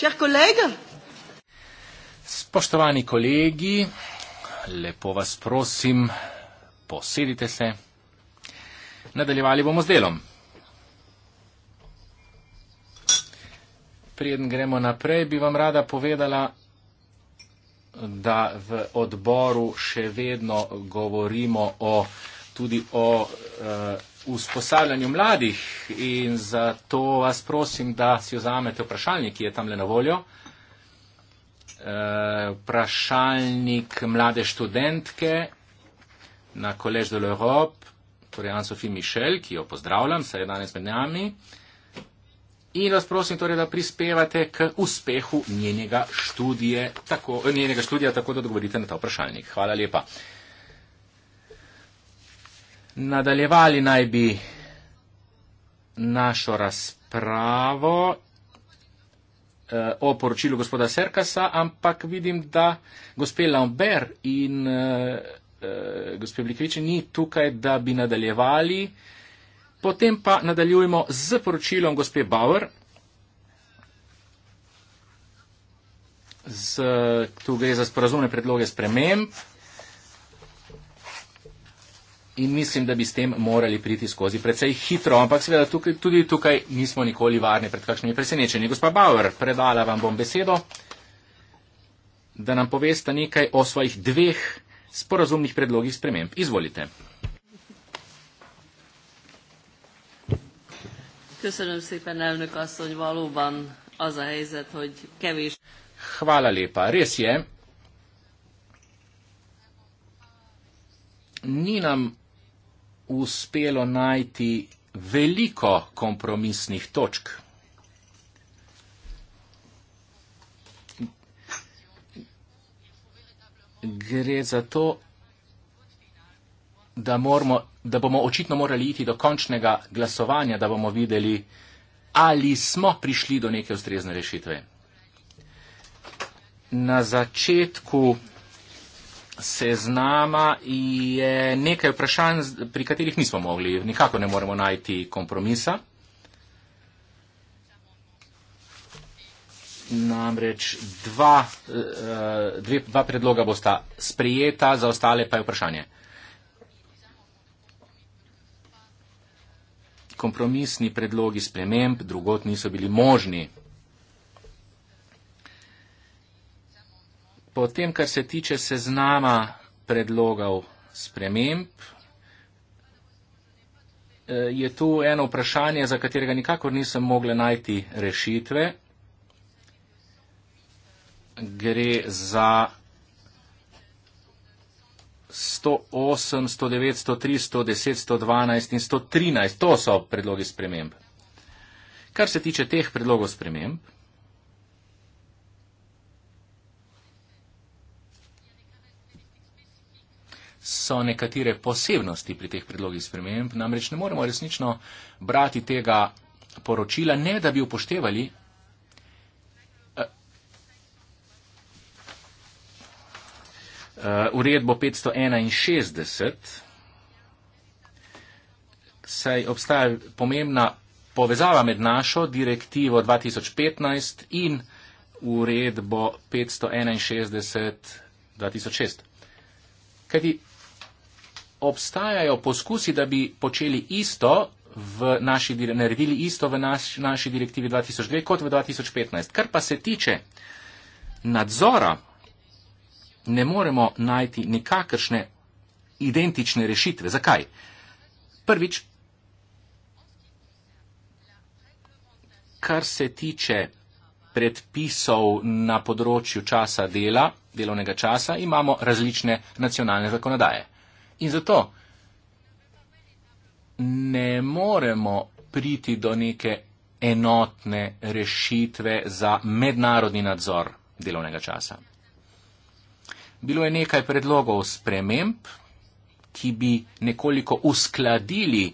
Cher collègue. Spoštovani kolegi, lepo vas prosim, posedite se. Nadaljevali bomo z delom. Preden gremo naprej, bi vam rada povedala, da v odboru še vedno govorimo o, tudi o. Uh, usposabljanju mladih in zato vas prosim, da si vzamete vprašalnik, ki je tamle na voljo. Eh, vprašalnik mlade študentke na Collège de l'Europe, torej Anne-Sophie Michel, ki jo pozdravljam, saj je danes med nami. In vas prosim torej, da prispevate k uspehu njenega študija, tako, njenega študija, tako da odgovorite na ta vprašalnik. Hvala lepa. Uh, Nadaljevali naj bi našo razpravo eh, o poročilu gospoda Serkasa, ampak vidim, da gospe Lambert in eh, eh, gospe Blikvič ni tukaj, da bi nadaljevali. Potem pa nadaljujemo z poročilom gospe Bauer. Z, tu gre za sporazumne predloge sprememb. In mislim, da bi s tem morali priti skozi precej hitro, ampak seveda tukaj, tudi tukaj nismo nikoli varni pred kakšnimi presenečenji. Gospa Bauer, predala vam bom besedo, da nam poveste nekaj o svojih dveh sporazumnih predlogih sprememb. Izvolite. Köszönöm szépen, elnök asszony, valóban az a helyzet, hogy kevés. Hvala lépa, részje. Ninam uspelo najti veliko kompromisnih točk. Gre za to, da, moramo, da bomo očitno morali iti do končnega glasovanja, da bomo videli, ali smo prišli do neke ustrezne rešitve. Na začetku seznama je nekaj vprašanj, pri katerih nismo mogli, nikako ne moremo najti kompromisa. Namreč dva, eh, dve, dva predloga bosta sprijeta, za ostale pa je vprašanje. Kompromisni predlogi sprememb drugot niso bili možni. Potem, kar se tiče seznama predlogov sprememb, eh, je tu eno vprašanje, za katerega nikakor nisem mogla najti rešitve. Gre za 108, 109, 103, 110, 112 in 113. To so predlogi sprememb. Kar se tiče teh predlogov sprememb, so nekatere posebnosti pri teh predlogih sprememb. Namreč ne moremo resnično brati tega poročila, ne da bi upoštevali. Uh, uredbo 561, saj obstaja pomembna povezava med našo direktivo 2015 in uredbo 561-2006. Kajti obstajajo poskusi, da bi počeli isto. V naši, naredili isto v naš, naši direktivi 2002 kot v 2015. Kar pa se tiče nadzora, ne moremo najti nikakršne identične rešitve. Zakaj? Prvič, kar se tiče predpisov na področju časa dela, delovnega časa, imamo različne nacionalne zakonodaje. In zato ne moremo priti do neke enotne rešitve za mednarodni nadzor delovnega časa. Bilo je nekaj predlogov sprememb, ki bi nekoliko uskladili,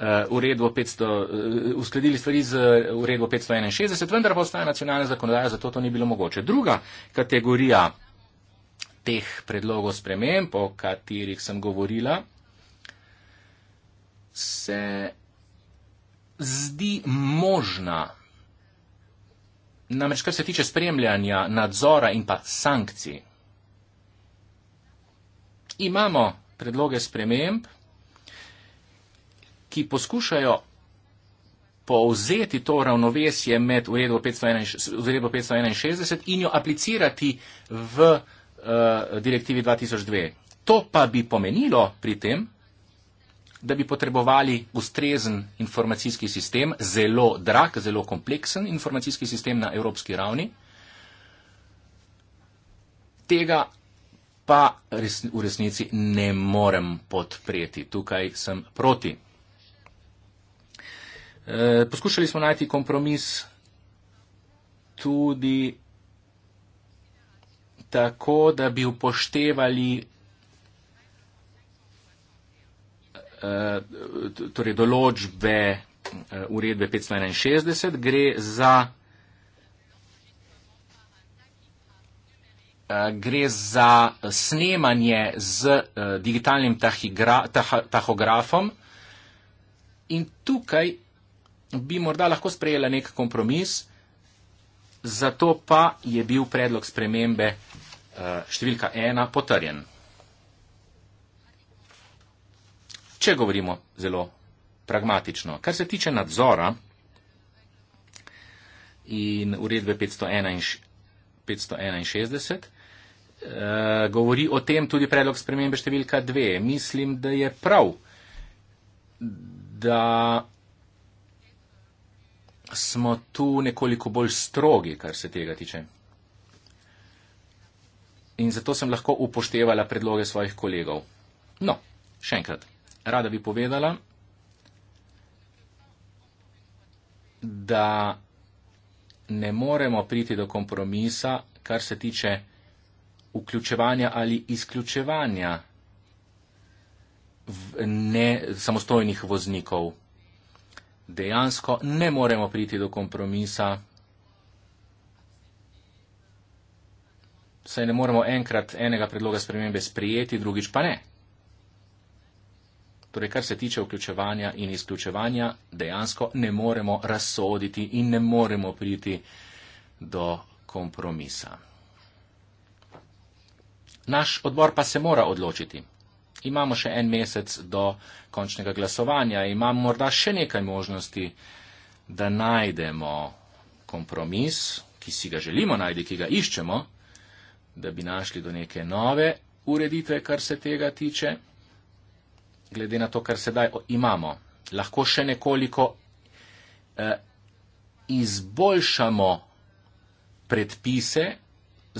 uh, 500, uh, uskladili stvari z eh, uredbo 561, vendar pa ostaja nacionalna zakonodaja, zato to ni bilo mogoče. Druga kategorija teh predlogov sprememb, o katerih sem govorila, se zdi možna. Namreč, kar se tiče spremljanja, nadzora in pa sankcij, imamo predloge sprememb, ki poskušajo povzeti to ravnovesje med uredbo 561, uredbo 561 in jo aplicirati v Eh, direktivi 2002. To pa bi pomenilo pri tem, da bi potrebovali ustrezen informacijski sistem, zelo drag, zelo kompleksen informacijski sistem na evropski ravni. Tega pa res, v resnici ne morem podpreti. Tukaj sem proti. E, poskušali smo najti kompromis tudi tako, da bi upoštevali eh, torej določbe eh, uredbe 561, gre za eh, gre za snemanje z digitalnim tahografom in tukaj bi morda lahko sprejela nek kompromis, zato pa je bil predlog spremembe eh, številka ena potrjen. Če govorimo zelo pragmatično, kar se tiče nadzora in uredbe 561, eh, govori o tem tudi predlog spremembe številka dve. Mislim, da je prav, da smo tu nekoliko bolj strogi, kar se tega tiče. In zato sem lahko upoštevala predloge svojih kolegov. No, še enkrat, rada bi povedala, da ne moremo priti do kompromisa, kar se tiče vključevanja ali izključevanja ne samostojnih voznikov dejansko ne moremo priti do kompromisa. Saj ne moremo enkrat enega predloga spremembe sprijeti, drugič pa ne. Torej, kar se tiče vključevanja in izključevanja, dejansko ne moremo razsoditi in ne moremo priti do kompromisa. Naš odbor pa se mora odločiti. Imamo še en mesec do končnega glasovanja, imamo morda še nekaj možnosti, da najdemo kompromis, ki si ga želimo najti, ki ga iščemo, da bi našli do neke nove ureditve, kar se tega tiče, glede na to, kar sedaj imamo. Lahko še nekoliko eh, izboljšamo predpise,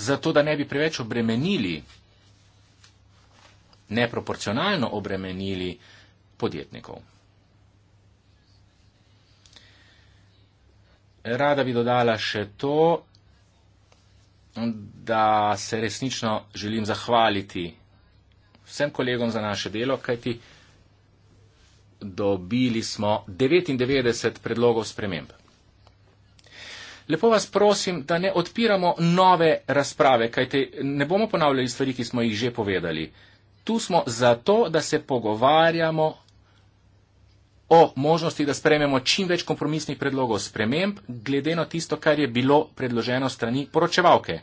zato da ne bi preveč obremenili neproporcionalno obremenili podjetnikov. Rada bi dodala še to, da se resnično želim zahvaliti vsem kolegom za naše delo, kajti dobili smo 99 predlogov sprememb. Lepo vas prosim, da ne odpiramo nove razprave, kajte ne bomo ponavljali stvari, ki smo jih že povedali tu smo zato, da se pogovarjamo o možnosti, da sprememo čim več kompromisnih predlogov sprememb, glede na tisto, kar je bilo predloženo strani poročevalke.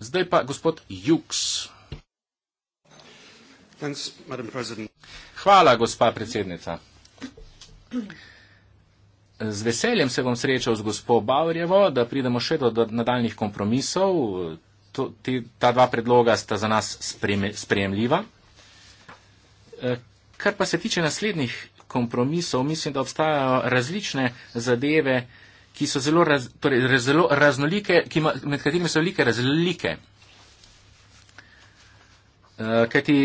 Zdaj pa gospod Juks. Thanks, Hvala, gospa predsednica. Z veseljem se bom srečal z gospod Bavrjevo, da pridemo še do nadaljnih kompromisov, to, ti, ta dva predloga sta za nas sprejemljiva. Eh, kar pa se tiče naslednjih kompromisov, mislim, da obstajajo različne zadeve, ki so zelo, raz, torej, zelo raznolike, ima, med katerimi so velike razlike. Eh, Ker ti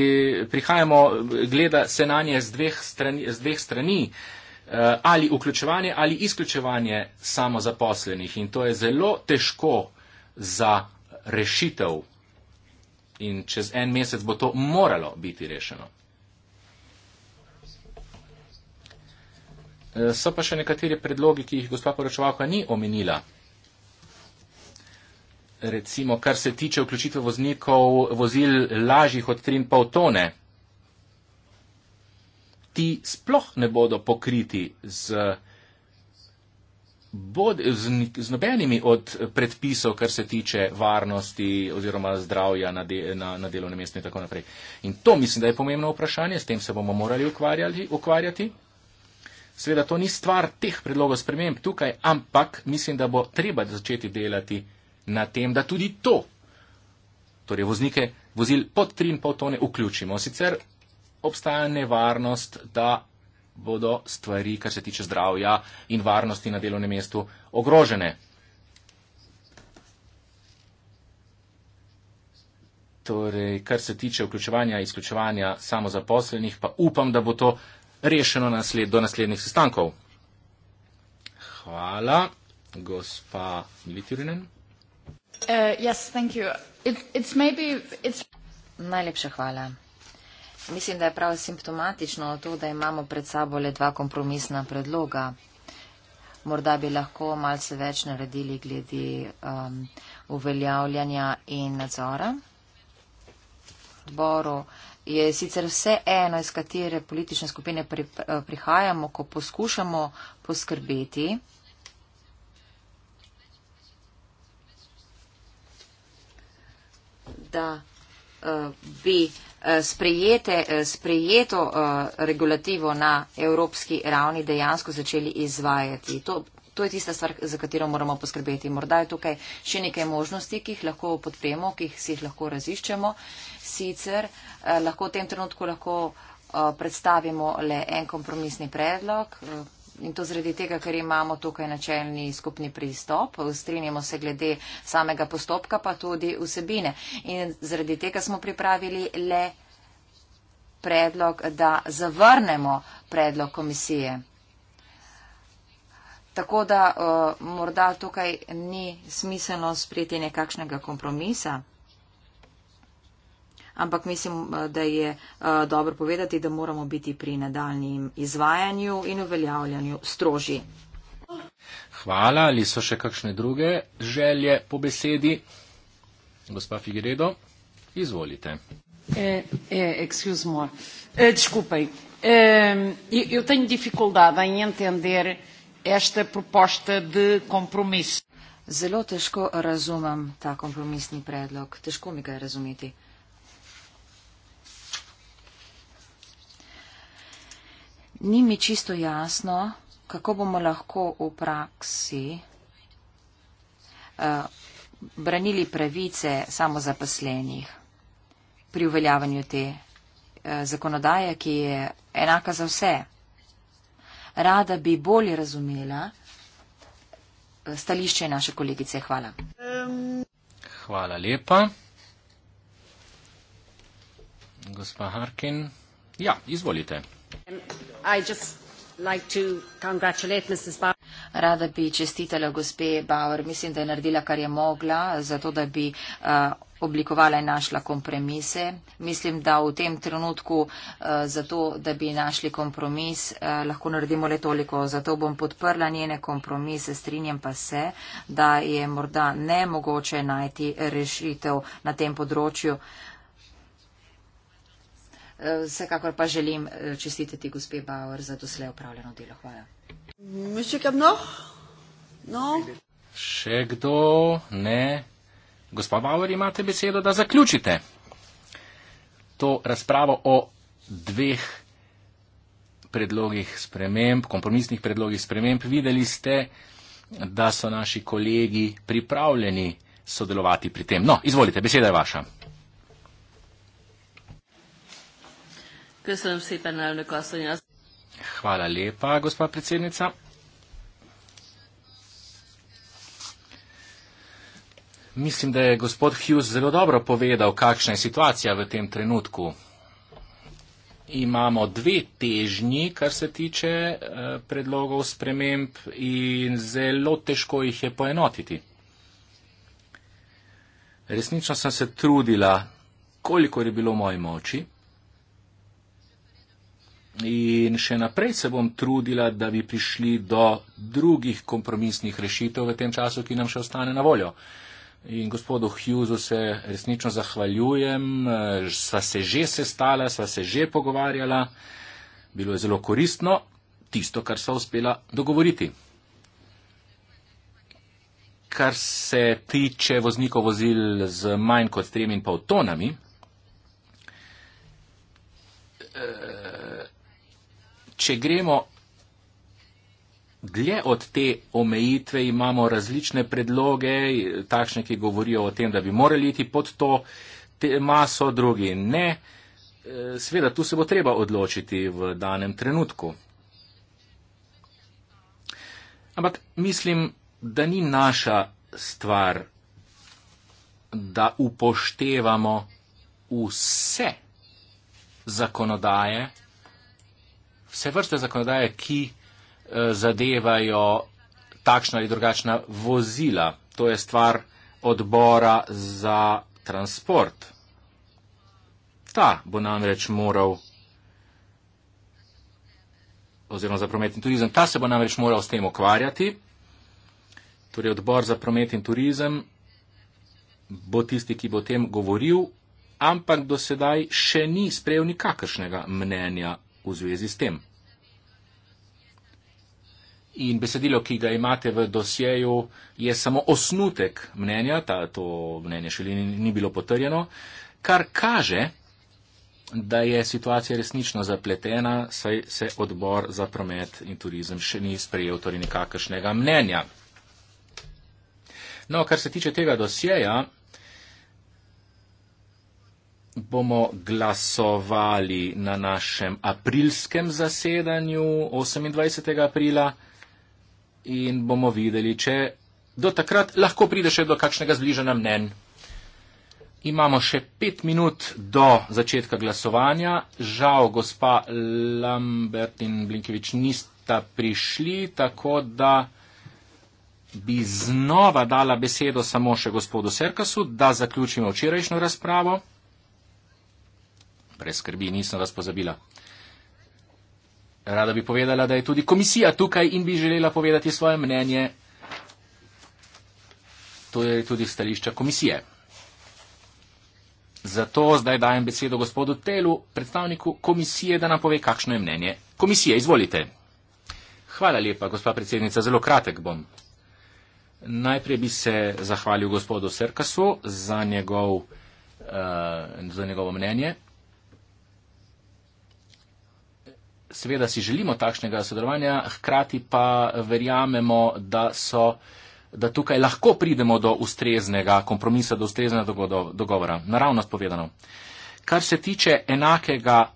prihajamo, gleda se na nje z dveh strani. Z dveh strani eh, ali vključevanje ali izključevanje samozaposlenih. In to je zelo težko za rešitev in čez en mesec bo to moralo biti rešeno. E, so pa še nekateri predlogi, ki jih gospa poročevalka ni omenila. Recimo, kar se tiče vključitve voznikov vozil lažjih od 3,5 tone, ti sploh ne bodo pokriti z bod, z, z nobenimi od predpisov, kar se tiče varnosti oziroma zdravja na, de, na, na delovnem mestu in tako naprej. In to mislim, da je pomembno vprašanje, s tem se bomo morali ukvarjati. Sveda to ni stvar teh predlogov sprememb tukaj, ampak mislim, da bo treba začeti delati na tem, da tudi to, torej voznike vozil pod 3,5 tone, vključimo. Sicer obstaja nevarnost, da bodo stvari, kar se tiče zdravja in varnosti na delovnem mestu, ogrožene. Torej, kar se tiče vključevanja in izključevanja samozaposlenih, pa upam, da bo to rešeno nasled, do naslednjih sestankov. Hvala, gospa Militurinen. Uh, yes, it, Najlepša hvala. Mislim, da je prav simptomatično to, da imamo pred sabo le dva kompromisna predloga. Morda bi lahko malce več naredili glede um, uveljavljanja in nadzora. Odboru je sicer vse eno, iz katere politične skupine pri, eh, prihajamo, ko poskušamo poskrbeti. da uh, bi Eh, sprejete, eh, sprejeto eh, regulativo na evropski ravni dejansko začeli izvajati. To, to je tista stvar, za katero moramo poskrbeti. Morda je tukaj še nekaj možnosti, ki jih lahko podpremo, ki jih si jih lahko raziščemo. Sicer lahko v tem trenutku lahko predstavimo le en kompromisni predlog. In to zredi tega, ker imamo tukaj načelni skupni pristop, strinjamo se glede samega postopka, pa tudi vsebine. In zredi tega smo pripravili le predlog, da zavrnemo predlog komisije. Tako da uh, morda tukaj ni smiselno sprejeti nekakšnega kompromisa ampak mislim, eh, da je eh, dobro povedati, da moramo biti pri nadaljnjem izvajanju in uveljavljanju stroži. Hvala, ali so še kakšne druge želje po besedi? Gospa Figiredo, izvolite. Eh, eh, excuse-mo, eh, skupaj. Eh, eu tenho dificuldade em entender esta proposta de compromisso. Zelo težko razumem ta kompromisni predlog. Težko mi ga je razumeti. ni mi čisto jasno, kako bomo lahko v praksi uh, branili pravice samozaposlenih pri uveljavanju te uh, zakonodaje, ki je enaka za vse. Rada bi bolje razumela eh, stališče naše kolegice. Hvala. Hvala lepa. Gospa Harkin. Ja, izvolite. Rada bi čestitela gospe Bauer. Mislim, da je naredila, kar je mogla, zato da bi eh, oblikovala in našla kompromise. Mislim, da v tem trenutku, eh, zato da bi našli kompromis, eh, lahko naredimo le toliko. Zato bom podprla njene kompromise, strinjam pa se, da je morda nemogoče najti rešitev na tem področju. Vsekakor pa želim eh, čestitati gospe Bauer za doslej upravljeno delo. Hvala. Še kdo? No. Še kdo? Ne. Gospa Bauer, imate besedo, da zaključite to razpravo o dveh predlogih sprememb, kompromisnih predlogih sprememb. Videli ste, da so naši kolegi pripravljeni sodelovati pri tem. No, izvolite, beseda je vaša. Köszönöm szépen, elnök asszony. Hvala lepa, gospa predsednica. Mislim, da je gospod Hughes zelo dobro povedal, kakšna je situacija v tem trenutku. Imamo dve težnji, kar se tiče eh, predlogov sprememb in zelo težko jih je poenotiti. Resnično sem se trudila, koliko je bilo v moji moči in še naprej se bom trudila, da bi prišli do drugih kompromisnih rešitev v tem času, ki nam še ostane na voljo. In gospodu Hughesu se resnično zahvaljujem, sva se že sestala, sva se že pogovarjala, bilo je zelo koristno tisto, kar sva uspela dogovoriti. Kar se tiče voznikov vozil z manj kot 3,5 tonami, če gremo dlje od te omejitve, imamo različne predloge, takšne, ki govorijo o tem, da bi morali iti pod to maso, drugi ne. E, Sveda, tu se bo treba odločiti v danem trenutku. Ampak mislim, da ni naša stvar, da upoštevamo vse zakonodaje, vse vrste zakonodaje, ki eh, zadevajo takšna ali drugačna vozila. To je stvar odbora za transport. Ta bo namreč moral, oziroma za promet in turizem, ta se bo namreč moral s tem ukvarjati. Torej, odbor za promet in turizem bo tisti, ki bo o tem govoril, ampak do sedaj še ni sprejel nikakršnega mnenja v zvezi s tem. In besedilo, ki ga imate v dosjeju, je samo osnutek mnenja, ta, to mnenje še ni, ni bilo potrjeno, kar kaže, da je situacija resnično zapletena, saj se odbor za promet in turizem še ni sprejel torej nikakršnega mnenja. No, kar se tiče tega dosjeja, bomo glasovali na našem aprilskem zasedanju 28. aprila in bomo videli, če do takrat lahko pride še do kakšnega zbližanja mnen. Imamo še pet minut do začetka glasovanja. Žal, gospa Lambert in Blinkevič nista prišli, tako da bi znova dala besedo samo še gospodu Serkasu, da zaključimo včerajšnjo razpravo brez skrbi, nisem vas pozabila. Rada bi povedala, da je tudi komisija tukaj in bi želela povedati svoje mnenje. To je tudi stališča komisije. Zato zdaj dajem besedo gospodu Telu, predstavniku komisije, da nam pove, kakšno je mnenje komisije. Izvolite. Hvala lepa, gospa predsednica, zelo kratek bom. Najprej bi se zahvalil gospodu Serkasu za, njegov, uh, za njegovo mnenje. seveda si želimo takšnega sodelovanja, hkrati pa verjamemo, da, so, da tukaj lahko pridemo do ustreznega kompromisa, do ustreznega dogovora. Naravno spovedano. Kar se tiče enakega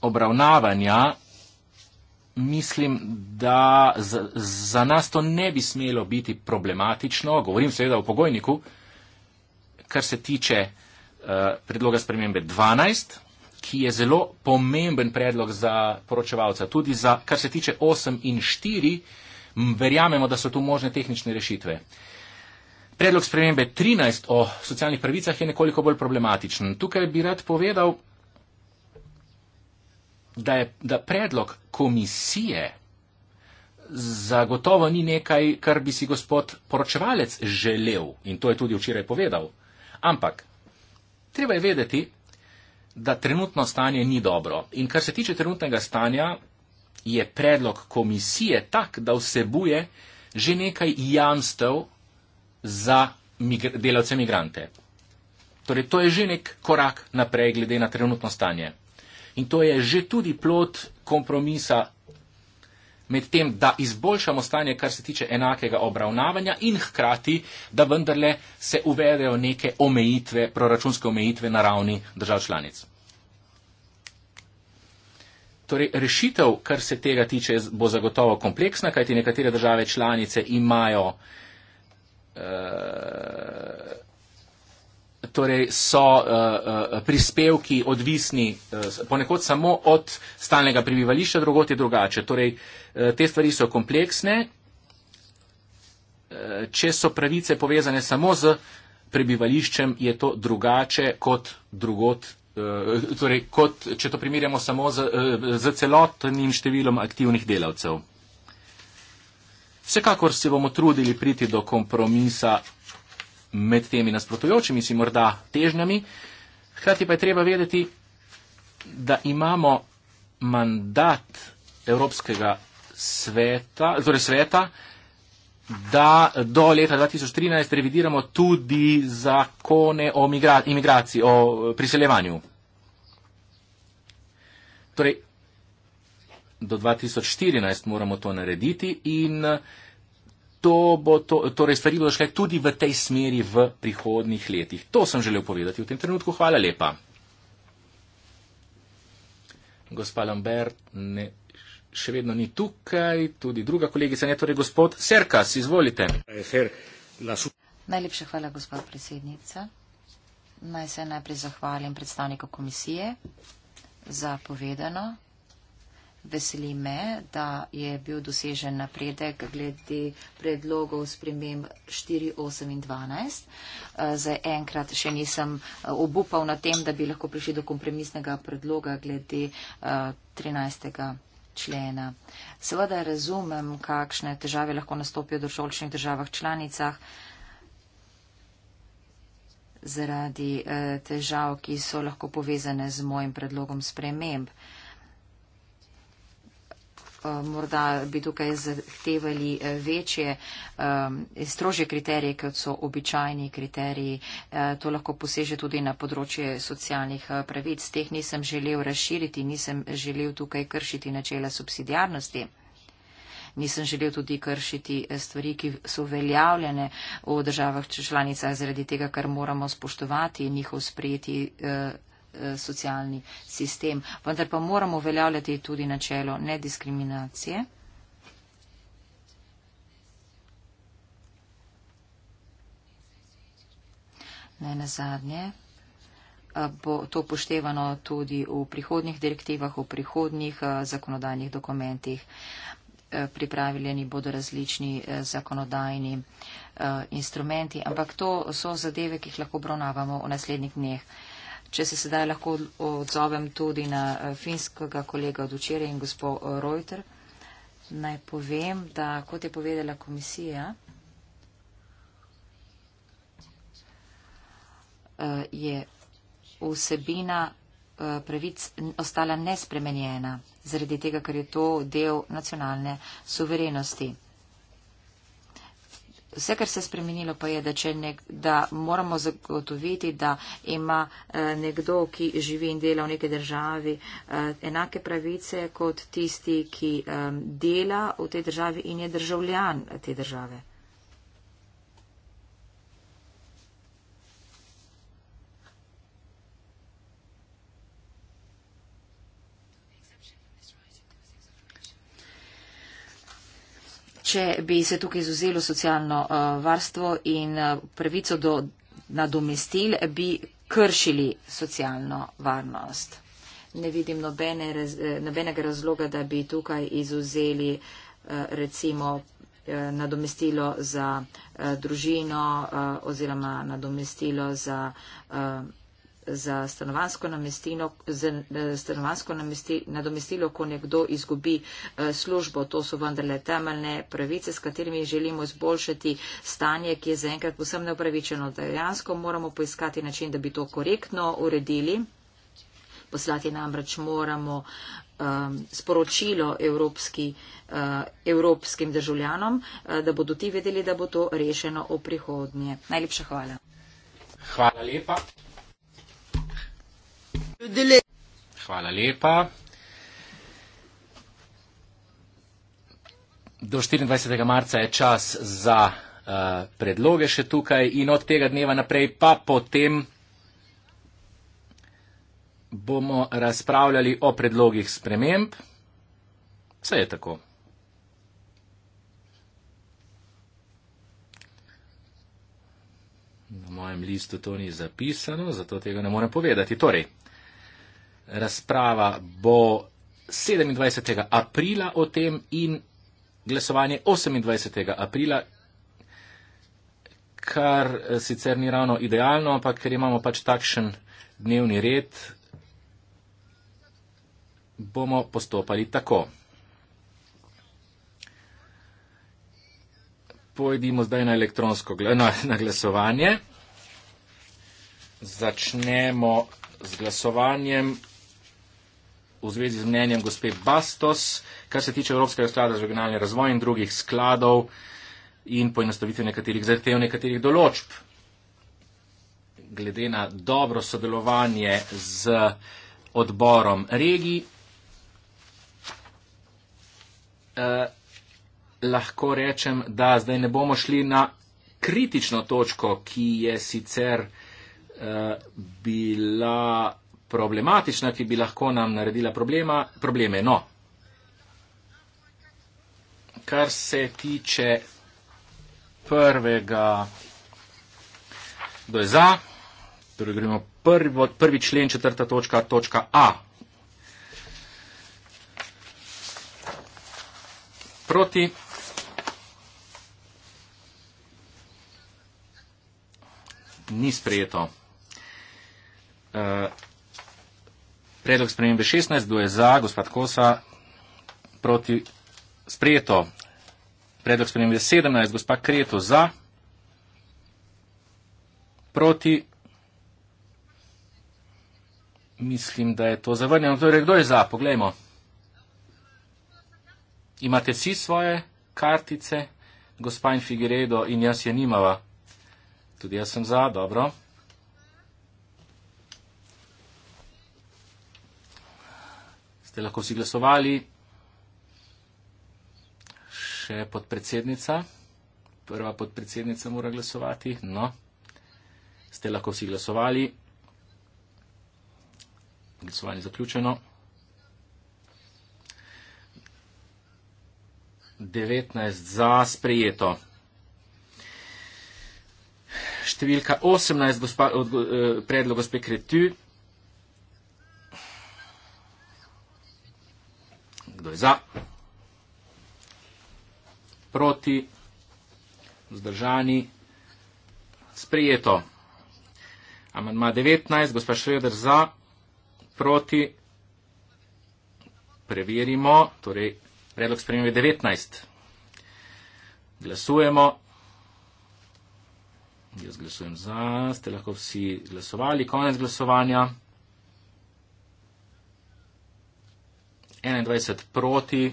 obravnavanja, mislim, da za, za nas to ne bi smelo biti problematično, govorim seveda o pogojniku, kar se tiče uh, predloga spremembe 12 ki je zelo pomemben predlog za poročevalca. Tudi za, kar se tiče 8 in 4, verjamemo, da so tu možne tehnične rešitve. Predlog spremembe 13 o socialnih pravicah je nekoliko bolj problematičen. Tukaj bi rad povedal, da, je, da predlog komisije zagotovo ni nekaj, kar bi si gospod poročevalec želel in to je tudi včeraj povedal. Ampak treba je vedeti, da trenutno stanje ni dobro. In kar se tiče trenutnega stanja, je predlog komisije tak, da vsebuje že nekaj jamstev za delavce migrante. Torej, to je že nek korak naprej glede na trenutno stanje. In to je že tudi plot kompromisa med tem, da izboljšamo stanje, kar se tiče enakega obravnavanja in hkrati, da vendarle se uvedejo neke omejitve, proračunske omejitve na ravni držav članic. Torej, rešitev, kar se tega tiče, bo zagotovo kompleksna, kajti nekatere države članice imajo, uh, torej so uh, uh, prispevki odvisni uh, ponekod samo od stalnega prebivališča, drugot je drugače. Torej, uh, te stvari so kompleksne, uh, če so pravice povezane samo z prebivališčem, je to drugače kot drugot Eh, torej kot, če to primerjamo samo z, eh, z celotnim številom aktivnih delavcev. Vsekakor se bomo trudili priti do kompromisa med temi nasprotujočimi si morda težnjami, hkrati pa je treba vedeti, da imamo mandat Evropskega sveta, torej sveta, da do leta 2013 revidiramo tudi zakone o imigraciji, o eh, priseljevanju. Torej, do 2014 moramo to narediti in eh, to bo to, torej stvari bodo šle tudi v tej smeri v prihodnih letih. To sem želel povedati v tem trenutku. Hvala lepa. Gospa Lambert, ne še vedno ni tukaj, tudi druga kolegica, ne torej gospod Serkas, izvolite. Najlepša hvala, gospod predsednica. Naj se najprej zahvalim predstavniku komisije za povedano. Veseli me, da je bil dosežen napredek glede predlogov sprememb 4, 8 in 12. Eh, za enkrat še nisem eh, obupal na tem, da bi lahko prišli do kompromisnega predloga glede 13. Eh, člena. Seveda razumem, kakšne težave lahko nastopijo v državčnih državah članicah zaradi eh, težav, ki so lahko povezane z mojim predlogom sprememb. Eh, morda bi tukaj zahtevali eh, večje, eh, strože kriterije, kot so običajni kriteriji. To lahko poseže tudi na področje socialnih pravic. Teh nisem želel razširiti, nisem želel tukaj kršiti načela subsidijarnosti. Nisem želel tudi kršiti stvari, ki so veljavljene v državah članicah zaradi tega, kar moramo spoštovati njihov sprejeti Eh, socialni sistem, vendar pa moramo uveljavljati tudi načelo nediskriminacije. Naj na zadnje eh, bo to upoštevano tudi v prihodnih direktivah, v prihodnih eh, zakonodajnih dokumentih. Pripravljeni bodo različni zakonodajni instrumenti, ampak to so zadeve, ki jih lahko obravnavamo v naslednjih dneh. Če se sedaj lahko odzovem tudi na eh, finskega kolega od včeraj in gospod eh, Reuter, naj povem, da kot je povedala komisija, eh, je vsebina pravic ostala nespremenjena, zaradi tega, ker je to del nacionalne suverenosti. Vse, kar se je spremenilo, pa je, da, nek, da moramo zagotoviti, da ima eh, nekdo, ki živi in dela v neki državi, eh, enake pravice kot tisti, ki eh, dela v tej državi in je državljan te države. če bi se tukaj izuzelo socialno uh, varstvo in uh, pravico do nadomestil, bi kršili socialno varnost. Ne vidim nobene raz, eh, nobenega razloga, da bi tukaj izuzeli uh, recimo uh, nadomestilo za uh, družino uh, oziroma nadomestilo za. Uh, za stanovansko, eh, stanovansko nadomestilo, ko nekdo izgubi eh, službo. To so vendarle temeljne pravice, s katerimi želimo izboljšati stanje, ki je zaenkrat posebno neupravičeno. Dejansko moramo poiskati način, da bi to korektno uredili. Poslati namreč moramo um, sporočilo evropski, uh, evropskim državljanom, uh, da bodo ti vedeli, da bo to rešeno v prihodnje. Najlepša hvala. Hvala lepa. Hvala lepa. Do 24. marca je čas za uh, predloge še tukaj in od tega dneva naprej pa potem bomo razpravljali o predlogih sprememb. Vse je tako. Na mojem listu to ni zapisano, zato tega ne morem povedati. Torej, razprava bo 27. aprila o tem in glasovanje 28. aprila, kar eh, sicer ni ravno idealno, ampak ker imamo pač takšen dnevni red, bomo postopali tako. Pojdimo zdaj na elektronsko na, na glasovanje. Začnemo z glasovanjem v zvezi z mnenjem gospe Bastos, kar se tiče Evropskega sklada za regionalni razvoj in drugih skladov in poenostavitve nekaterih zahtev nekaterih določb. Glede na dobro sodelovanje z odborom regij, eh, lahko rečem, da zdaj ne bomo šli na kritično točko, ki je sicer eh, bila problematična, ki bi lahko nam naredila problema, probleme. No, kar se tiče prvega do za, torej gremo prvi, prvi člen, četrta točka, točka A. Proti ni sprejeto. Eh, Predlog spremembe 16, kdo je za, gospod Kosa, proti sprejeto. Predlog spremembe 17, gospa Kreto, za, proti. Mislim, da je to zavrnjeno. Torej, kdo je za? Poglejmo. Imate vsi svoje kartice, gospa in Figiredo in jaz je nimava. Tudi jaz sem za, dobro. ste lahko vsi glasovali. Še podpredsednica. Prva podpredsednica mora glasovati. No, ste lahko vsi glasovali. Glasovanje zaključeno. 19 za sprejeto. Številka 18, gospa, od, eh, predlog gospe Kretu, kdo je za, proti, vzdržani, sprijeto. Amandma 19, gospod Šreder za, proti, preverimo, torej predlog spremembe 19. Glasujemo. Jaz glasujem za, ste lahko vsi glasovali, konec glasovanja. 21 proti,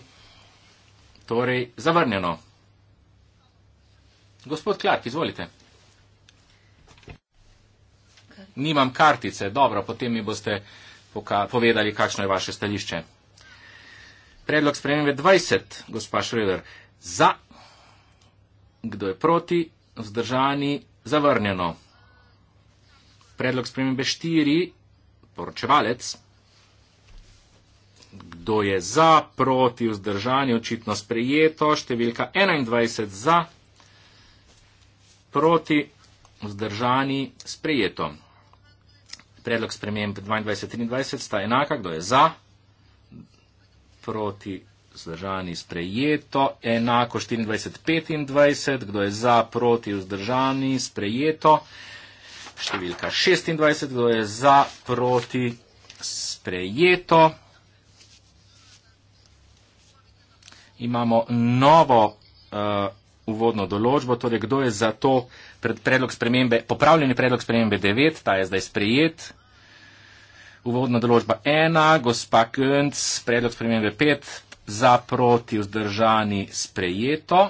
torej zavrnjeno. Gospod Klark, izvolite. Nimam kartice, dobro, potem mi boste povedali, kakšno je vaše stališče. Predlog spremembe 20, gospa Šreder, za, kdo je proti, vzdržani, zavrnjeno. Predlog spremembe 4, poročevalec kdo je za, proti vzdržanju, očitno sprejeto, številka 21 za, proti vzdržanju, sprejeto. Predlog sprememb 22-23 sta enaka, kdo je za, proti vzdržanju, sprejeto, enako 24-25, kdo je za, proti vzdržanju, sprejeto, številka 26, kdo je za, proti sprejeto. imamo novo uh, uvodno določbo, torej kdo je za to pred predlog spremembe, popravljeni predlog spremembe 9, ta je zdaj sprejet. Uvodna določba 1, gospa Künc, predlog spremembe 5, za proti vzdržani sprejeto.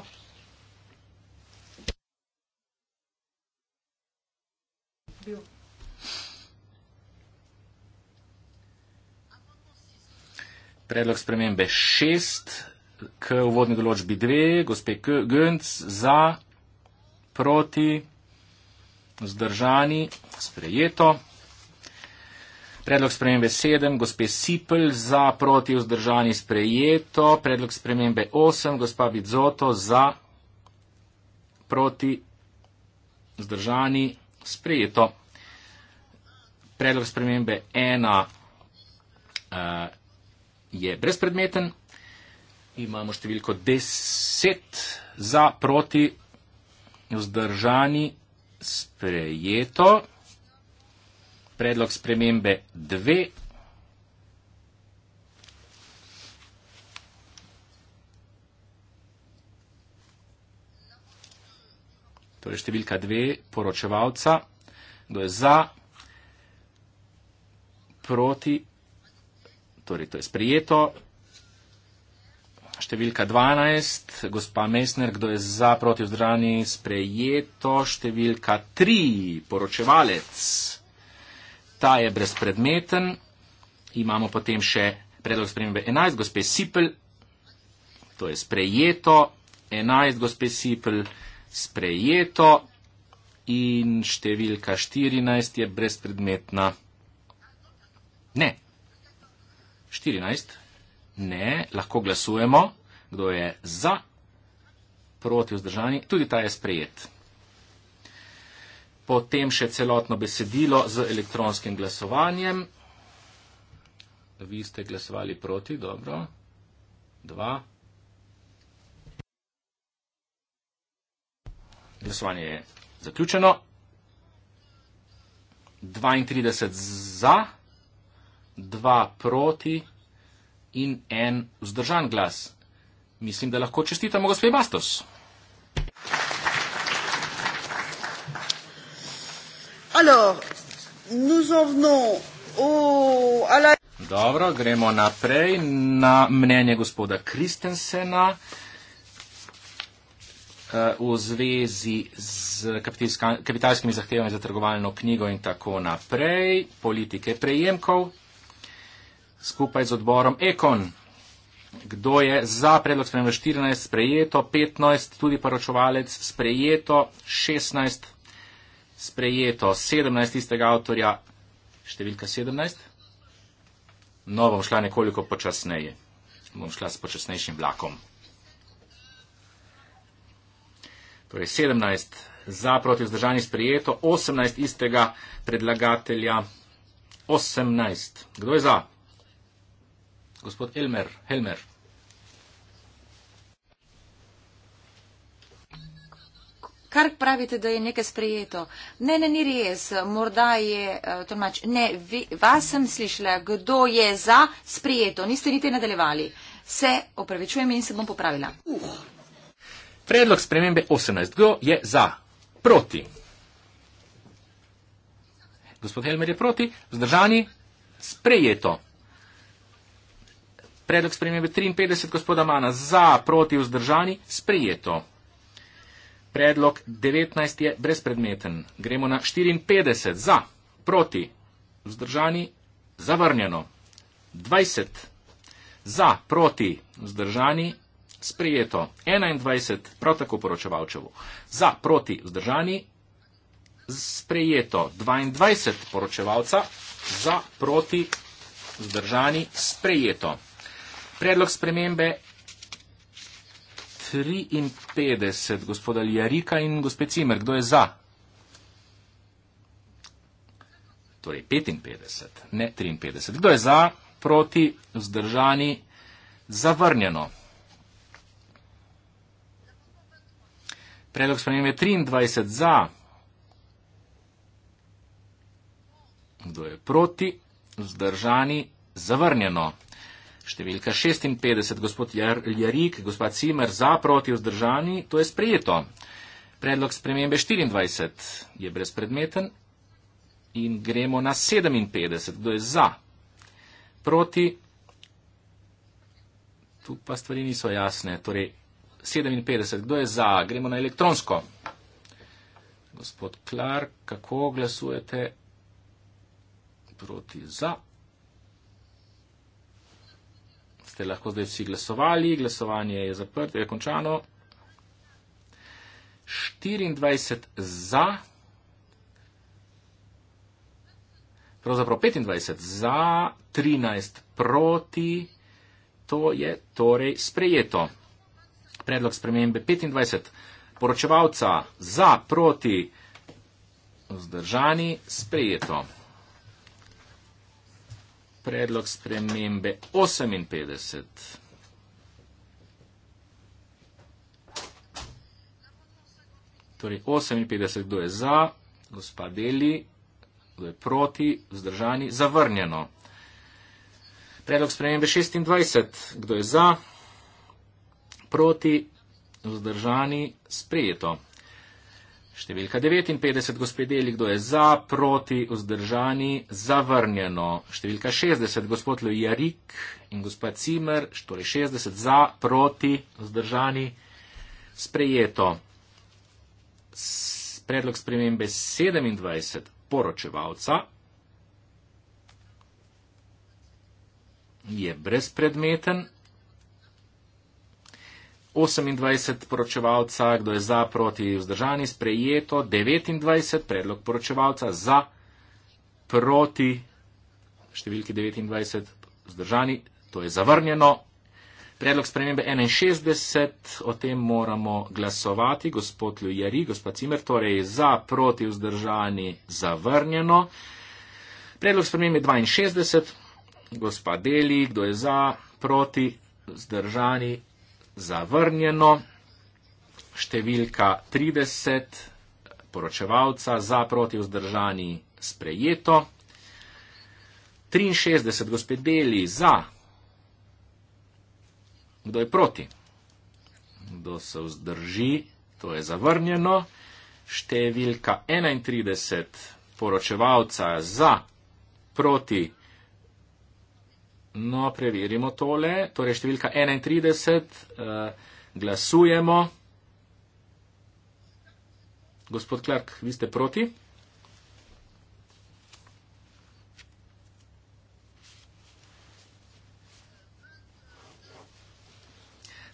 Predlog spremembe 6, k uvodni določbi dve, gospe Gönc za, proti, vzdržani, sprejeto. Predlog spremembe 7, gospe Sipl za, proti, vzdržani, sprejeto. Predlog spremembe 8, gospa Vidzoto za, proti, vzdržani, sprejeto. Predlog spremembe 1 uh, eh, je brezpredmeten imamo številko 10 za proti vzdržani sprejeto. Predlog spremembe 2. Torej številka 2 poročevalca. Kdo je za? Proti. Torej to je sprejeto. Številka 12, gospa Mesner, kdo je za proti vzdržani sprejeto. Številka 3, poročevalec. Ta je brezpredmeten. Imamo potem še predlog spremembe 11, gospe Sipl. To je sprejeto. 11, gospe Sipl, sprejeto. In številka 14 je brezpredmetna. Ne. 14, Ne, lahko glasujemo. Kdo je za, proti vzdržani, tudi ta je sprejet. Potem še celotno besedilo z elektronskim glasovanjem. Vi ste glasovali proti, dobro. Dva. Glasovanje je zaključeno. 32 za, 2 proti in en vzdržan glas. Mislim, da lahko čestitamo gospe Bastos. Dobro, gremo naprej na mnenje gospoda Kristensena eh, v zvezi z kapitalskimi zahtevami za trgovalno knjigo in tako naprej, politike prejemkov skupaj z odborom Ekon. Kdo je za predlog sprememba 14, sprejeto 15, tudi poročevalec, sprejeto 16, sprejeto 17 istega avtorja, številka 17. No, bom šla nekoliko počasneje. Bom šla s počasnejšim vlakom. Torej 17 za proti vzdržanju sprejeto, 18 istega predlagatelja. 18. Kdo je za? Gospod Elmer, Helmer. Kar pravite, da je nekaj sprejeto? Ne, ne, ni res. Morda je uh, tolmač. Ne, vi, vas sem slišala, kdo je za sprejeto. Niste niti nadaljevali. Se opravičujem in se bom popravila. Uh. Predlog spremembe 18. Kdo je za? Proti. Gospod Helmer je proti. Zdržani? Sprejeto. Predlog spremembe 53 gospoda Mana za, proti, vzdržani, sprejeto. Predlog 19 je brezpredmeten. Gremo na 54 za, proti, vzdržani, zavrnjeno. 20 za, proti, vzdržani, sprejeto. 21 prav tako poročevalčevo. Za, proti, vzdržani, sprejeto. 22 poročevalca za, proti, vzdržani, sprejeto. Predlog spremembe 53, gospoda Ljarika in gospe Cimer, kdo je za? Torej 55, ne 53. Kdo je za, proti, vzdržani, zavrnjeno? Predlog spremembe 23 za. Kdo je proti, vzdržani, zavrnjeno? številka 56, gospod Jarik, gospa Cimer, za proti vzdržani, to je sprejeto. Predlog spremembe 24 je brezpredmeten in gremo na 57, kdo je za, proti, tu pa stvari niso jasne, torej 57, kdo je za, gremo na elektronsko. Gospod Klar, kako glasujete proti za? ste lahko zdaj vsi glasovali, glasovanje je zaprto, je končano. 24 za, pravzaprav 25 za, 13 proti, to je torej sprejeto. Predlog spremembe 25 poročevalca za, proti, vzdržani, sprejeto predlog spremembe 58. Torej 58, kdo je za, gospa Deli, kdo je proti, vzdržani, zavrnjeno. Predlog spremembe 26, kdo je za, proti, vzdržani, sprejeto. Številka 59, gospod Deli, kdo je za, proti, vzdržani, zavrnjeno. Številka 60, gospod Lojarik in gospod Cimer, torej 60, za, proti, vzdržani, sprejeto. Predlog spremembe 27, poročevalca, je brezpredmeten. 28 poročevalca, kdo je za, proti, vzdržani, sprejeto 29, predlog poročevalca za, proti, številki 29, vzdržani, to je zavrnjeno. Predlog spremembe 61, o tem moramo glasovati, gospod Ljujari, gospod Cimer, torej za, proti, vzdržani, zavrnjeno. Predlog spremembe 62, gospod Deli, kdo je za, proti, vzdržani, zavrnjeno. Številka 30 poročevalca za proti vzdržani sprejeto. 63 gospedeli za. Kdo je proti? Kdo se vzdrži? To je zavrnjeno. Številka 31 poročevalca za proti vzdržani sprejeto. No, preverimo tole. Torej, številka 31, uh, eh, glasujemo. Gospod Clark, vi ste proti?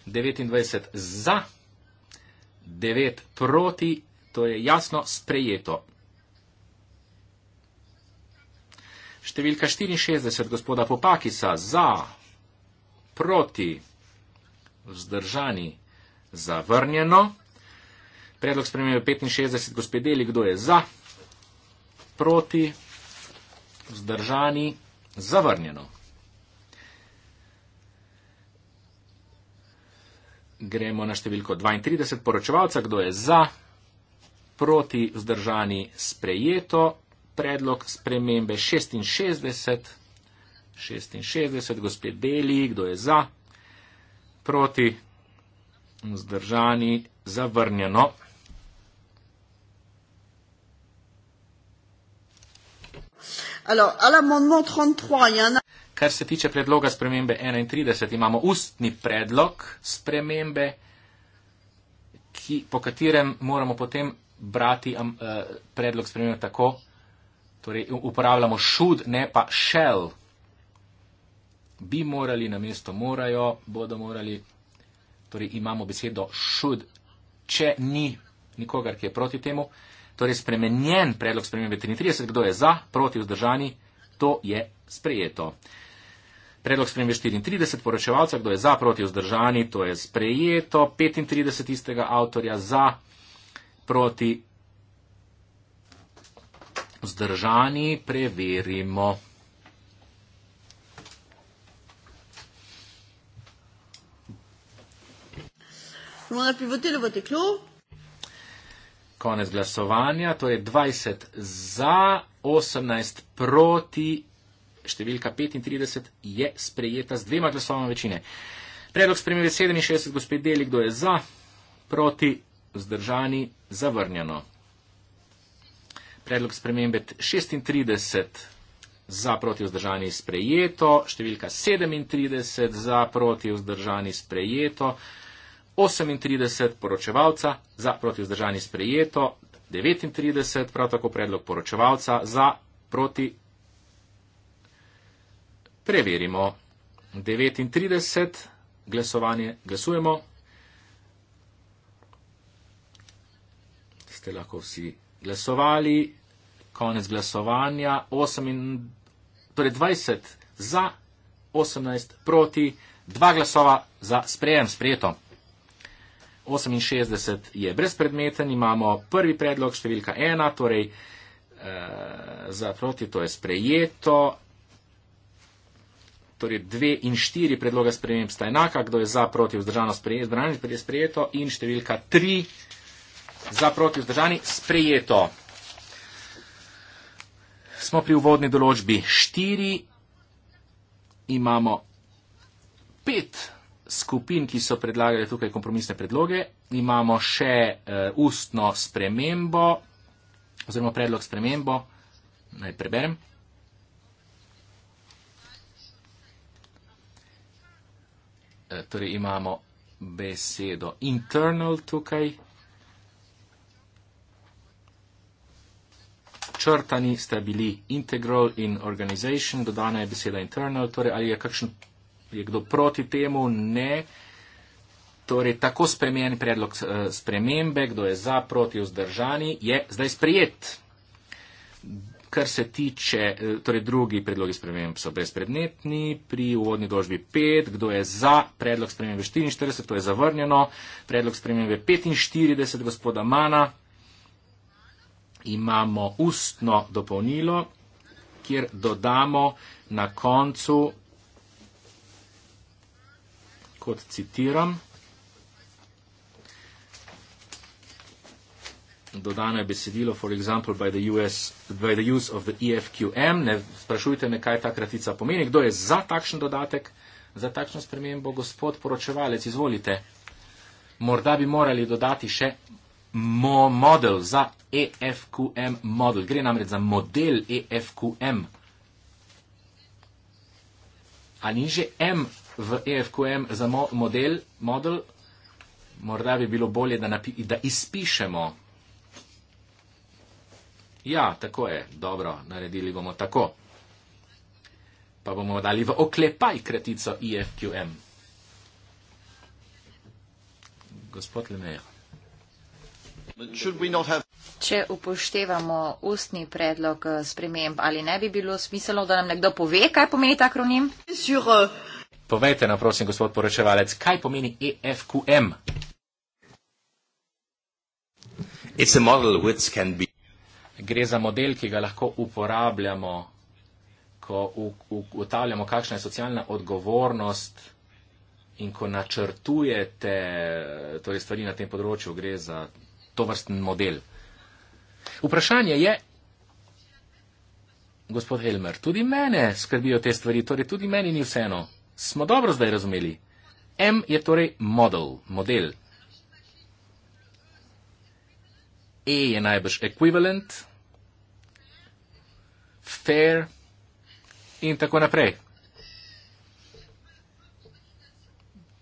Devetindvajset za, devet proti, to je jasno sprejeto. Številka 64, gospoda Popakisa, za, proti, vzdržani, zavrnjeno. Predlog spremembe 65, gospedeli, kdo je za, proti, vzdržani, zavrnjeno. Gremo na številko 32, poročevalca, kdo je za, proti, vzdržani, sprejeto, predlog spremembe 66, 66, gospod Beli, kdo je za, proti, vzdržani, zavrnjeno. Kar se tiče predloga spremembe 31, imamo ustni predlog spremembe, ki, po katerem moramo potem brati eh, predlog spremembe tako, Torej uporabljamo should, ne pa shall. Bi morali na mesto morajo, bodo morali. Torej imamo besedo should, če ni nikogar, ki je proti temu. Torej spremenjen predlog spremembe 33, kdo je za, proti, vzdržani, to je sprejeto. Predlog spremembe 34, poročevalca, kdo je za, proti, vzdržani, to je sprejeto. 35 istega avtorja za, proti, vzdržani preverimo. Konec glasovanja, to je 20 za, 18 proti, številka 35 je sprejeta z dvema glasovama večine. Predlog spremljajo 67, gospod Deli, kdo je za, proti, vzdržani, zavrnjeno predlog spremembe 36 za proti vzdržani sprejeto, številka 37 za proti vzdržani sprejeto, 38 poročevalca za proti vzdržani sprejeto, 39 prav tako predlog poročevalca za proti. Preverimo. 39 glasovanje, glasujemo. Ste lahko vsi glasovali, konec glasovanja, 8 in, torej 20 za, 18 proti, dva glasova za sprejem, sprejeto. 68 je brezpredmeten, imamo prvi predlog, številka 1, torej eh, za proti to je sprejeto. Torej, dve in štiri predloga sprememb sta enaka, kdo je za, proti, vzdržano, sprejeto, in številka tri, za proti vzdržani sprejeto. Smo pri uvodni določbi 4, imamo 5 skupin, ki so predlagali tukaj kompromisne predloge, imamo še uh, ustno spremembo oziroma predlog spremembo, naj preberem. Eh, torej imamo besedo internal tukaj, črtani sta bili integral in organization, dodana je beseda internal, torej ali je, kakšen, je kdo proti temu, ne. Torej, tako spremenjen predlog eh, spremembe, kdo je za, proti, vzdržani, je zdaj sprijet. Kar se tiče, eh, torej drugi predlogi sprememb so brezpredmetni, pri uvodni dožbi 5, kdo je za predlog spremembe 44, to je zavrnjeno, predlog spremembe 45, gospoda Mana, imamo ustno dopolnilo, kjer dodamo na koncu, kot citiram, dodano je besedilo, for example, by the, US, by the use of the EFQM. Ne sprašujte me, kaj ta kratica pomeni. Kdo je za takšen dodatek, za takšno spremembo? Gospod poročevalec, izvolite. Morda bi morali dodati še mo model, za EFQM model. Gre namreč za model EFQM. Ali ni že M v EFQM za mo model, model? Morda bi bilo bolje, da, da izpišemo. Ja, tako je, dobro, naredili bomo tako. Pa bomo dali v oklepaj kratico EFQM. Gospod Lemejo. Če upoštevamo ustni predlog eh, sprememb, ali ne bi bilo smiselno, da nam nekdo pove, kaj pomeni ta kronim? Eh, Povejte nam, prosim, gospod poročevalec, kaj pomeni EFQM? Gre za model, ki ga lahko uporabljamo, ko ugotavljamo, kakšna je socialna odgovornost in ko načrtujete torej stvari na tem področju, gre za to vrsten model. Vprašanje je, gospod Helmer, tudi mene skrbijo te stvari, torej tudi meni ni vseeno. Smo dobro zdaj razumeli. M je torej model, model. E je najbrž equivalent, fair in tako naprej.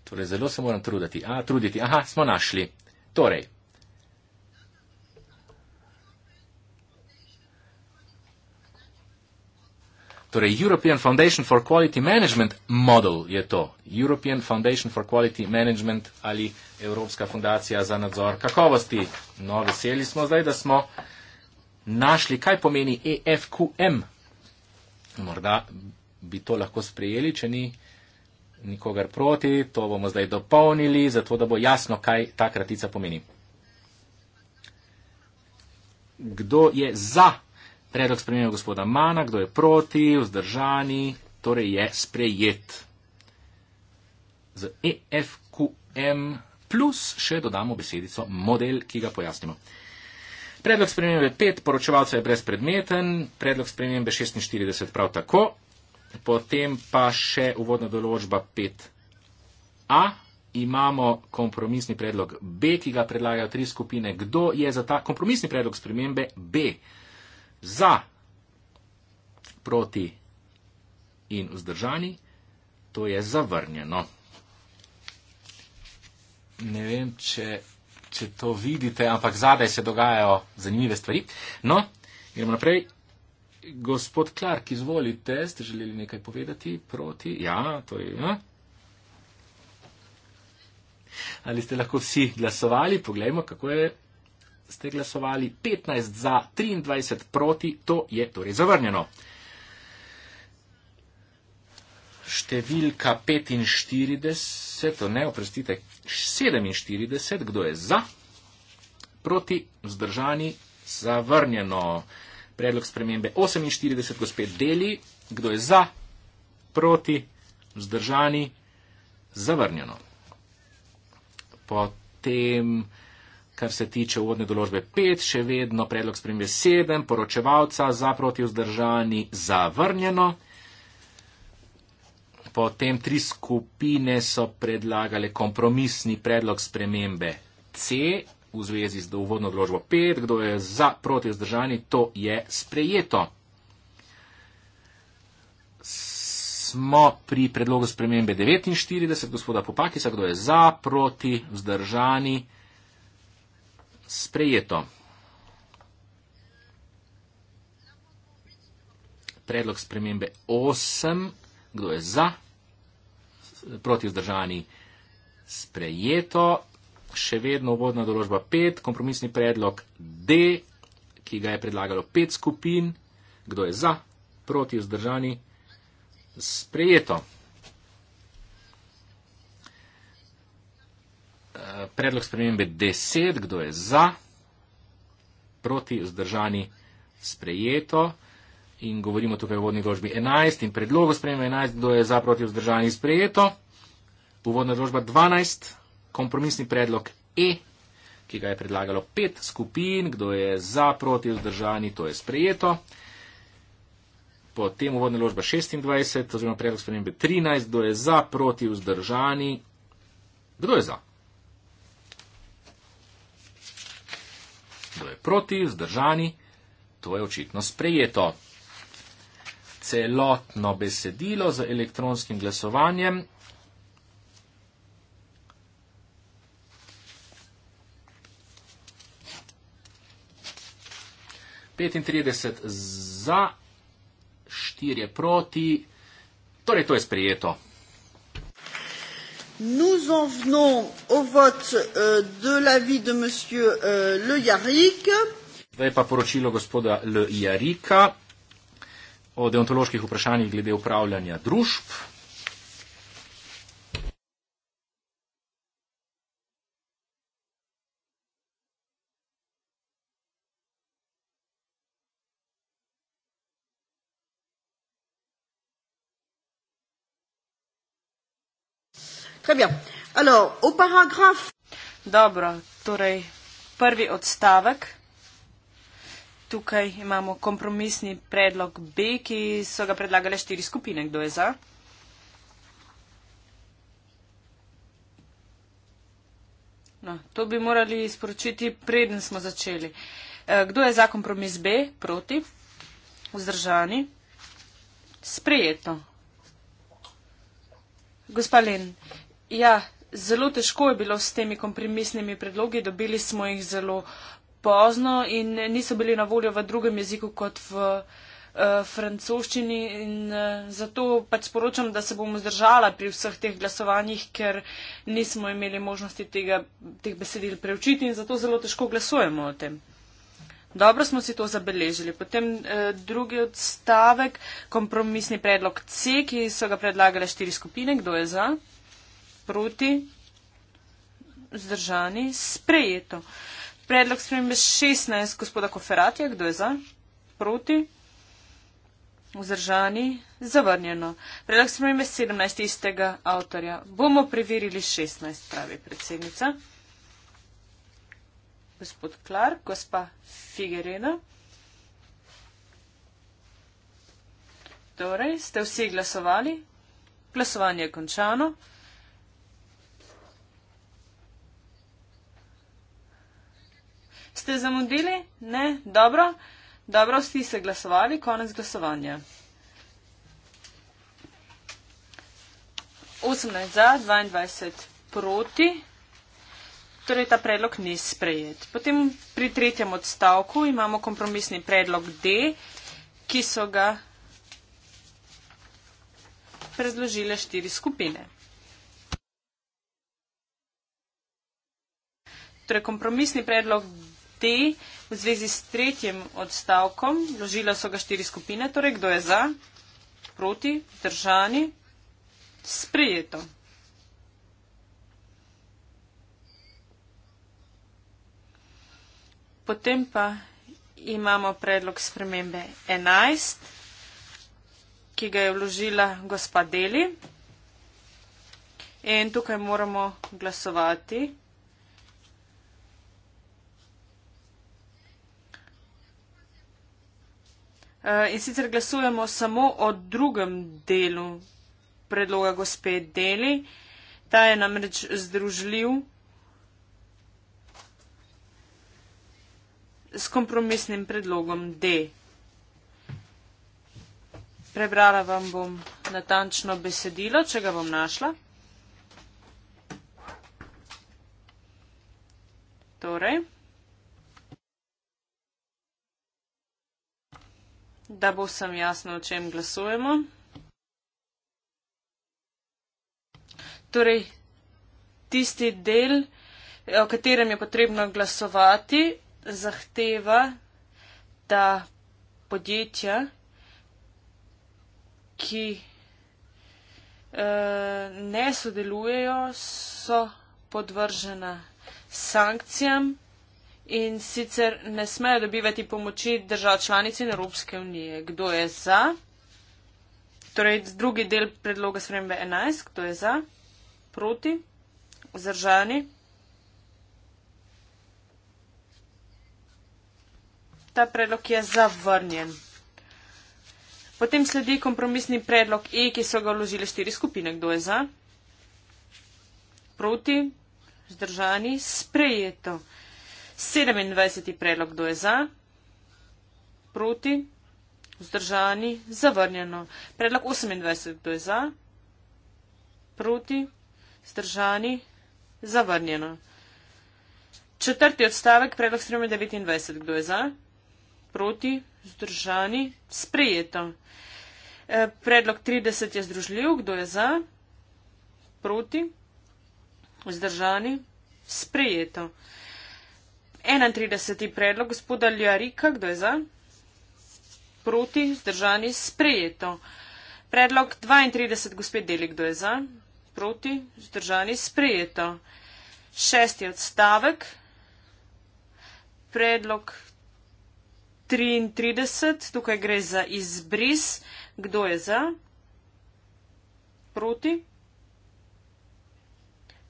Torej, zelo se moram truditi. A, truditi. Aha, smo našli. Torej, Torej, European Foundation for Quality Management model je to. European Foundation for Quality Management ali Evropska fundacija za nadzor kakovosti. No, veseli smo zdaj, da smo našli, kaj pomeni EFQM. Morda bi to lahko sprejeli, če ni nikogar proti. To bomo zdaj dopolnili, zato da bo jasno, kaj ta kratica pomeni. Kdo je za Predlog spremenja gospoda Mana, kdo je proti, vzdržani, torej je sprejet. Z EFQM plus še dodamo besedico model, ki ga pojasnimo. Predlog spremenja 5, poročevalce je brezpredmeten, predlog spremenja 46 prav tako, potem pa še uvodna določba 5a. Imamo kompromisni predlog B, ki ga predlagajo tri skupine. Kdo je za ta kompromisni predlog spremembe B? za, proti in vzdržani, to je zavrnjeno. Ne vem, če, če to vidite, ampak zadaj se dogajajo zanimive stvari. No, gremo naprej. Gospod Clark, izvolite, ste želeli nekaj povedati proti? Ja, to je. Ja. Ali ste lahko vsi glasovali? Poglejmo, kako je ste glasovali 15 za, 23 proti, to je torej zavrnjeno. Številka 45, ne, oprostite, 47, kdo je za, proti, vzdržani, zavrnjeno. Predlog spremembe 48, gospod Deli, kdo je za, proti, vzdržani, zavrnjeno. Potem kar se tiče uvodne določbe 5, še vedno predlog spremembe 7, poročevalca za proti vzdržani zavrnjeno. Potem tri skupine so predlagale kompromisni predlog spremembe C v zvezi z uvodno določbo 5, kdo je za proti vzdržani, to je sprejeto. Smo pri predlogu spremembe 49 gospoda Popakisa, kdo je za proti vzdržani sprejeto. Predlog spremembe 8. Kdo je za? Proti vzdržani sprejeto. Še vedno vodna doložba 5. Kompromisni predlog D, ki ga je predlagalo 5 skupin. Kdo je za? Proti vzdržani sprejeto. predlog spremembe 10, kdo je za, proti, vzdržani, sprejeto. In govorimo tukaj o vodni dožbi 11 in predlogu spremembe 11, kdo je za, proti, vzdržani, sprejeto. Uvodna dožba 12, kompromisni predlog E, ki ga je predlagalo pet skupin, kdo je za, proti, vzdržani, to je sprejeto. Potem uvodna ložba 26, oziroma predlog spremembe 13, kdo je za, proti, vzdržani. Kdo je za? Kdo je proti, zdržani, to je očitno sprejeto. Celotno besedilo z elektronskim glasovanjem petintrideset za štirje proti, torej to je sprejeto. Nous en venons au vote euh, de l'avis de Monsieur euh, Le Yarik. Zdaj pa poročilo gospoda L. Jarika o deontoloških vprašanjih glede upravljanja družb. Très bien. Alors, au paragraphe. Dobro, torej, prvi odstavek. Tukaj imamo kompromisni predlog B, ki so ga predlagale štiri skupine. Kdo je za? No, to bi morali sporočiti, preden smo začeli. E, kdo je za kompromis B? Proti? Vzdržani? Sprejeto. Gospa Len, Ja, zelo težko je bilo s temi kompromisnimi predlogi, dobili smo jih zelo pozno in niso bili na voljo v drugem jeziku kot v uh, francoščini. In, uh, zato pač sporočam, da se bom zdržala pri vseh teh glasovanjih, ker nismo imeli možnosti tega, teh besedil preučiti in zato zelo težko glasujemo o tem. Dobro smo si to zabeležili. Potem eh, drugi odstavek, kompromisni predlog C, ki so ga predlagale štiri skupine. Kdo je za? proti, zdržani, sprejeto. Predlog spremembe 16 gospoda Koferatija, kdo je za, proti, vzdržani, zavrnjeno. Predlog spremembe 17 istega avtorja. Bomo preverili 16, pravi predsednica. Gospod Klar, gospa Figerena. Torej, ste vsi glasovali? Glasovanje je končano. Ste zamudili? Ne? Dobro? Dobro, vsi se glasovali, konec glasovanja. 18 za, 22 proti. Torej, ta predlog ni sprejet. Potem pri tretjem odstavku imamo kompromisni predlog D, ki so ga predložile štiri skupine. Torej, kompromisni predlog te v zvezi s tretjim odstavkom. Vložila so ga štiri skupine, torej kdo je za, proti, držani, sprejeto. Potem pa imamo predlog spremembe 11, ki ga je vložila gospa Deli. In tukaj moramo glasovati. Eh, in sicer glasujemo samo o drugem delu predloga gospe Deli. Ta je namreč združljiv s kompromisnim predlogom D. Prebrala vam bom natančno besedilo, če ga bom našla. Torej. da bo vsem jasno, o čem glasujemo. Torej, tisti del, o katerem je potrebno glasovati, zahteva, da podjetja, ki eh, ne sodelujejo, so podvržena sankcijam in sicer ne smejo dobivati pomoči držav članic in Evropske unije. Kdo je za? Torej, drugi del predloga spremembe 11. Kdo je za? Proti? Zdržani? Ta predlog je zavrnjen. Potem sledi kompromisni predlog E, ki so ga vložile štiri skupine. Kdo je za? Proti? Zdržani? Sprejeto. 27 predlog, kdo je za, proti, vzdržani, zavrnjeno. Predlog 28, kdo je za, proti, vzdržani, zavrnjeno. Četrti odstavek, predlog 29, kdo je za, proti, vzdržani, sprejeto. E, predlog 30 je združljiv, kdo je za, proti, vzdržani, sprejeto. 31. predlog gospoda Ljarika, kdo je za? Proti, zdržani, sprejeto. Predlog 32. gospod Deli, kdo je za? Proti, zdržani, sprejeto. Šesti odstavek. Predlog 33. Tukaj gre za izbris. Kdo je za? Proti.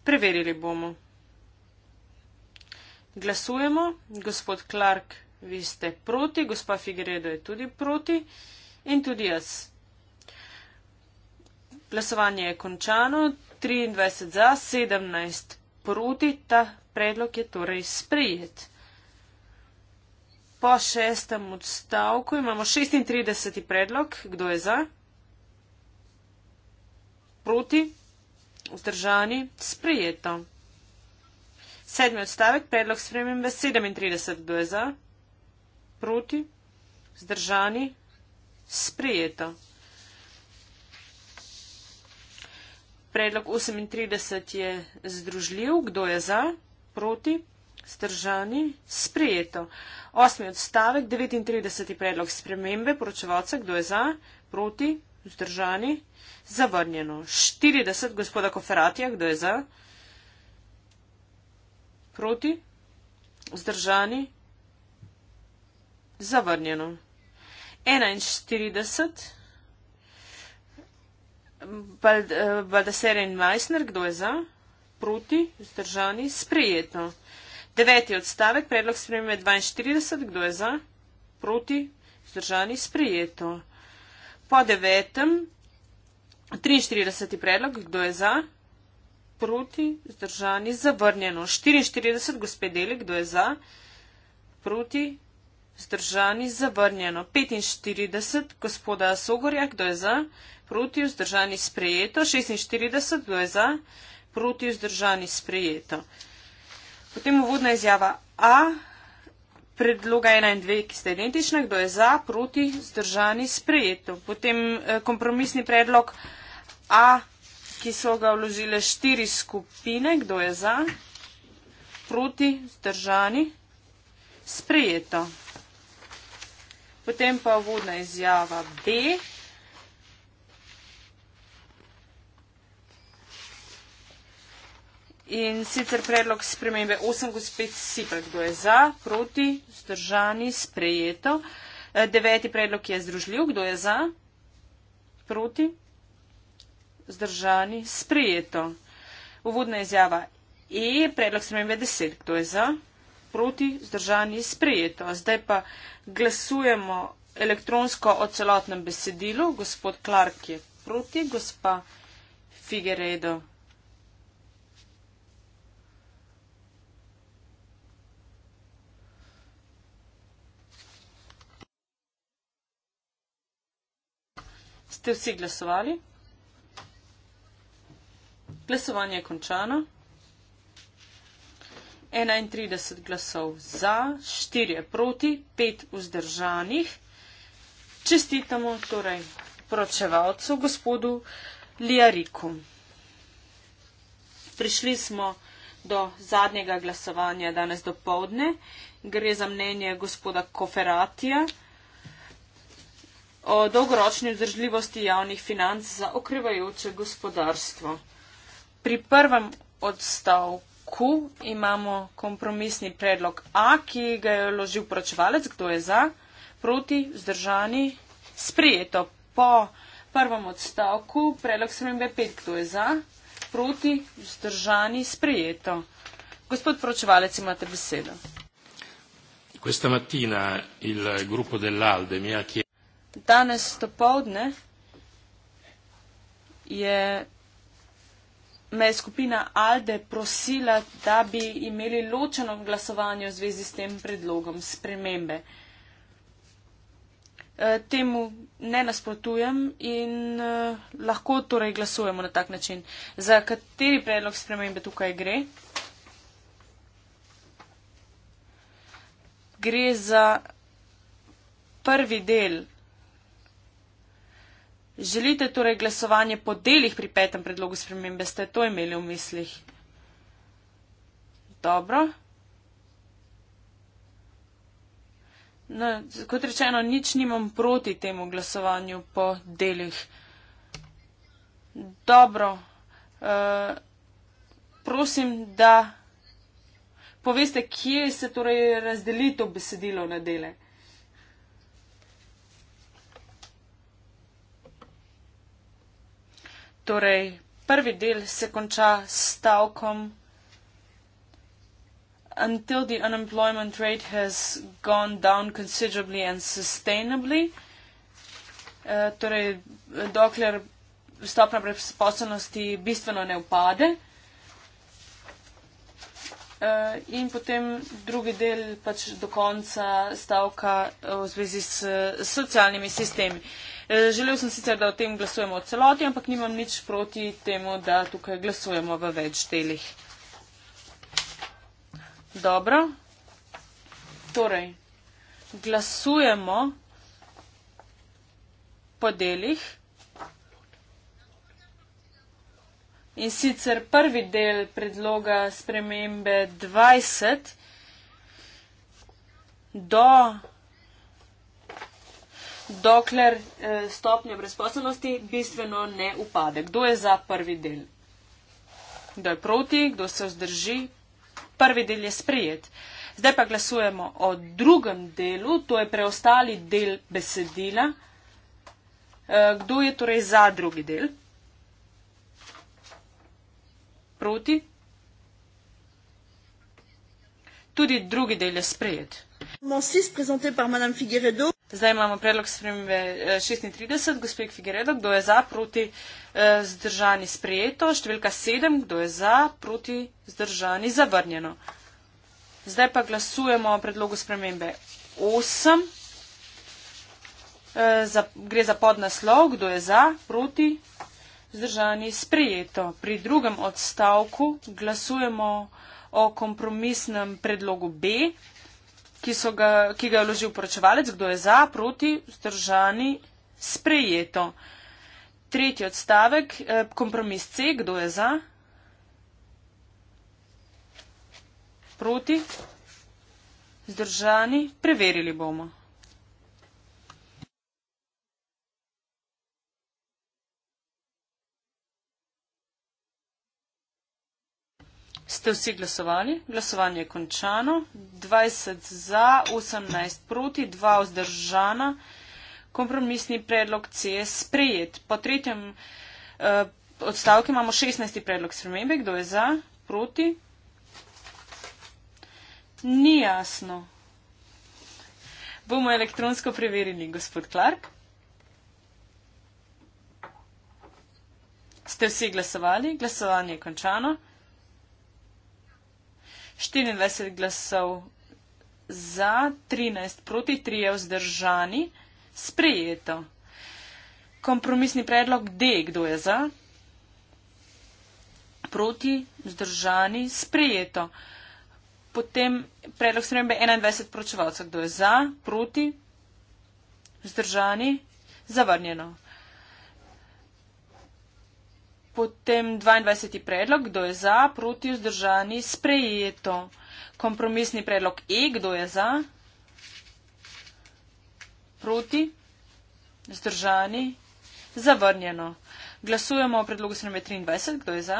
Preverili bomo. Glasujemo. Gospod Clark, vi ste proti, gospa Figueredo je tudi proti in tudi jaz. Glasovanje je končano. 23 za, 17 proti. Ta predlog je torej sprejet. Po šestem odstavku imamo 36. predlog. Kdo je za? Proti? Vzdržani? Sprejeto. Sedmi odstavek, predlog spremembe 37 BZA, proti, zdržani, sprejeto. Predlog 38 je združljiv, kdo je za, proti, zdržani, sprejeto. Osmi odstavek, 39 je predlog spremembe, poročevalce, kdo je za, proti, zdržani, zavrnjeno. 40, gospoda Koferatija, kdo je za, proti proti, vzdržani, zavrnjeno. 41, Bald, Baldaser in Meissner, kdo je za, proti, vzdržani, sprejeto. Deveti odstavek, predlog spremembe 42, kdo je za, proti, vzdržani, sprejeto. Po devetem, 43. predlog, kdo je za, proti, zdržani, zavrnjeno. 44 gospedeli, kdo je za, proti, zdržani, zavrnjeno. 45 gospoda Sogorja, kdo je za, proti, zdržani, sprejeto. 46, kdo je za, proti, zdržani, sprejeto. Potem uvodna izjava A, predloga 1 in 2, ki sta identična, kdo je za, proti, zdržani, sprejeto. Potem eh, kompromisni predlog A ki so ga vložile štiri skupine, kdo je za, proti, zdržani, sprejeto. Potem pa vodna izjava B. In sicer predlog spremembe 8 gospod Sipel, kdo je za, proti, zdržani, sprejeto. Eh, deveti predlog je združljiv, kdo je za, proti vzdržani, sprejeto. Uvodna izjava E, predlog spremembe 10, kdo je za, proti, vzdržani, sprejeto. Zdaj pa glasujemo elektronsko o celotnem besedilu. Gospod Clark je proti, gospa Figueredo. Ste vsi glasovali? Glasovanje je končano. 31 glasov za, 4 proti, 5 vzdržanih. Čestitamo torej poročevalcu, gospodu Liariku. Prišli smo do zadnjega glasovanja danes do povdne. Gre za mnenje gospoda Koferatija o dolgoročni vzdržljivosti javnih financ za okrevajoče gospodarstvo. Pri prvem odstavku imamo kompromisni predlog A, ki ga je vložil poročevalec, kdo je za, proti, vzdržani, sprijeto. Po prvem odstavku predlog 7b5, kdo je za, proti, vzdržani, sprijeto. Gospod poročevalec, imate besedo. Danes to povdne je me je skupina Alde prosila, da bi imeli ločeno glasovanje v zvezi s tem predlogom spremembe. E, temu ne nasprotujem in e, lahko torej glasujemo na tak način. Za kateri predlog spremembe tukaj gre? Gre za prvi del Želite torej glasovanje po delih pri petem predlogu spremembe? Ste to imeli v mislih? Dobro. No, kot rečeno, nič nimam proti temu glasovanju po delih. Dobro. Uh, prosim, da poveste, kje se torej razdelito besedilo na delek. Torej, prvi del se konča s stavkom. Until the unemployment rate has gone down considerably and sustainably. Uh, torej, dokler stopna brezposobnosti bistveno ne upade. Uh, in potem drugi del pač do konca stavka e, v zvezi s socialnimi sistemi. Uh, Eh, želel sem sicer, da o tem glasujemo v celoti, ampak nimam nič proti temu, da tukaj glasujemo v več delih. Dobro. Torej, glasujemo po delih. In sicer prvi del predloga spremembe 20 do dokler eh, stopnja brezposobnosti bistveno ne upade. Kdo je za prvi del? Kdo je proti, kdo se vzdrži? Prvi del je sprijet. Zdaj pa glasujemo o drugem delu, to je preostali del besedila. Eh, kdo je torej za drugi del? Proti? Tudi drugi del je sprejet. Zdaj imamo predlog spremembe 36, eh, gospod Figueredo, kdo je za, proti, eh, zdržani sprejeto, številka 7, kdo je za, proti, zdržani zavrnjeno. Zdaj pa glasujemo o predlogu spremembe 8. Eh, za, gre za podnaslov, kdo je za, proti, zdržani sprejeto. Pri drugem odstavku glasujemo o kompromisnem predlogu B, ki, ga, ki ga je vložil poročevalec, kdo je za, proti, vzdržani, sprejeto. Tretji odstavek, eh, kompromis C, kdo je za, proti, vzdržani, preverili bomo. Ste vsi glasovali? Glasovanje je končano. 20 za, 18 proti, 2 vzdržana. Kompromisni predlog C je sprejet. Po tretjem eh, odstavku imamo 16. predlog spremembe. Kdo je za? Proti? Ni jasno. Bomo elektronsko preverili, gospod Clark. Ste vsi glasovali? Glasovanje je končano. 24 glasov za, 13 proti, 3 je vzdržani, sprejeto. Kompromisni predlog D, kdo je za, proti, vzdržani, sprejeto. Potem predlog spremembe 21 pročevalcev, kdo je za, proti, vzdržani, zavrnjeno. Potem 22. predlog, kdo je za, proti vzdržani, sprejeto. Kompromisni predlog E, kdo je za, proti, vzdržani, zavrnjeno. Glasujemo o predlogu 723, kdo je za,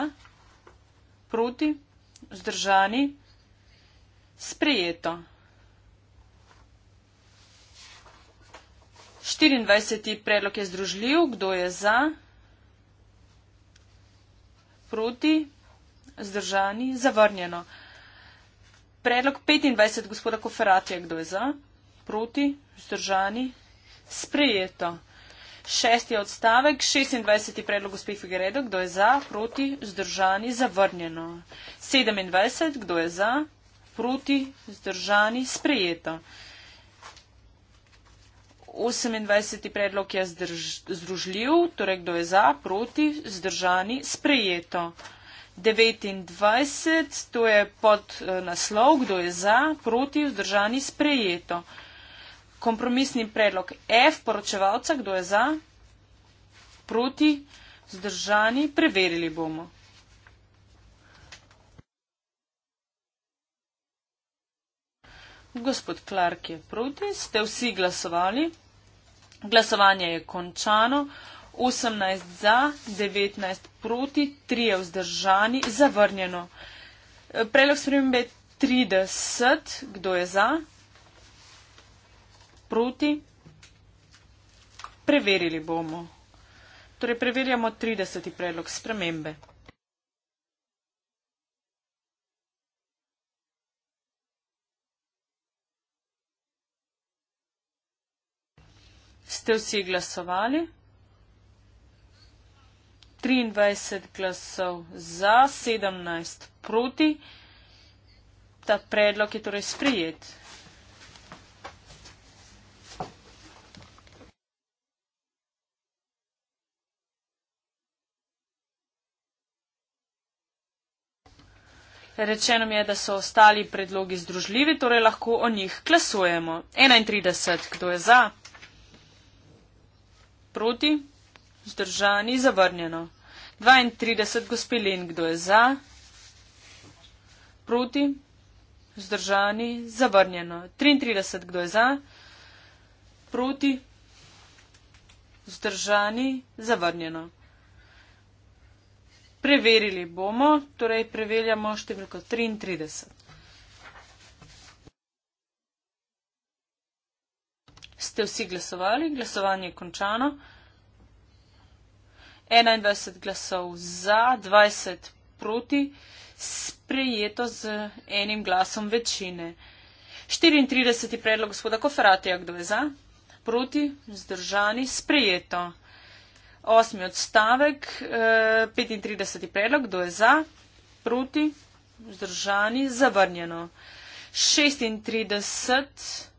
proti, vzdržani, sprejeto. 24. predlog je združljiv, kdo je za proti, zdržani, zavrnjeno. Predlog 25 gospoda Koferatija, kdo je za, proti, zdržani, sprejeto. Šesti odstavek, 26. predlog gospe Figueredo, kdo je za, proti, zdržani, zavrnjeno. 27. kdo je za, proti, zdržani, sprejeto. 28. predlog je zdrž, združljiv, torej kdo je za, proti, zdržani, sprejeto. 29. to je pod eh, naslov, kdo je za, proti, vzdržani, sprejeto. Kompromisni predlog F, poročevalca, kdo je za, proti, vzdržani, preverili bomo. Gospod Clark je proti, ste vsi glasovali? Glasovanje je končano. 18 za, 19 proti, 3 je vzdržani, zavrnjeno. Predlog spremembe 30, kdo je za? Proti? Preverili bomo. Torej, preverjamo 30. predlog spremembe. Ste vsi glasovali? 23 glasov za, 17 proti. Ta predlog je torej sprijet. Rečeno mi je, da so ostali predlogi združljivi, torej lahko o njih glasujemo. 31, kdo je za? proti, zdržani, zavrnjeno. 32 gospe Len, kdo je za, proti, zdržani, zavrnjeno. 33, kdo je za, proti, zdržani, zavrnjeno. Preverili bomo, torej preverjamo številko 33. Ste vsi glasovali? Glasovanje je končano. 21 glasov za, 20 proti, sprejeto z enim glasom večine. 34. predlog gospoda Koferatija, kdo je za? Proti, zdržani, sprejeto. Osmi odstavek, 35. Eh, predlog, kdo je za? Proti, zdržani, zavrnjeno. 36.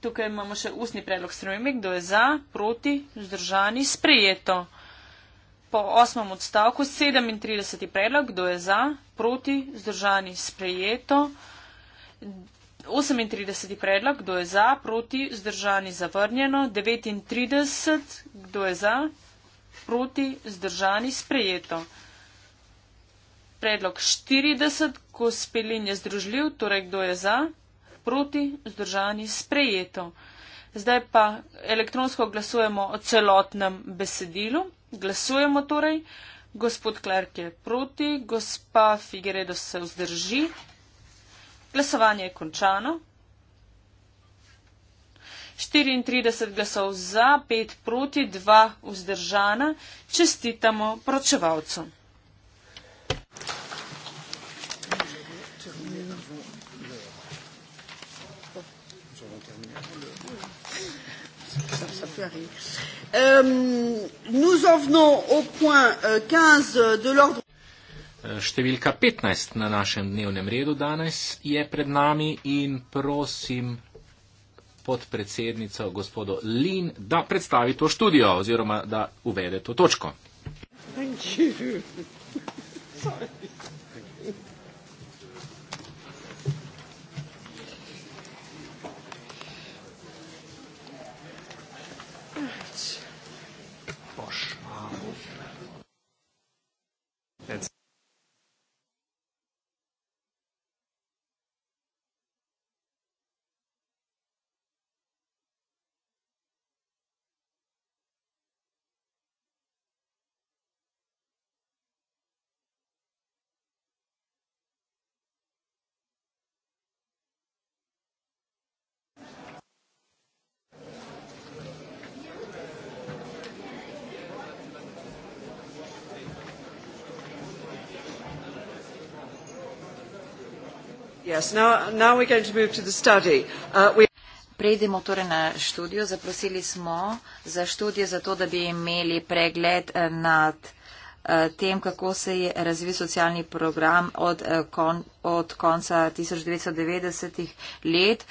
Tukaj imamo še ustni predlog strojmi, kdo je za, proti, vzdržani, sprejeto. Po osmem odstavku 37. predlog, kdo je za, proti, vzdržani, sprejeto. 38. predlog, kdo je za, proti, vzdržani, zavrnjeno. 39. kdo je za, proti, vzdržani, sprejeto. Predlog 40, ko spelin je združljiv, torej kdo je za, proti, vzdržani, sprejeto. Zdaj pa elektronsko glasujemo o celotnem besedilu. Glasujemo torej. Gospod Klerk je proti, gospa Figueredo se vzdrži. Glasovanje je končano. 34 glasov za, 5 proti, 2 vzdržana. Čestitamo pročevalcu. arrive. Euh, nous en venons au point 15 euh, de l'ordre. Euh, številka 15 na našem dnevnem redu danes je pred nami in prosim podpredsednico gospodo Lin, da predstavi to študijo oziroma da uvede to točko. Hvala. Uh, Prejdemo torej na študijo. Zaprosili smo za študijo, zato da bi imeli pregled eh, nad eh, tem, kako se je razvil socialni program od, eh, kon, od konca 1990-ih let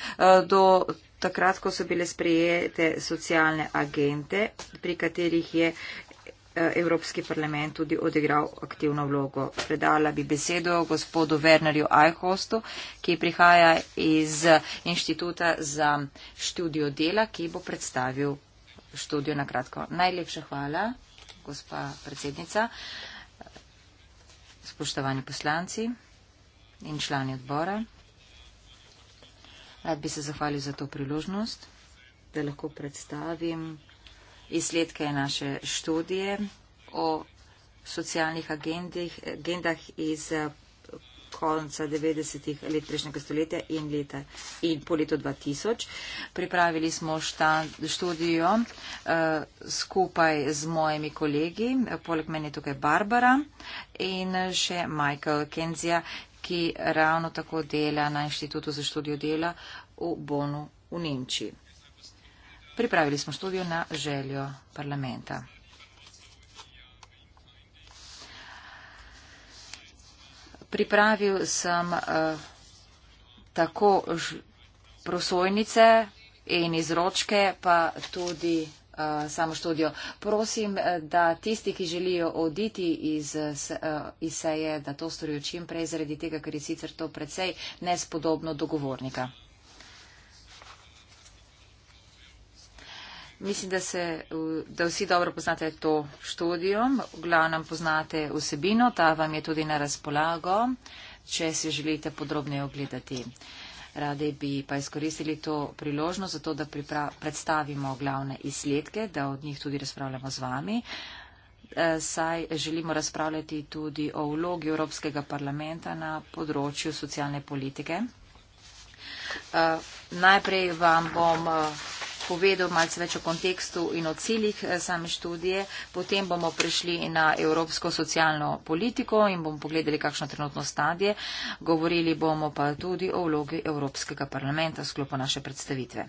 do takrat, ko so bile sprejete socialne agente, pri katerih je Eh, Evropski parlament tudi odigral aktivno vlogo. Predala bi besedo gospodu Wernerju Eichhostu, ki prihaja iz Inštituta za študijo dela, ki bo predstavil študijo na kratko. Najlepša hvala, gospa predsednica, spoštovani poslanci in člani odbora. Rad bi se zahvalil za to priložnost, da lahko predstavim izsledke naše študije o socialnih agendih, agendah iz eh, konca 90-ih let prejšnjega stoletja in, leta, in po letu 2000. Pripravili smo štand, študijo eh, skupaj z mojimi kolegi, eh, poleg mene je tukaj Barbara in eh, še Michael Kenzija, ki ravno tako dela na Inštitutu za študijo dela v Bonu v Nemčiji. Pripravili smo študijo na željo parlamenta. Pripravil sem uh, tako ž, prosojnice in izročke, pa tudi uh, samo študijo. Prosim, eh, da tisti, ki želijo oditi iz, uh, iz seje, da to storijo čim prej, zaradi tega, ker je sicer to precej nespodobno dogovornika. Mislim, da, se, da vsi dobro poznate to študijo, v glavnem poznate vsebino, ta vam je tudi na razpolago, če si želite podrobneje ogledati. Radi bi pa izkoristili to priložnost, zato da predstavimo glavne izsledke, da od njih tudi razpravljamo z vami. E, saj želimo razpravljati tudi o vlogi Evropskega parlamenta na področju socialne politike. E, najprej vam bom povedal malce več o kontekstu in o ciljih eh, same študije. Potem bomo prišli na evropsko socialno politiko in bomo pogledali, kakšno trenutno stadje. Govorili bomo pa tudi o vlogi Evropskega parlamenta v sklopu naše predstavitve.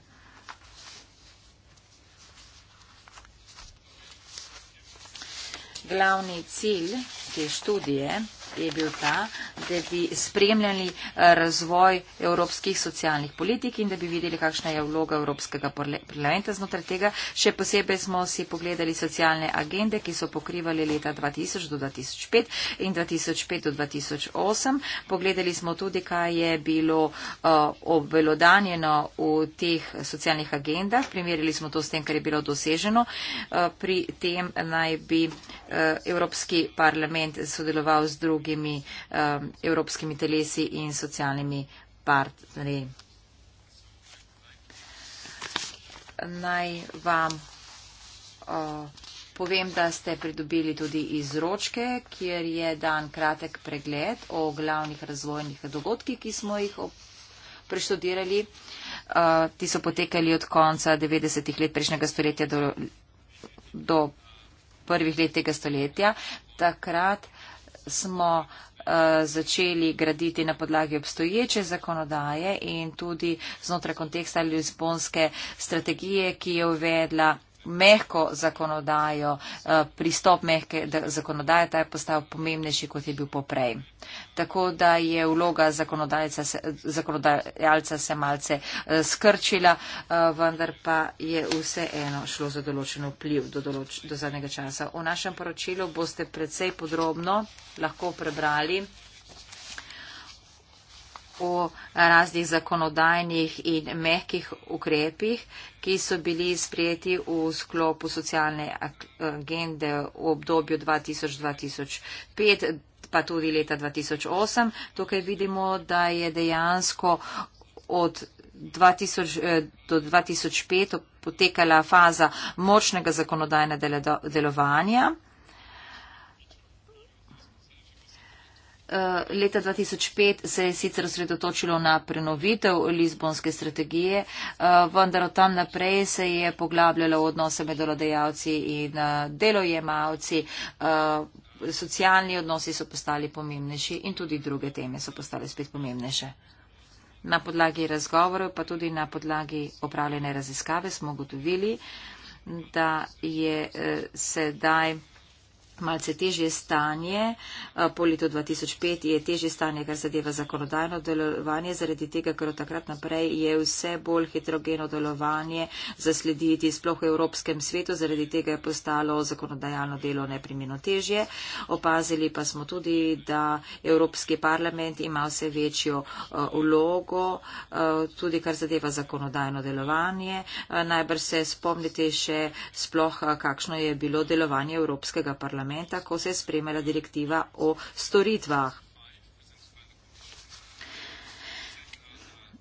Glavni cilj te študije je bil ta, da bi spremljali eh, razvoj evropskih socialnih politik in da bi videli, kakšna je vloga Evropskega parlamenta znotraj tega. Še posebej smo si pogledali socialne agende, ki so pokrivali leta 2000 do 2005 in 2005 do 2008. Pogledali smo tudi, kaj je bilo eh, obelodanjeno v teh socialnih agendah. Primerili smo to s tem, kar je bilo doseženo. Eh, pri tem naj bi Evropski parlament sodeloval z drugim drugimi um, evropskimi telesi in socialnimi partnerji. Naj vam uh, povem, da ste pridobili tudi izročke, kjer je dan kratek pregled o glavnih razvojnih dogodkih, ki smo jih preštudirali. Uh, ti so potekali od konca 90-ih let prejšnjega stoletja do, do prvih let tega stoletja. Takrat uh, smo eh, začeli graditi na podlagi obstoječe zakonodaje in tudi znotraj konteksta Lizbonske strategije, ki je uvedla mehko zakonodajo, eh, pristop mehke zakonodaje, ta je postal pomembnejši, kot je bil poprej. Tako da je vloga zakonodajalca se malce eh, skrčila, eh, vendar pa je vse eno šlo za določen vpliv do, določ, do zadnjega časa. V našem poročilu boste predvsej podrobno lahko prebrali o raznih zakonodajnih in mehkih ukrepih, ki so bili sprejeti v sklopu socialne agende v obdobju 2000-2005, pa tudi leta 2008. Tukaj vidimo, da je dejansko od 2000 eh, do 2005 potekala faza močnega zakonodajnega delovanja. Eh, leta 2005 se je sicer osredotočilo na prenovitev Lizbonske strategije, eh, vendar od tam naprej se je poglabljalo v odnose med delodajalci in eh, delojemalci, socialni odnosi so postali pomembnejši in tudi druge teme so postale spet pomembnejše. Na podlagi razgovorov, pa tudi na podlagi opravljene raziskave smo gotovili, da je sedaj malce težje stanje. Eh, po letu 2005 je težje stanje, kar zadeva zakonodajno delovanje, zaradi tega, ker od takrat naprej je vse bolj heterogeno delovanje zaslediti sploh v evropskem svetu, zaradi tega je postalo zakonodajno delo neprimeno težje. Opazili pa smo tudi, da Evropski parlament ima vse večjo eh, vlogo, eh, tudi kar zadeva zakonodajno delovanje. Najbrž se spomnite še sploh, kakšno je bilo delovanje Evropskega parlamenta parlamenta, ko se je spremela direktiva o storitvah.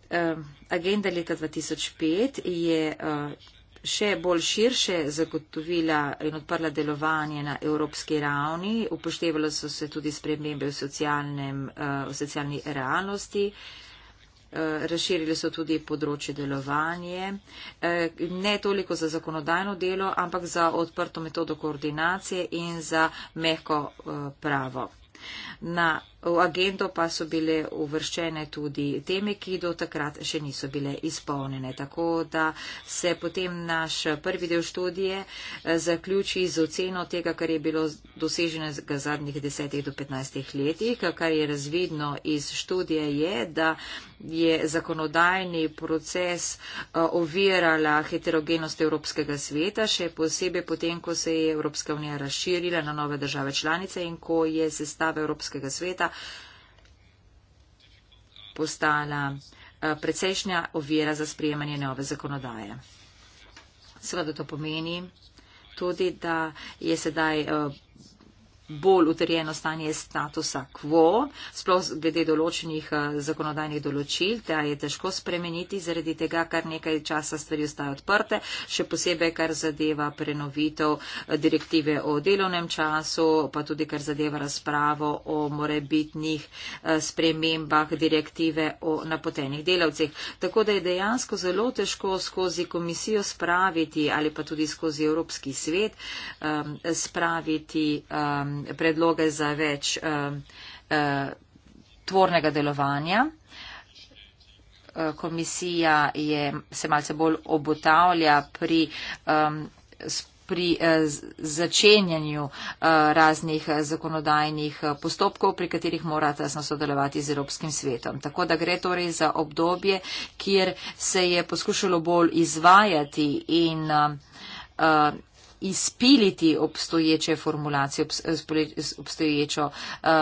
Ehm, agenda leta 2005 je eh, še bolj širše zagotovila in odprla delovanje na evropski ravni. Upoštevalo so se tudi spremembe v, socialnem, eh, v socialni realnosti. Eh, Razširili so tudi področje delovanje, eh, ne toliko za zakonodajno delo, ampak za odprto metodo koordinacije in za mehko eh, pravo. Na agendo pa so bile uvrščene tudi teme, ki do takrat še niso bile izpolnjene. Tako da se potem naš prvi del študije zaključi z oceno tega, kar je bilo doseženo v zadnjih 10 do 15 letih. Kar je razvidno iz študije je, da je zakonodajni proces eh, ovirala heterogenost Evropskega sveta, še posebej potem, ko se je Evropska unija razširila na nove države članice in ko je sestava Evropskega sveta postala eh, precejšnja ovira za sprejemanje nove zakonodaje. Seveda to pomeni tudi, da je sedaj eh, bolj utrjeno stanje statusa quo, sploh glede določenih eh, zakonodajnih določil, da je težko spremeniti zaradi tega, kar nekaj časa stvari ostajajo odprte, še posebej, kar zadeva prenovitev eh, direktive o delovnem času, pa tudi, kar zadeva razpravo o morebitnih eh, spremembah direktive o napotenih delavcih. Tako da je dejansko zelo težko skozi komisijo spraviti ali pa tudi skozi Evropski svet spraviti predloge za več um, uh, tvornega delovanja. Uh, komisija je, se malce bolj obotavlja pri, um, pri uh, začenjanju raznih zakonodajnih postopkov, pri katerih morate jasno sodelovati z Evropskim svetom. Tako da gre torej za obdobje, kjer se je poskušalo bolj izvajati in izpiliti obstoječe formulacije, eh, obstoječo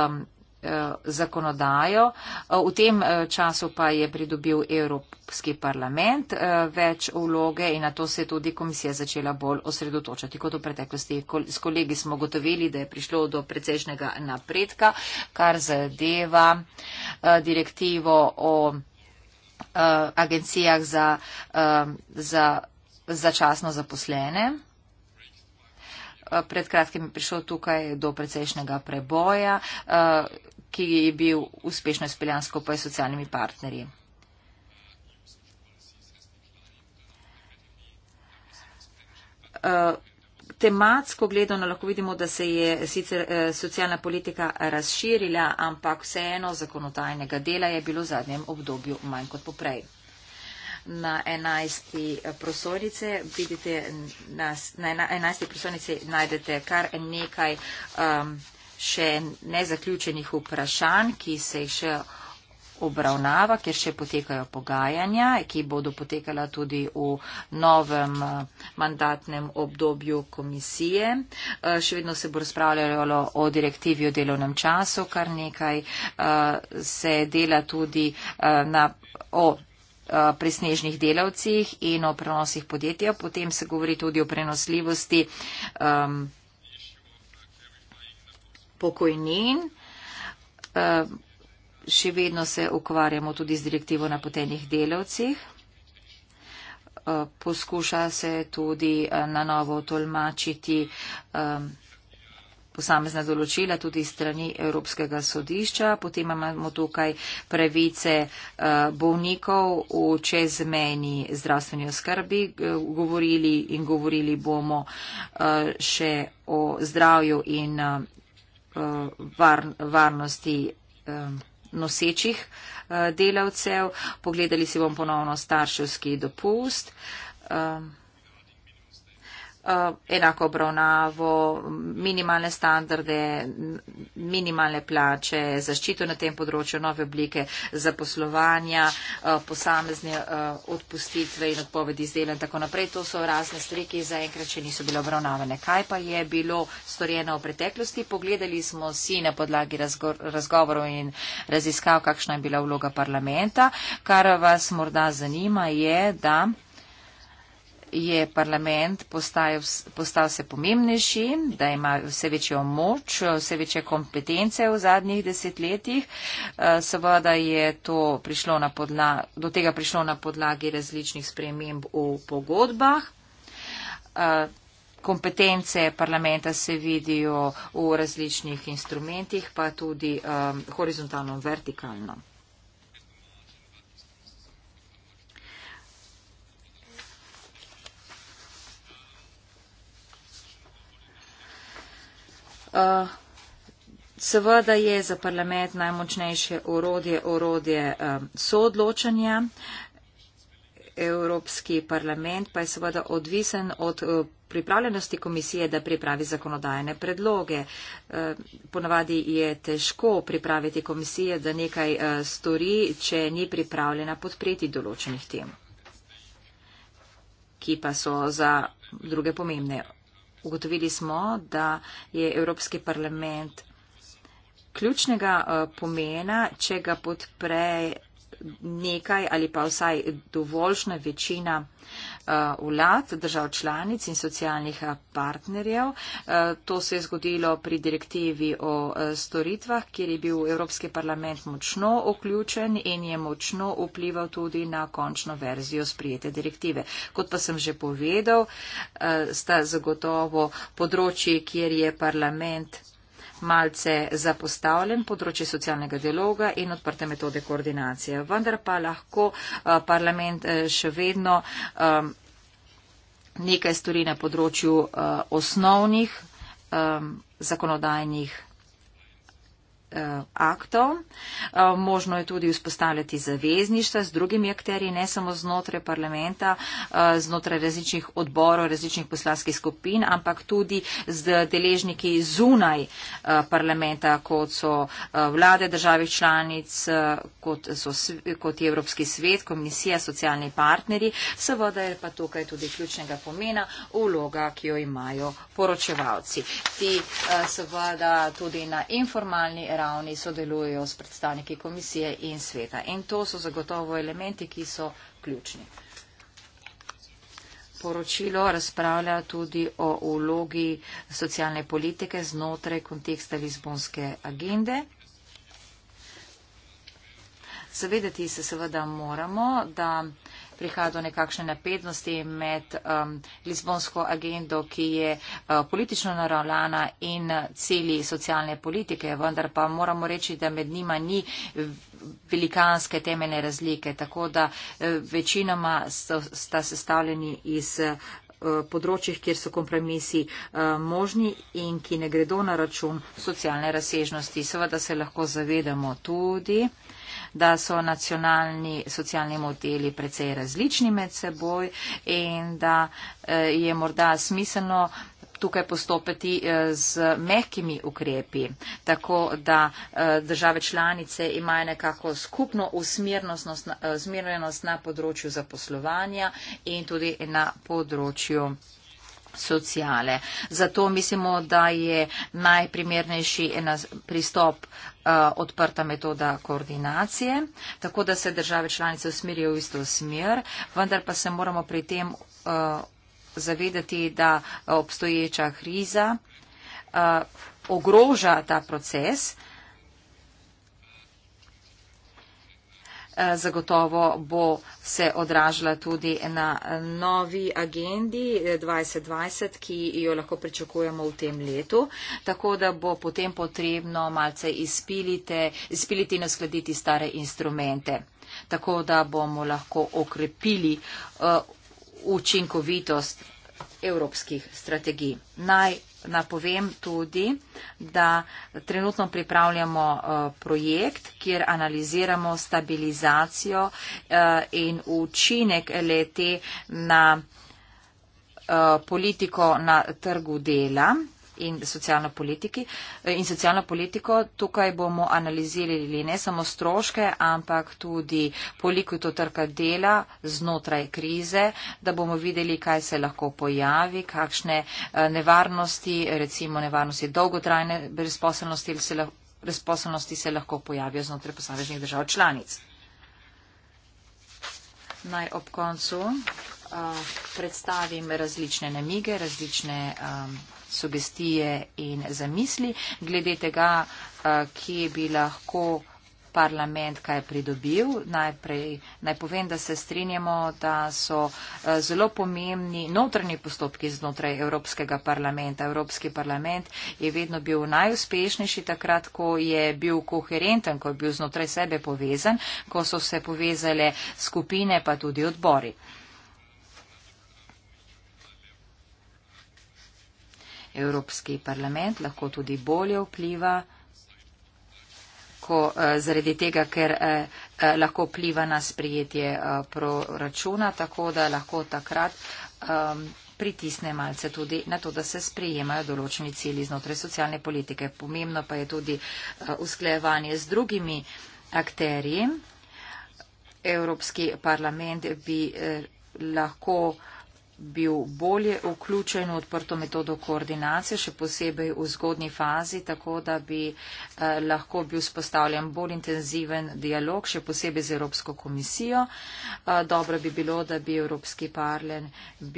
um, eh, zakonodajo. Eh, v tem času pa je pridobil Evropski parlament več vloge in na to se je tudi komisija začela bolj osredotočati kot v preteklosti. S kolegi smo gotovili, da je prišlo do precejšnjega napredka, kar zadeva direktivo o agencijah za, za začasno zaposlene. Eh, pred kratkim je prišel tukaj do precejšnjega preboja, eh, ki je bil uspešno izpeljan skupaj s socialnimi partnerji. Eh, tematsko gledano lahko vidimo, da se je sicer socialna politika razširila, ampak vseeno zakonodajnega dela je bilo v zadnjem obdobju manj kot poprej na 11. Eh, prosojnice. Vidite, na 11. prosojnici najdete kar nekaj um, še nezaključenih vprašanj, ki se jih še obravnava, ker še potekajo pogajanja, ki bodo potekala tudi v novem eh, mandatnem obdobju komisije. Eh, še vedno se bo razpravljalo o direktivi o delovnem času, kar nekaj se dela tudi na, o Eh, pri snežnih delavcih in o prenosih podjetja. Potem se govori tudi o prenosljivosti um, pokojnin. Um, še vedno se ukvarjamo tudi z direktivo na potenih delavcih. Eh, poskuša se tudi na novo tolmačiti um, posamezna določila tudi strani Evropskega sodišča. Potem imamo tukaj pravice eh, bolnikov v čezmeni zdravstveni oskrbi. Eh, govorili in govorili bomo eh, še o zdravju in varnosti nosečih delavcev. Pogledali si bom ponovno starševski dopust. Eh, enako obravnavo, minimalne standarde, minimalne plače, zaščito na tem področju, nove oblike zaposlovanja, eh, posamezne eh, odpustitve in odpovedi izdela in tako naprej. To so razne stvari, ki zaenkrat še niso bile obravnavane. Kaj pa je bilo storjeno v preteklosti? Pogledali smo si na podlagi razgovorov in raziskav, kakšna je bila vloga parlamenta. Kar vas morda zanima je, da je parlament postajal, postal vse pomembnejši, da ima vse večjo moč, vse večje kompetence v zadnjih desetletjih. Eh, seveda je to prišlo na podlagi, do tega prišlo na podlagi različnih sprememb v pogodbah. Eh, kompetence parlamenta se vidijo v različnih instrumentih, pa tudi um, horizontalno in vertikalno. Eh, seveda je za parlament najmočnejše orodje, orodje eh, soodločanja. Evropski parlament pa je seveda odvisen od eh, pripravljenosti komisije, da pripravi zakonodajne predloge. Ponavadi je težko pripraviti komisije, da nekaj stori, če ni pripravljena podpreti določenih tem, ki pa so za druge pomembne Ugotovili smo, da je Evropski parlament ključnega eh, pomena, če ga podpre nekaj ali pa vsaj dovoljšna večina uh, Eh, vlad, držav članic in socialnih eh, partnerjev. Eh, to se je zgodilo pri direktivi o storitvah, kjer je bil Evropski parlament močno vključen in je močno vplival tudi na končno verzijo sprijete direktive. Kot pa sem že povedal, sta zagotovo področji, kjer je parlament malce zapostavljen področje socialnega dialoga in odprte metode koordinacije. Vendar pa lahko eh, parlament eh, še vedno eh, nekaj stori na področju osnovnih zakonodajnih Eh, aktov. Eh, možno je tudi vzpostavljati zavezništva z drugimi akteri, ne samo znotraj parlamenta, eh, znotraj različnih odborov, različnih poslanskih skupin, ampak tudi z deležniki zunaj parlamenta, kot so vlade države članic, kot, so, kot je Evropski svet, komisija, socialni partneri. Seveda je pa tukaj tudi ključnega pomena vloga, ki jo imajo poročevalci. Ti seveda tudi na informalni ravni sodelujejo s predstavniki komisije in sveta. In to so zagotovo elementi, ki so ključni. Poročilo razpravlja tudi o vlogi socialne politike znotraj konteksta Lizbonske agende. Zavedati se seveda moramo, da prihaja do nekakšne napetnosti med um, Lizbonsko agendo, ki je uh, politično naravljana in celi socialne politike, vendar pa moramo reči, da med njima ni velikanske temeljne razlike, tako da eh, večinoma sta sestavljeni iz Eh, področjih, kjer so kompromisi eh, možni in ki ne gredo na račun socialne razsežnosti. Seveda se lahko zavedamo tudi, da so nacionalni socialni modeli precej različni med seboj in da eh, je morda smiselno tukaj postopiti eh, z mehkimi ukrepi, tako da eh, države članice imajo nekako skupno eh, usmerjenost na področju zaposlovanja in tudi na področju sociale. Zato mislimo, da je najprimernejši pristop odprta metoda koordinacije, tako da se države članice usmerijo v isto smer, vendar pa se moramo pri tem zavedati, da obstoječa kriza eh, ogroža ta proces. Eh, zagotovo bo se odražala tudi na novi agendi 2020, eh, ki jo lahko pričakujemo v tem letu, tako da bo potem potrebno malce izpiliti in uskladiti stare instrumente, tako da bomo lahko okrepili učinkovitost evropskih strategij. Naj napovem tudi, da trenutno pripravljamo eh, projekt, kjer analiziramo stabilizacijo eh, in učinek LET na eh, politiko na trgu dela in socialno, politiki, eh, in socialno politiko. Tukaj bomo analizirali ne samo stroške, ampak tudi koliko to trka dela znotraj krize, da bomo videli, kaj se lahko pojavi, kakšne eh, nevarnosti, recimo nevarnosti dolgotrajne brezposelnosti ali se lahko brezposobnosti se lahko pojavijo znotraj posameznih držav članic. Naj ob koncu uh, predstavim različne namige, različne um, sugestije in zamisli glede tega, kje bi lahko parlament kaj pridobil. Najprej naj povem, da se strinjamo, da so zelo pomembni notrni postopki znotraj Evropskega parlamenta. Evropski parlament je vedno bil najuspešnejši takrat, ko je bil koherenten, ko je bil znotraj sebe povezan, ko so se povezale skupine pa tudi odbori. Evropski parlament lahko tudi bolje vpliva, ko, eh, zaradi tega, ker eh, eh, lahko vpliva na sprijetje proračuna, tako da lahko takrat ehm, pritisne malce tudi na to, da se sprijemajo določeni cilji znotraj socialne politike. Pomembno pa je tudi usklejevanje z drugimi akterji. Evropski parlament bi eh, lahko eh, bil bolje vključen v odprto metodo koordinacije, še posebej v zgodni fazi, tako da bi eh, lahko bil spostavljen bolj intenziven dialog, še posebej z Evropsko komisijo. Eh, dobro bi bilo, da bi Evropski parlen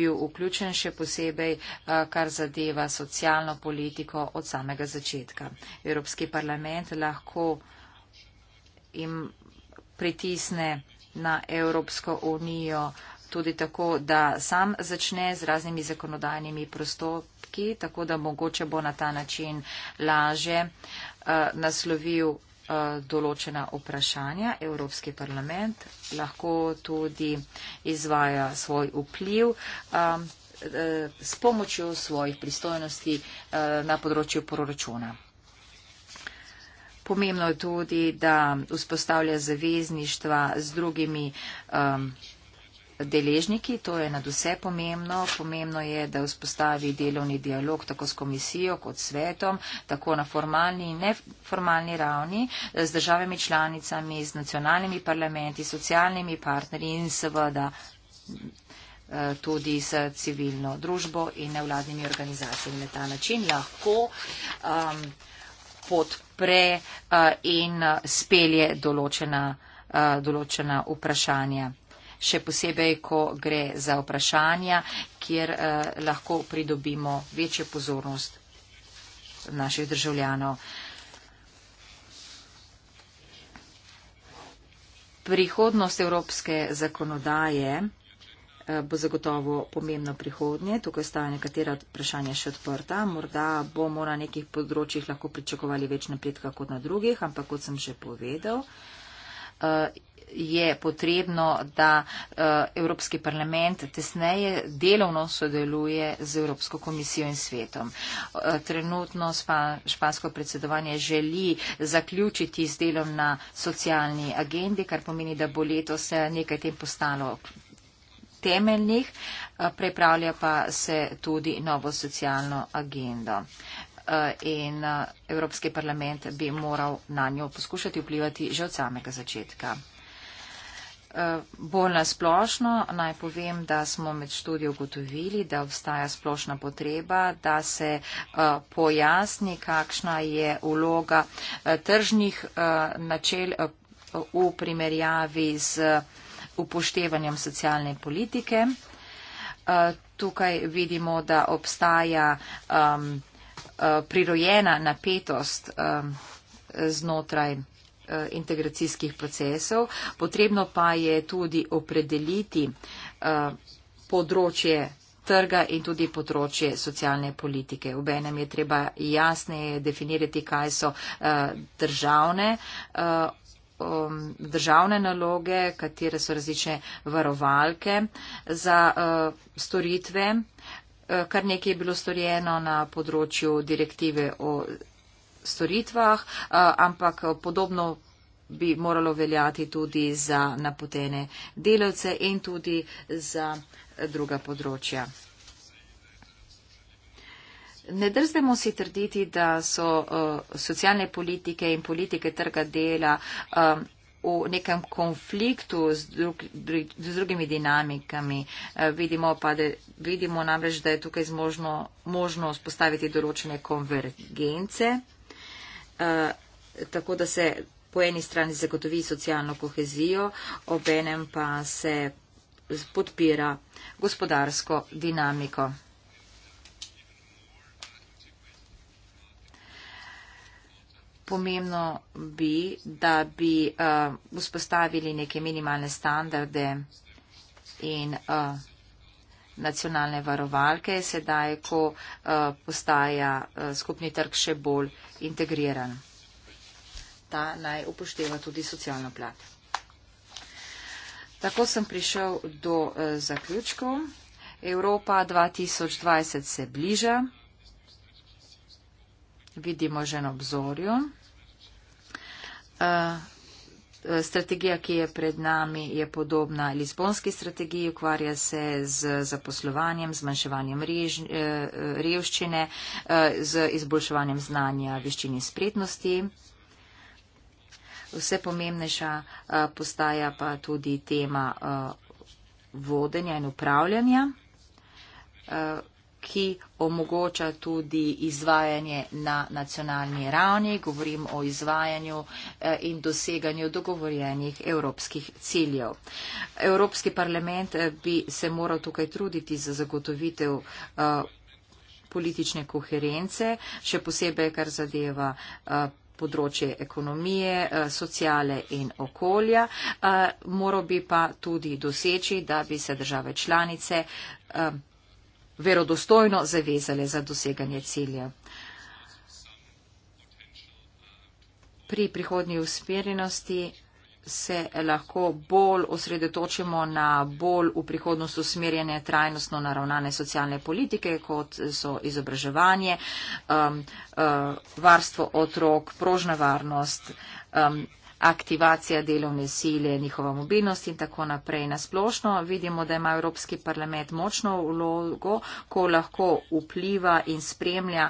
bil vključen, še posebej, eh, kar zadeva socialno politiko od samega začetka. Evropski parlament lahko jim pritisne na Evropsko unijo eh, tudi tako, da sam začne z raznimi zakonodajnimi prostopki, tako da mogoče bo na ta način laže eh, naslovil eh, določena vprašanja. Evropski parlament lahko tudi izvaja svoj vpliv eh, s pomočjo svojih pristojnosti na področju proračuna. Pomembno je tudi, da vzpostavlja zavezništva z drugimi um, deležniki, to je nad vse pomembno. Pomembno je, da vzpostavi delovni dialog tako s komisijo kot svetom, tako na formalni in neformalni ravni z državami članicami, z nacionalnimi parlamenti, socialnimi partnerji in seveda eh, tudi s civilno družbo in nevladnimi organizacijami. Na ta način lahko um, podpre uh, in eh, spelje določena, uh, določena vprašanja še posebej, ko gre za vprašanja, kjer eh, lahko pridobimo večjo pozornost naših državljanov. Prihodnost evropske zakonodaje eh, bo zagotovo pomembno prihodnje. Tukaj sta nekatera vprašanja še odprta. Morda bomo na nekih področjih lahko pričakovali več napredka kot na drugih, ampak kot sem že povedal, eh, je potrebno, da eh, Evropski parlament tesneje delovno sodeluje z Evropsko komisijo in svetom. Eh, trenutno špansko predsedovanje želi zaključiti z delom na socialni agendi, kar pomeni, da bo letos eh, nekaj tem postalo temeljnih, prepravlja pa se tudi novo socialno agendo in Evropski parlament bi moral na njo poskušati vplivati že od samega začetka. Eh, bolj nasplošno naj povem, da smo med študijo ugotovili, da obstaja splošna potreba, da se eh, pojasni, kakšna je vloga eh, tržnih načel v primerjavi z upoštevanjem socialne politike. Tukaj vidimo, da obstaja prirojena napetost znotraj. Eh, integracijskih procesov. Potrebno pa je tudi opredeliti eh, področje trga in tudi področje socialne politike. Obenem je treba jasneje definirati, kaj so eh, državne um, državne naloge, katere so različne varovalke za uh, storitve. Uh, kar nekaj je bilo storjeno na področju direktive o storitvah, eh, ampak eh, podobno bi moralo veljati tudi za napotene delavce in tudi za eh, druga področja. Ne drzdemo si trditi, da so uh, socialne politike in politike trga dela uh, v nekem konfliktu z, drug, z drugimi dinamikami. Uh, vidimo, pa, da, vidimo namreč, da je tukaj zmožno, možno spostaviti določene konvergence tako da se po eni strani zagotovi socialno kohezijo, obenem pa se podpira gospodarsko dinamiko. Pomembno bi, da bi uh, vzpostavili neke minimalne standarde in uh, nacionalne varovalke, sedaj, ko eh, postaja eh, skupni trg še bolj integriran. Ta naj upošteva tudi socialno plat. Tako sem prišel do eh, zaključkov. Evropa 2020 se bliža. Vidimo že na obzorju. Strategija, ki je pred nami, je podobna Lizbonski strategiji, ukvarja se z zaposlovanjem, zmanjševanjem rež, eh, revščine, eh, z izboljševanjem znanja, veščin in spretnosti. Vse pomembnejša eh, postaja pa tudi tema vodenja in upravljanja ki omogoča tudi izvajanje na nacionalni ravni. Govorim o izvajanju eh, in doseganju dogovorjenih evropskih ciljev. Evropski parlament eh, bi se moral tukaj truditi za zagotovitev eh, politične koherence, še posebej, kar zadeva področje ekonomije, sociale in okolja. Moral bi pa tudi doseči, da bi se države članice verodostojno zavezale za doseganje cilja. Pri prihodnji usmerjenosti se lahko bolj osredotočimo na bolj v prihodnost usmerjene trajnostno naravnane socialne politike, kot so izobraževanje, um, uh, varstvo otrok, prožna varnost, um, aktivacija delovne sile, njihova mobilnost in tako naprej. Nasplošno vidimo, da ima Evropski parlament močno vlogo, ko lahko vpliva in spremlja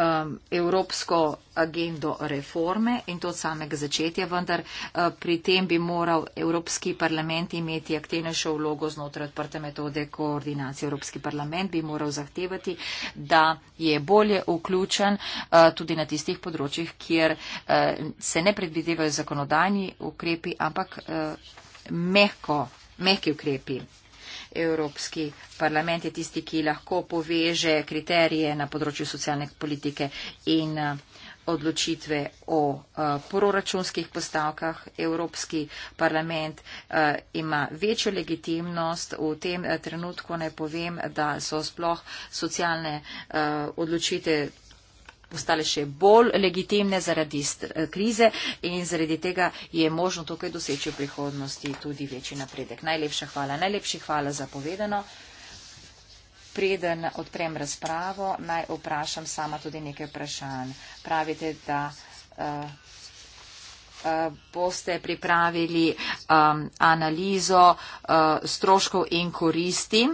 um, evropsko agendo reforme in to od samega začetja, vendar uh, pri tem bi moral Evropski parlament imeti aktivnejšo vlogo znotraj odprte metode koordinacije. Evropski parlament bi moral zahtevati, da je bolje vključen uh, tudi na tistih področjih, kjer uh, se ne predvidevajo zakonodajni ukrepi, ampak uh, mehko, mehki ukrepi. Evropski parlament je tisti, ki lahko poveže kriterije na področju socialne politike in eh, odločitve o eh, proračunskih postavkah. Evropski parlament eh, ima večjo legitimnost. V tem trenutku naj povem, da so sploh socialne odločitve postale še bolj legitimne zaradi eh, krize in zaradi tega je možno tukaj doseči v prihodnosti tudi večji napredek. Najlepša hvala. Najlepši hvala za povedano. Preden odprem razpravo, naj vprašam sama tudi nekaj vprašanj. Pravite, da uh, uh, boste pripravili um, analizo uh, stroškov in koristi.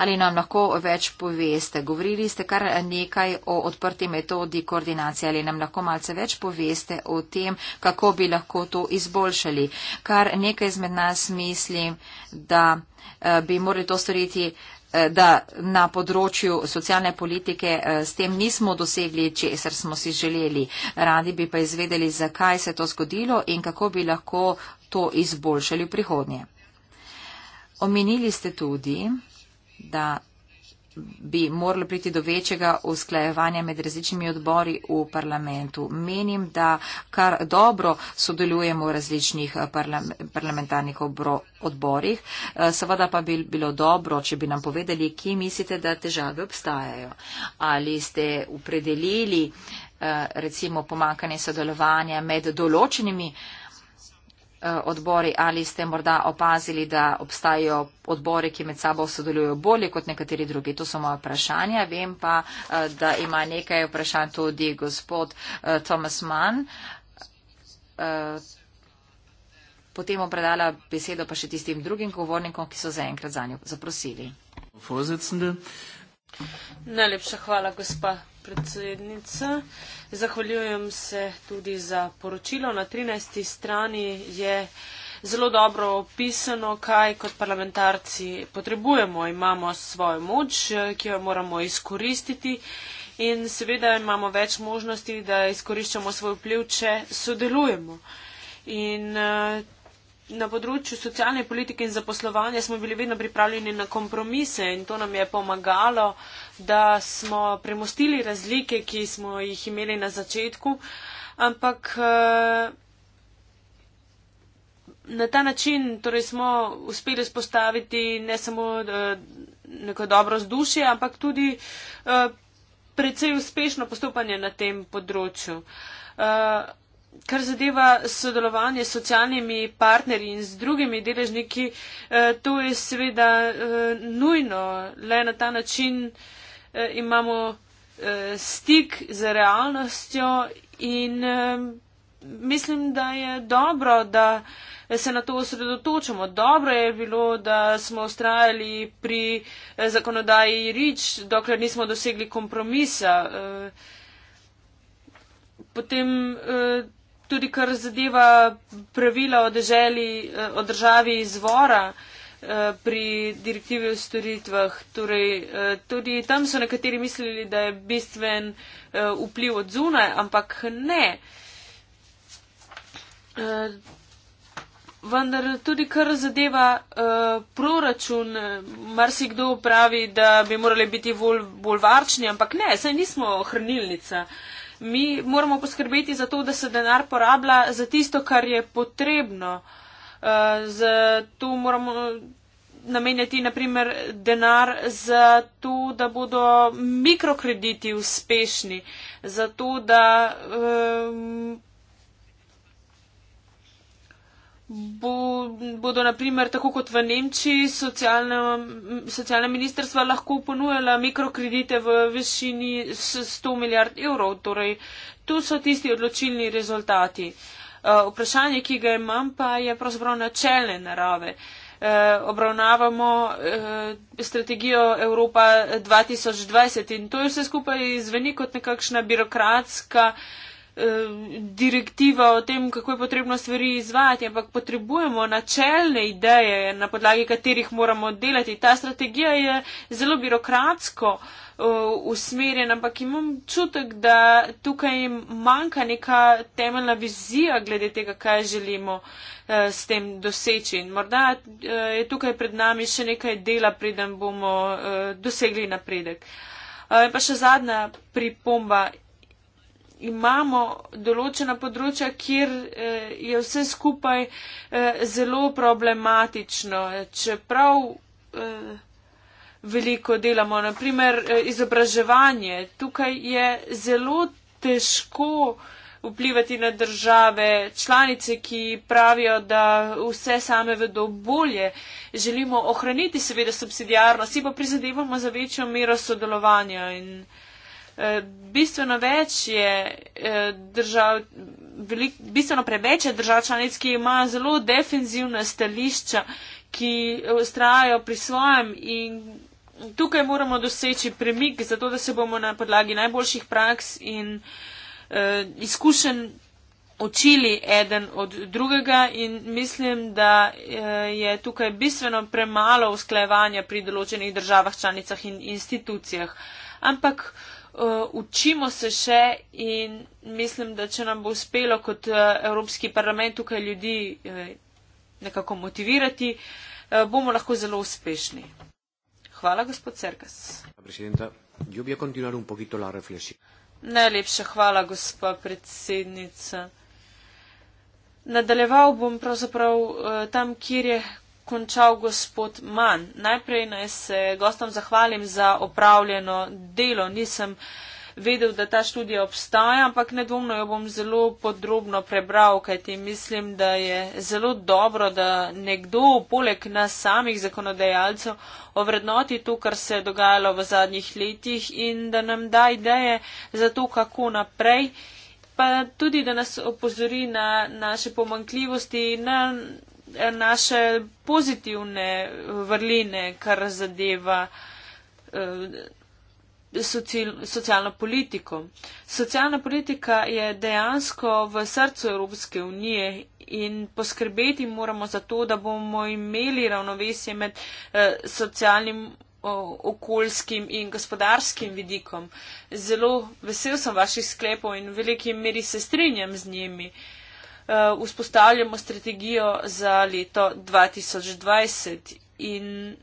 Ali nam lahko več poveste? Govorili ste kar nekaj o odprti metodi koordinacije. Ali nam lahko malce več poveste o tem, kako bi lahko to izboljšali? Kar nekaj izmed nas misli, da eh, bi morali to storiti eh, da na področju socialne politike eh, s tem nismo dosegli, česar smo si želeli. Radi bi pa izvedeli, zakaj se je to zgodilo in kako bi lahko to izboljšali v prihodnje. Omenili ste tudi, da bi moralo priti do večjega usklajevanja med različnimi odbori v parlamentu. Menim, da kar dobro sodelujemo v različnih eh, parlamentarnih odborih. Eh, seveda pa bi bilo dobro, če bi nam povedali, ki mislite, da težave obstajajo. Ali ste upredelili eh, recimo pomankanje sodelovanja med določenimi odbori, Eh, odbori, ali ste morda opazili, da obstajajo odbori, ki med sabo sodelujo bolje kot nekateri drugi. To so moja vprašanja. Vem pa, eh, da ima nekaj vprašanj tudi gospod eh, Thomas Mann. Potem obredala besedo pa še tistim drugim govornikom, ki so zaenkrat za njo zaprosili. Najlepša hvala, gospa predsednica. Zahvaljujem se tudi za poročilo. Na 13. strani je zelo dobro opisano, kaj kot parlamentarci potrebujemo. Imamo svojo moč, ki jo moramo izkoristiti in seveda imamo več možnosti, da izkoriščamo svoj vpliv, če sodelujemo. In, eh, Na področju socialne politike in zaposlovanja smo bili vedno pripravljeni na kompromise in to nam je pomagalo uh, da smo premostili razlike, ki smo jih imeli na začetku, ampak eh, na ta način torej smo uspeli spostaviti ne samo eh, neko dobro vzdušje, ampak tudi eh, precej uspešno postopanje na tem področju. Kar zadeva sodelovanje s socialnimi partnerji in z drugimi deležniki, to je seveda nujno, le na ta način eh, imamo eh, stik z realnostjo in eh, mislim, da je dobro, da se na to osredotočamo. Dobro je bilo, da smo ustrajali pri eh, zakonodaji rič, dokler nismo dosegli kompromisa. Eh, potem. Eh, Tudi kar zadeva pravila o, deželi, eh, o državi izvora, eh, Eh, pri direktivi o storitvah. Torej, eh, tudi tam so nekateri mislili, da je bistven eh, vpliv od zunaj, ampak ne. Vendar tudi kar zadeva proračun, marsikdo pravi, da bi morali biti bolj, bolj varčni, ampak ne, saj nismo hrnilnica. Mi moramo poskrbeti za to, da se denar porablja za tisto, kar je potrebno. Uh, Eh, zato moramo namenjati naprimer denar za to, da bodo mikrokrediti uspešni, za to, da um, bodo naprimer tako kot v Nemčiji socialna ministrstva lahko ponujala mikrokredite v višini 100 milijard evrov. Torej, tu so tisti odločilni rezultati. Uh, Eh, vprašanje, ki ga imam, pa je pravzaprav načelne narave. E, obravnavamo e, strategijo Evropa 2020 in to je vse skupaj zveni kot nekakšna birokratska e, direktiva o tem, kako je potrebno stvari izvajati, ampak potrebujemo načelne ideje, na podlagi katerih moramo delati. Ta strategija je zelo birokratsko usmerjen, ampak imam čutek, da tukaj manjka neka temeljna vizija glede tega, kaj želimo eh, s tem doseči. In morda eh, je tukaj pred nami še nekaj dela, preden bomo eh, dosegli napredek. In pa še zadnja pripomba. Imamo določena področja, kjer je vse skupaj zelo problematično. Čeprav veliko delamo. Naprimer, eh, izobraževanje. Tukaj je zelo težko vplivati na države, članice, ki pravijo, da vse same vedo bolje. Želimo ohraniti seveda subsidijarnost, si pa prizadevamo za večjo mero sodelovanja in eh, bistveno več je eh, držav, velik, bistveno preveč je držav članic, ki imajo zelo defenzivna stališča, ki ustrajajo pri svojem in tukaj moramo doseči premik, zato da se bomo na podlagi najboljših praks in eh, izkušenj učili eden od drugega in mislim, da eh, je tukaj bistveno premalo usklajevanja pri določenih državah, članicah in institucijah. Ampak eh, učimo se še in mislim, da če nam bo uspelo kot eh, Evropski parlament tukaj ljudi. Eh, nekako motivirati, eh, bomo lahko zelo uspešni. Hvala, gospod Cerkas. Najlepša hvala, gospa predsednica. Nadaljeval bom pravzaprav eh, tam, kjer je končal gospod Mann. Najprej naj se gostom zahvalim za opravljeno delo. Nisem uh, vedel, da ta študija obstaja, ampak nedvomno jo bom zelo podrobno prebral, kajti mislim, da je zelo dobro, da nekdo poleg nas samih zakonodajalcev ovrednoti to, kar se je dogajalo v zadnjih letih in da nam da ideje za to, kako naprej. Pa tudi, da nas opozori na naše pomankljivosti in na naše pozitivne vrline, kar zadeva eh, socialno politiko. Socialna politika je dejansko v srcu Evropske unije in poskrbeti moramo za to, da bomo imeli ravnovesje med eh, socialnim, okoljskim in gospodarskim vidikom. Zelo vesel sem vaših sklepov in v veliki meri se strinjam z njimi. Eh, vzpostavljamo strategijo za leto 2020 in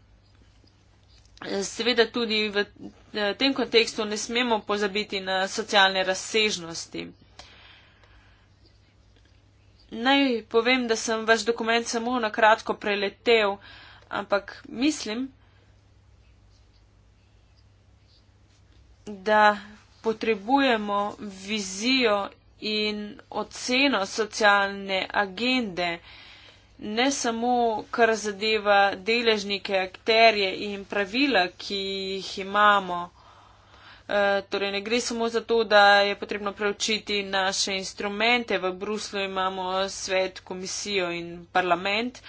eh, seveda tudi v v tem kontekstu ne smemo pozabiti na socialne razsežnosti. Naj povem, da sem vaš dokument samo na kratko preletel, ampak mislim, da potrebujemo vizijo in oceno socialne agende. Uh, ne samo kar zadeva deležnike, akterje in pravila, ki jih imamo. E, torej, ne gre samo za to, da je potrebno preučiti naše instrumente. V Bruslu imamo svet, komisijo in parlament.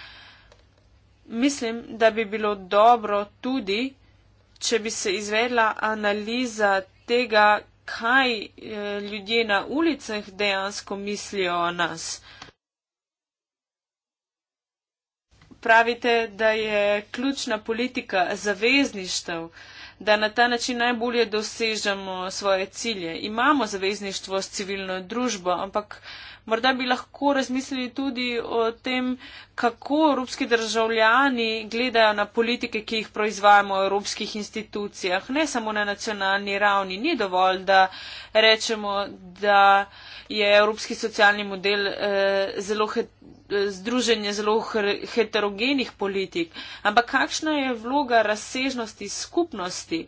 Mislim, da bi bilo dobro tudi, če bi se izvedla analiza tega, kaj e, ljudje na ulicah dejansko mislijo o nas. pravite, da je ključna politika zavezništev, da na ta način najbolje dosežemo svoje cilje. Imamo zavezništvo s civilno družbo, ampak. Morda bi lahko razmislili tudi o tem, kako evropski državljani gledajo na politike, ki jih proizvajamo v evropskih institucijah, ne samo na nacionalni ravni. Ni dovolj, da rečemo, da je evropski socialni model eh, zelo hitro. Združenje zelo heterogenih politik. Ampak kakšna je vloga razsežnosti skupnosti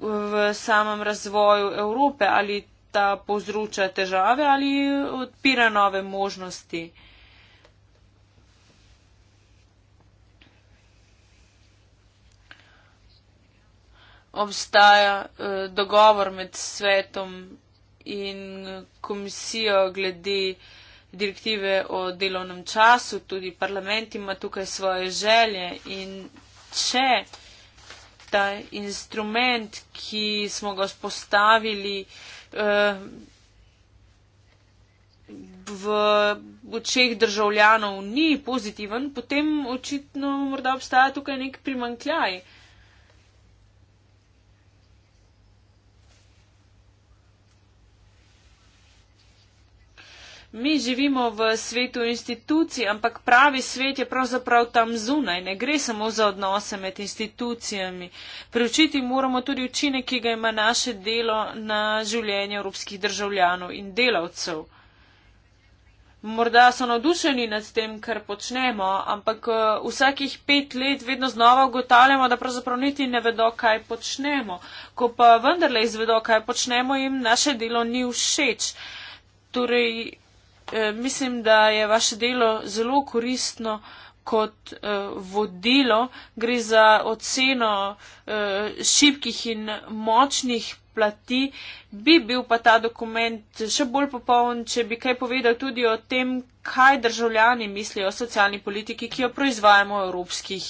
v samem razvoju Evrope? Ali ta povzroča težave ali odpira nove možnosti. Obstaja eh, dogovor med svetom in komisijo glede direktive o delovnem času, tudi parlament ima tukaj svoje želje in če ta instrument, ki smo ga spostavili, eh, Eh, v očeh državljanov ni pozitiven, potem očitno morda obstaja tukaj nek primankljaj. Uh, Mi živimo v svetu institucij, ampak pravi svet je pravzaprav tam zunaj. Ne gre samo za odnose med institucijami. Preučiti moramo tudi učinek, ki ga ima naše delo na življenje evropskih državljanov in delavcev. Morda so navdušeni nad tem, kar počnemo, ampak eh, vsakih pet let vedno znova ugotavljamo, da pravzaprav niti ne vedo, kaj počnemo. Ko pa vendarle izvedo, kaj počnemo, jim naše delo ni všeč. Torej, Eh, mislim, da je vaše delo zelo koristno kot uh, vodilo. Gre za oceno uh, šibkih in močnih plati. Bi bil pa ta dokument še bolj popoln, če bi kaj povedal tudi o tem, kaj državljani mislijo o socialni politiki, ki jo proizvajamo v evropskih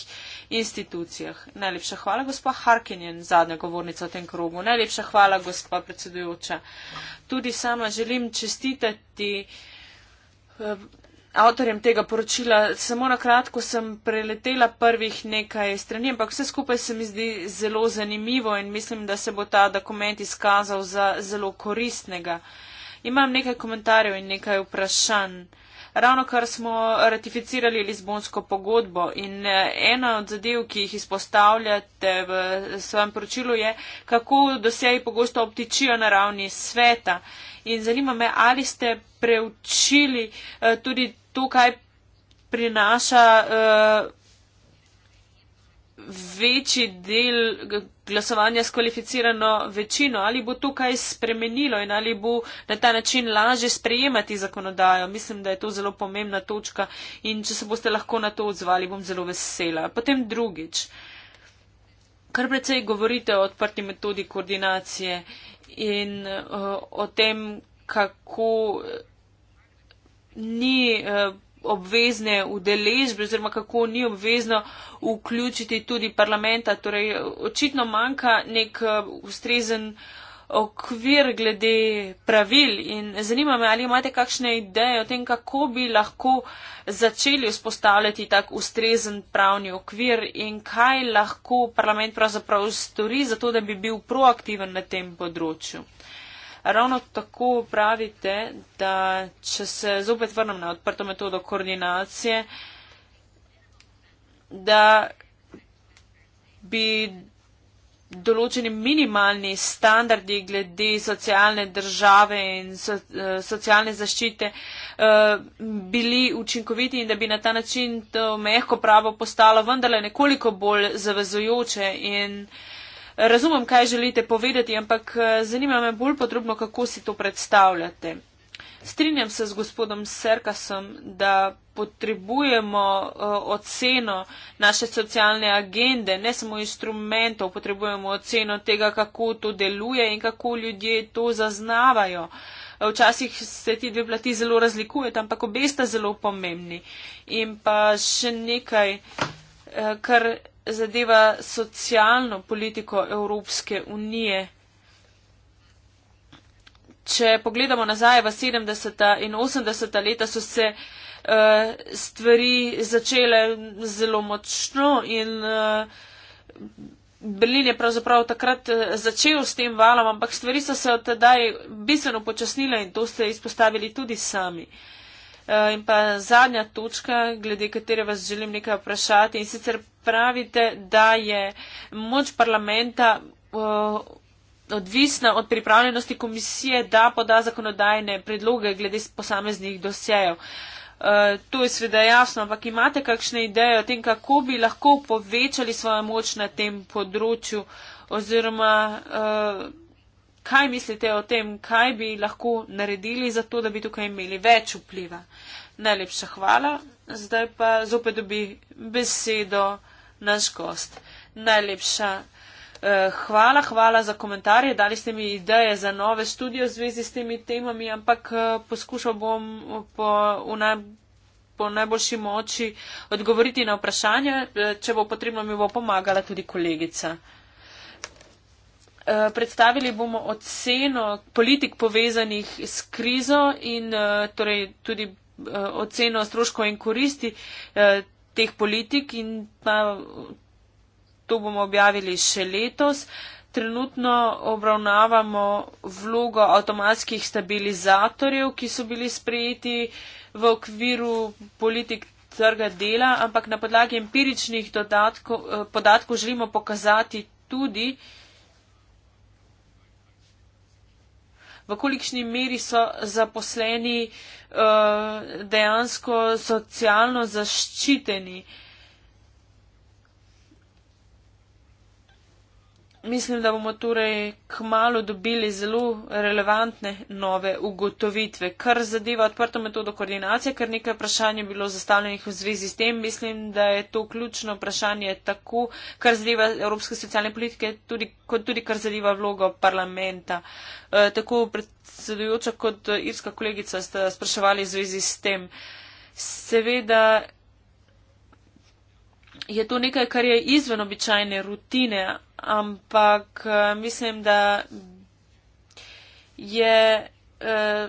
institucijah. Najlepša hvala, gospa Harkinjen, zadnja govornica v tem krogu. Najlepša hvala, gospa predsedujoča. Tudi sama želim čestitati. Uh, Eh, avtorjem tega poročila samo na kratko sem preletela prvih nekaj strani, ampak vse skupaj se mi zdi zelo zanimivo in mislim, da se bo ta dokument izkazal za zelo koristnega. Imam nekaj komentarjev in nekaj vprašanj. Ravno kar smo ratificirali Lizbonsko pogodbo in eh, ena od zadev, ki jih izpostavljate v svojem poročilu, je, kako dosej pogosto obtičijo na ravni sveta. In zanima me, ali ste preučili uh, tudi to, kaj prinaša uh, večji del glasovanja s kvalificirano večino, ali bo to kaj spremenilo in ali bo na ta način lažje sprejemati zakonodajo. Mislim, da je to zelo pomembna točka in če se boste lahko na to odzvali, bom zelo vesela. Potem drugič. Kar precej govorite o odprti metodi koordinacije in uh, o tem, kako ni uh, obvezne udeležbe oziroma kako ni obvezno vključiti tudi parlamenta. Torej, očitno manjka nek uh, ustrezen. Uh, okvir glede pravil in zanima me, ali imate kakšne ideje o tem, kako bi lahko začeli vzpostavljati tak ustrezen pravni okvir in kaj lahko parlament pravzaprav stori za to, da bi bil proaktiven na tem področju. Ravno tako pravite, da če se zopet vrnem na odprto metodo koordinacije, da bi določeni minimalni standardi glede socialne države in so, eh, socialne zaščite eh, bili učinkoviti in da bi na ta način to mehko pravo postalo vendarle nekoliko bolj zavezujoče. In eh, razumem, kaj želite povedati, ampak zanima me bolj podrobno, kako si to predstavljate. Strinjam se z gospodom Serkasom, da potrebujemo uh, oceno naše socialne agende, ne samo instrumentov, potrebujemo oceno tega, kako to deluje in kako ljudje to zaznavajo. Včasih se ti dve plati zelo razlikujeta, ampak obe sta zelo pomembni. In pa še nekaj, uh, kar zadeva socialno politiko Evropske unije. Če pogledamo nazaj v 70. in 80. leta, so se uh, Eh, stvari začele zelo močno in eh, Berlin je pravzaprav takrat eh, začel s tem valom, ampak stvari so se od tedaj bistveno počasnile in to ste izpostavili tudi sami. In pa zadnja točka, glede katere vas želim nekaj vprašati in sicer pravite, da je moč parlamenta odvisna od pripravljenosti komisije, da poda zakonodajne predloge glede posameznih dosjejev. Eh, to je sveda jasno, ampak imate kakšne ideje o tem, kako bi lahko povečali svojo moč na tem področju oziroma uh, kaj mislite o tem, kaj bi lahko naredili za to, da bi tukaj imeli več vpliva. Najlepša hvala. Zdaj pa zopet dobi besedo naš gost. Najlepša hvala. Eh, hvala, hvala za komentarje, dali ste mi ideje za nove študije v zvezi s temi temami, ampak eh, poskušal bom po, naj, po najboljši moči odgovoriti na vprašanje. Eh, če bo potrebno, mi bo pomagala tudi kolegica. Predstavili bomo oceno politik povezanih s krizo in torej, tudi oceno stroškov in koristi teh politik in pa to bomo objavili še letos. Trenutno obravnavamo vlogo avtomatskih stabilizatorjev, ki so bili sprejeti v okviru politik trga dela, ampak na podlagi empiričnih dodatkov, eh, podatkov želimo pokazati tudi, v kolikšni meri so zaposleni eh, dejansko socialno zaščiteni. mislim, da bomo torej kmalo dobili zelo relevantne nove ugotovitve. Kar zadeva odprto metodo koordinacije, ker nekaj vprašanj je bilo zastavljenih v zvezi s tem, mislim, da je to ključno vprašanje tako, kar zadeva Evropske socialne politike, tudi, kot tudi kar zadeva vlogo parlamenta. E, tako predsedujoča kot irska kolegica ste spraševali v zvezi s tem. Seveda. Je to nekaj, kar je izven običajne rutine, ampak eh, mislim, da je eh,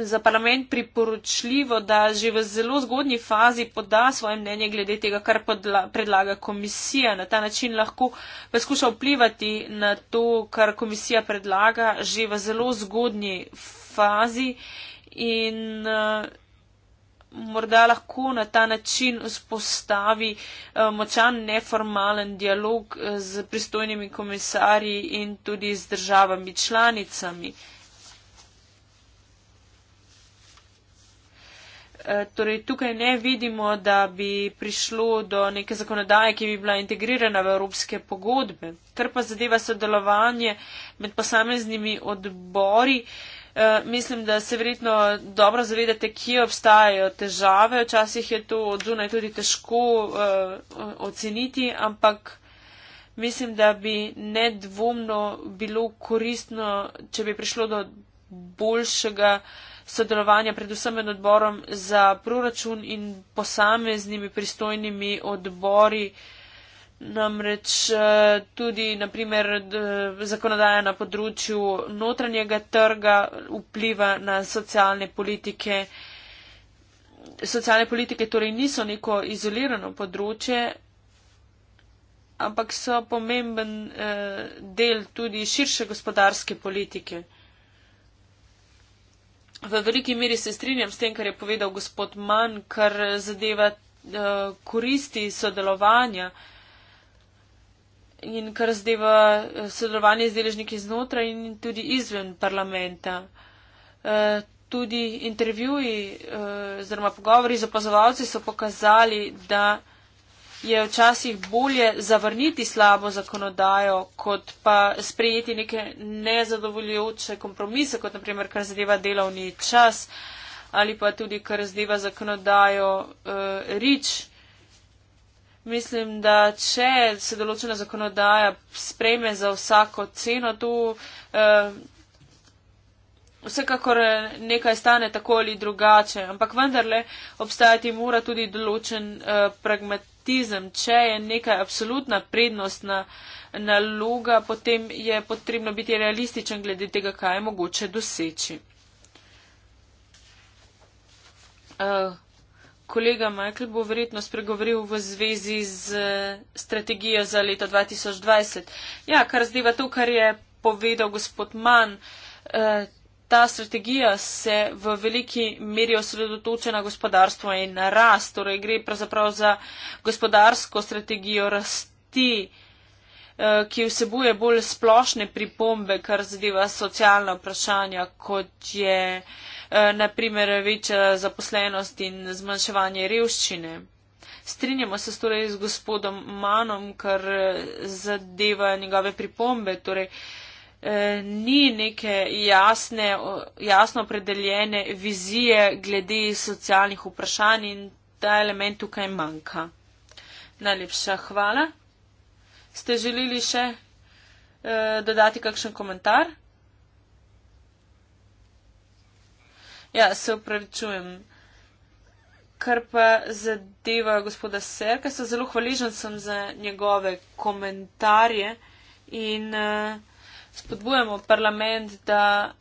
za parlament priporočljivo, da že v zelo zgodnji fazi poda svoje mnenje glede tega, kar podla, predlaga komisija. Na ta način lahko poskuša vplivati na to, kar komisija predlaga že v zelo zgodnji fazi. In uh, morda lahko na ta način vzpostavi eh, močan neformalen dialog z eh, pristojnimi komisarji in tudi z državami članicami. Eh, torej, tukaj ne vidimo, da bi prišlo do neke zakonodaje, ki bi bila integrirana v evropske pogodbe. Kar pa zadeva sodelovanje med posameznimi odbori, eh, Eh, mislim, da se verjetno dobro zavedate, kje obstajajo težave. Včasih je to od zunaj tudi težko uh, oceniti, ampak mislim, da bi nedvomno bilo koristno, če bi prišlo do boljšega sodelovanja predvsem med odborom za proračun in posameznimi pristojnimi odbori, uh, Namreč eh, tudi, naprimer, zakonodaja na področju notranjega trga vpliva na socialne politike. Socialne politike torej niso neko izolirano področje, ampak so pomemben eh, del tudi širše gospodarske politike. V veliki meri se strinjam s tem, kar je povedal gospod Mann, kar zadeva eh, koristi sodelovanja in kar zdeva eh, sodelovanje z deležniki znotraj in tudi izven parlamenta. Eh, tudi intervjuji eh, oziroma pogovori z opazovalci so pokazali, da je včasih bolje zavrniti slabo zakonodajo, kot pa sprejeti neke nezadovoljujoče kompromise, kot naprimer, kar zadeva delovni čas ali pa tudi, kar zadeva zakonodajo uh, REACH, Mislim, da če se določena zakonodaja sprejme za vsako ceno, tu eh, vsekakor nekaj stane tako ali drugače, ampak vendarle obstajati mora tudi določen eh, pragmatizem. Če je nekaj absolutna prednostna naloga, potem je potrebno biti realističen glede tega, kaj je mogoče doseči. Eh, kolega Michael bo verjetno spregovoril v zvezi z eh, strategijo za leto 2020. Ja, kar zdiva to, kar je povedal gospod Mann, eh, ta strategija se v veliki meri osredotoča na gospodarstvo in na rast, torej gre pravzaprav za gospodarsko strategijo rasti eh, ki vsebuje bolj splošne pripombe, kar zadeva socialna vprašanja, kot je uh, Eh, naprimer večja zaposlenost in zmanjševanje revščine. Strinjamo se torej z gospodom Manom, kar eh, zadeva njegove pripombe. Torej, eh, ni neke jasne, jasno opredeljene vizije glede socialnih vprašanj in ta element tukaj manjka. Najlepša hvala. Ste želeli še eh, dodati kakšen komentar? Ja, se upravičujem. Kar pa zadeva gospoda Serka, sem zelo hvaležen sem za njegove komentarje in uh, spodbujamo parlament, da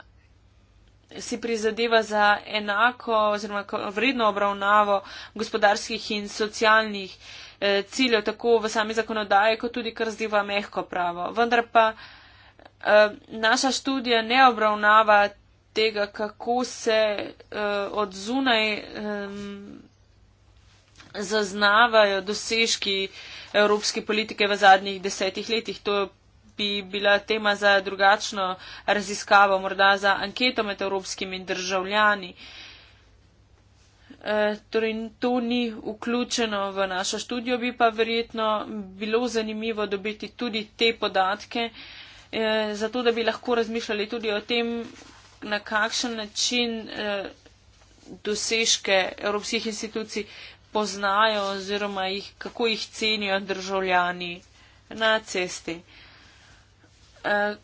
si prizadeva za enako oziroma vredno obravnavo gospodarskih in socialnih eh, ciljev, tako v sami zakonodaji, kot tudi kar zdiva mehko pravo. Vendar pa eh, naša študija ne obravnava tega, kako se uh, od zunaj um, zaznavajo dosežki evropske politike v zadnjih desetih letih. To bi bila tema za drugačno raziskavo, morda za anketo med evropskimi državljani. Eh, torej, to ni vključeno v našo študijo, bi pa verjetno bilo zanimivo dobiti tudi te podatke, eh, zato da bi lahko razmišljali tudi o tem, na kakšen način eh, dosežke evropskih institucij poznajo oziroma jih, kako jih cenijo državljani na cesti. Eh,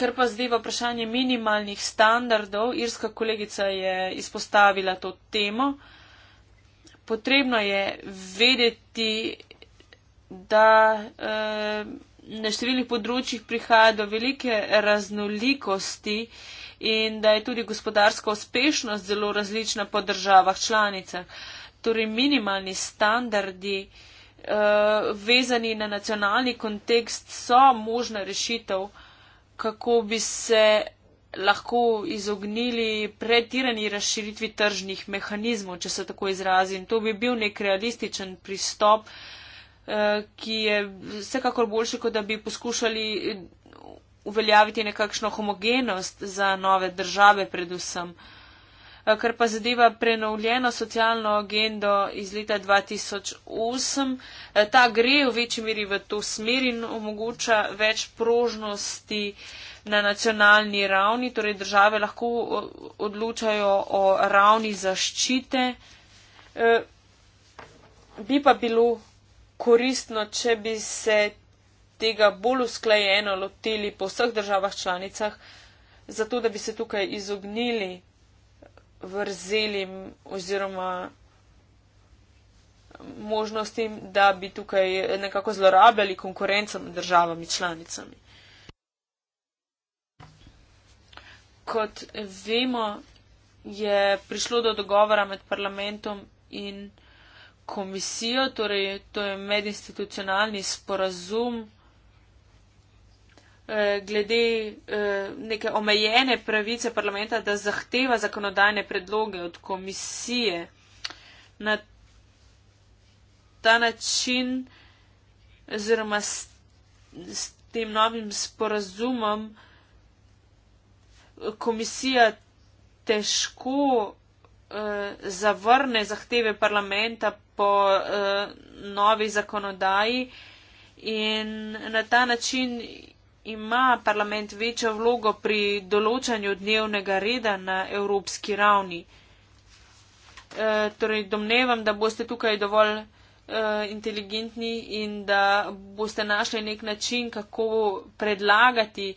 ker pa zdaj v vprašanje minimalnih standardov, irska kolegica je izpostavila to temo, potrebno je vedeti, da eh, na številnih področjih prihaja do velike raznolikosti eh, in da je tudi gospodarska uspešnost zelo različna po državah članicah. Torej minimalni standardi eh, vezani na nacionalni kontekst so možna rešitev, kako bi se lahko izognili pretirani razširitvi tržnih mehanizmov, če se tako izrazim. To bi bil nek realističen pristop, eh, ki je vsekakor boljši, kot da bi poskušali. Eh, uveljaviti nekakšno homogenost za nove države predvsem. Eh, kar pa zadeva prenovljeno socialno agendo iz leta 2008, eh, ta gre v večji meri v to smer in omogoča več prožnosti na nacionalni ravni, torej države lahko eh, odločajo o ravni zaščite. Bi pa bilo koristno, če bi se tega bolj usklajeno lotili po vseh državah članicah, zato da bi se tukaj izognili vrzelim oziroma možnostim, da bi tukaj nekako zlorabljali konkurenco med državami članicami. Kot vemo, je prišlo do dogovora med parlamentom in komisijo, torej to je medinstitucionalni sporazum Eh, glede eh, neke omejene pravice parlamenta, da zahteva zakonodajne predloge od komisije. Na ta način, oziroma s, s tem novim sporazumom, komisija težko eh, zavrne zahteve parlamenta po eh, novi zakonodaji. In na ta način ima parlament večjo vlogo pri določanju dnevnega reda na evropski ravni. E, torej, domnevam, da boste tukaj dovolj e, inteligentni in da boste našli nek način, kako predlagati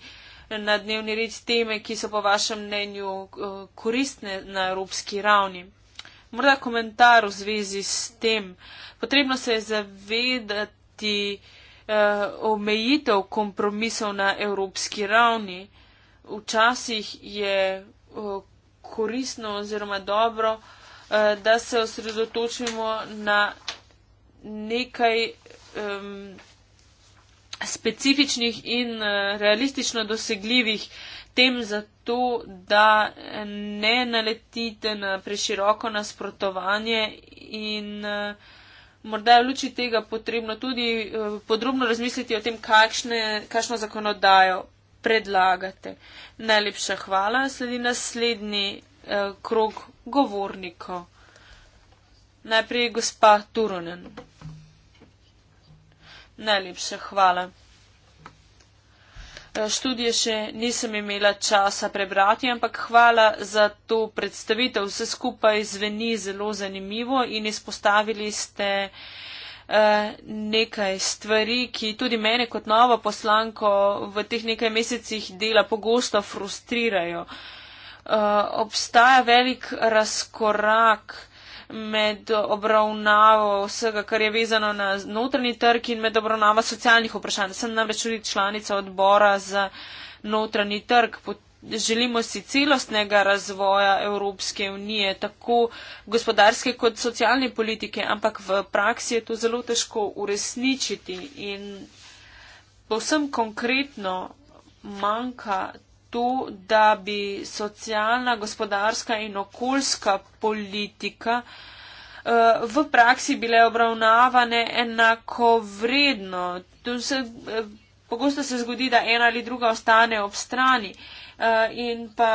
na dnevni red teme, ki so po vašem mnenju e, koristne na evropski ravni. Morda komentar v zvezi s tem. Potrebno se je zavedati, eh, omejitev kompromisov na evropski ravni. Včasih je eh, koristno oziroma dobro, eh, da se osredotočimo na nekaj eh, specifičnih in eh, realistično dosegljivih tem zato, da ne naletite na preširoko nasprotovanje in eh, morda je v luči tega potrebno tudi eh, podrobno razmisliti o tem, kakšne, kakšno zakonodajo predlagate. Najlepša hvala. Sledi naslednji eh, krog govornikov. Najprej gospa Turunen. Najlepša hvala. Eh, študije še nisem imela časa prebrati, ampak hvala za to predstavitev. Vse skupaj zveni zelo zanimivo in izpostavili ste eh, nekaj stvari, ki tudi mene kot novo poslanko v teh nekaj mesecih dela pogosto frustrirajo. Eh, obstaja velik razkorak, med obravnavo vsega, kar je vezano na notranji trg in med obravnavo socialnih vprašanj. Sem namreč tudi članica odbora za notranji trg. Želimo si celostnega razvoja Evropske unije, tako gospodarske kot socialne politike, ampak v praksi je to zelo težko uresničiti in povsem konkretno manjka to, da bi socialna, gospodarska in okoljska politika eh, v praksi bile obravnavane enako vredno. Se, eh, pogosto se zgodi, da ena ali druga ostane ob strani. Eh, in pa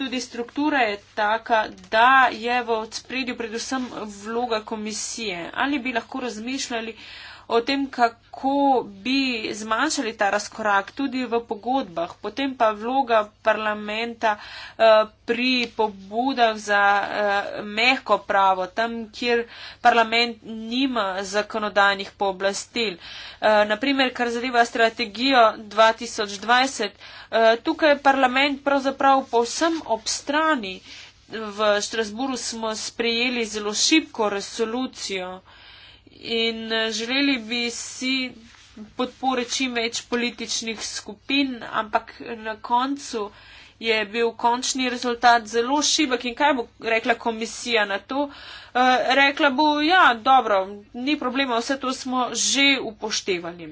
tudi struktura je taka, da je v odspredju predvsem vloga komisije. Ali bi lahko razmišljali o tem, kako bi zmanjšali ta razkorak tudi v pogodbah, potem pa vloga parlamenta eh, pri pobudah za eh, mehko pravo, tam, kjer parlament nima zakonodajnih pooblastil. Eh, Naprimer, kar zadeva strategijo 2020, tukaj je parlament pravzaprav povsem ob strani. V Štrasburu smo sprejeli zelo šibko resolucijo in eh, želeli bi si podpore čim več političnih skupin, ampak na koncu je bil končni rezultat zelo šibek in kaj bo rekla komisija na to? E, rekla bo, ja, dobro, ni problema, vse to smo že upoštevali.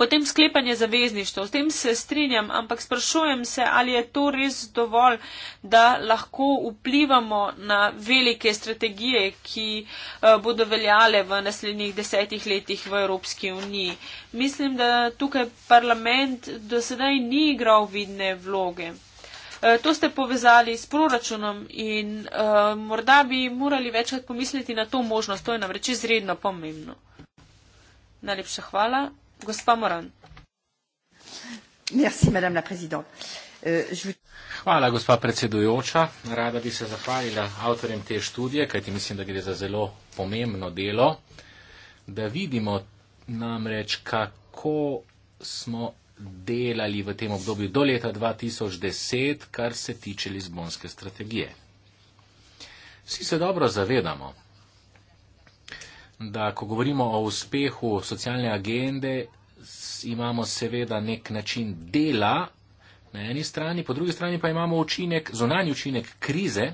Potem sklepanje zavezništva. S tem se strinjam, ampak sprašujem se, ali je to res dovolj, da lahko vplivamo na velike strategije, ki eh, bodo veljale v naslednjih desetih letih v Evropski uniji. Mislim, da tukaj parlament do sedaj ni igral vidne vloge. Eh, to ste povezali s proračunom in uh, morda bi morali večkrat pomisliti na to možnost. To je namreč izredno pomembno. Najlepša hvala. Euh, Hvala, gospa predsedujoča. Rada bi se zahvalila avtorjem te študije, kajti mislim, da gre za zelo pomembno delo, da vidimo namreč, kako smo delali v tem obdobju do leta 2010, kar se tiče Lizbonske strategije. Vsi se dobro zavedamo, da ko govorimo o uspehu socialne agende, imamo seveda nek način dela na eni strani, po drugi strani pa imamo učinek, zonanji učinek krize,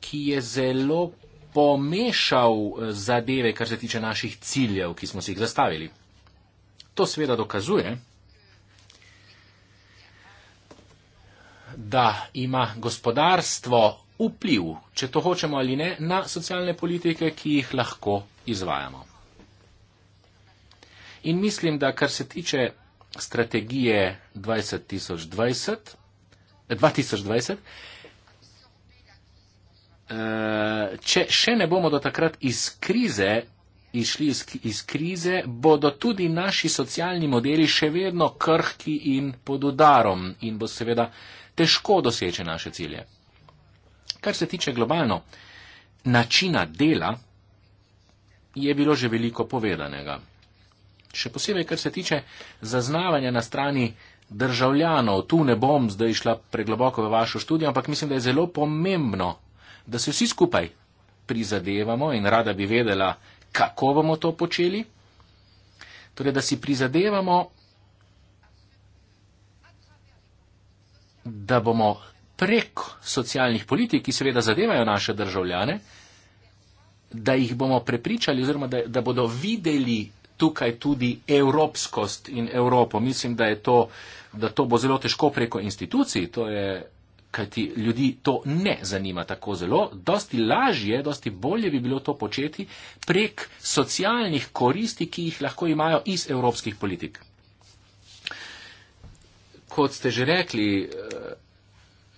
ki je zelo pomešal eh, zadeve, kar se tiče naših ciljev, ki smo si jih zastavili. To seveda dokazuje, da ima gospodarstvo vpliv, če to hočemo ali ne, na socialne politike, ki jih lahko izvajamo. In mislim, da kar se tiče strategije 2020, 2020 eh, eh, če še ne bomo do takrat iz krize išli iz, iz krize, bodo tudi naši socialni modeli še vedno krhki in pod udarom in bo seveda težko doseči naše cilje. Kar se tiče globalno načina dela, je bilo že veliko povedanega. Še posebej, kar se tiče zaznavanja na strani državljanov, tu ne bom zdaj šla pregloboko v vašo študijo, ampak mislim, da je zelo pomembno, da se vsi skupaj prizadevamo in rada bi vedela, kako bomo to počeli. Torej, da si prizadevamo, da bomo prek socialnih politik, ki seveda zadevajo naše državljane, da jih bomo prepričali oziroma da, da bodo videli tukaj tudi evropskost in Evropo. Mislim, da, to, da to bo zelo težko preko institucij, to je, kajti ljudi to ne zanima tako zelo. Dosti lažje, dosti bolje bi bilo to početi prek socialnih koristi, ki jih lahko imajo iz evropskih politik. Kot ste že rekli, eh,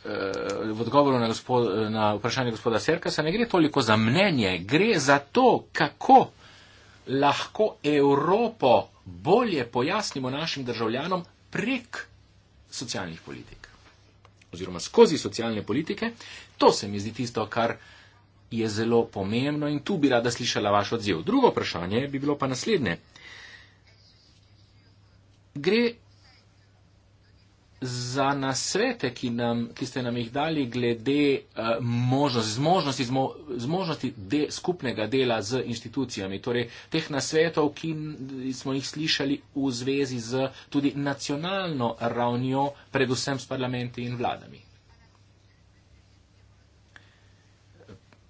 Eh, v odgovoru na, gospod, na vprašanje gospoda Serkasa ne gre toliko za mnenje, gre za to, kako lahko Evropo bolje pojasnimo našim državljanom prek socialnih politik oziroma skozi socialne politike. To se mi zdi tisto, kar je zelo pomembno in tu bi rada slišala vaš odziv. Drugo vprašanje bi bilo pa naslednje. Gre za nasvete, ki, nam, ki ste nam jih dali glede eh, možnosti, zmožnosti, zmožnosti de, skupnega dela z inštitucijami, torej teh nasvetov, ki smo jih slišali v zvezi z tudi nacionalno ravnjo, predvsem s parlamenti in vladami.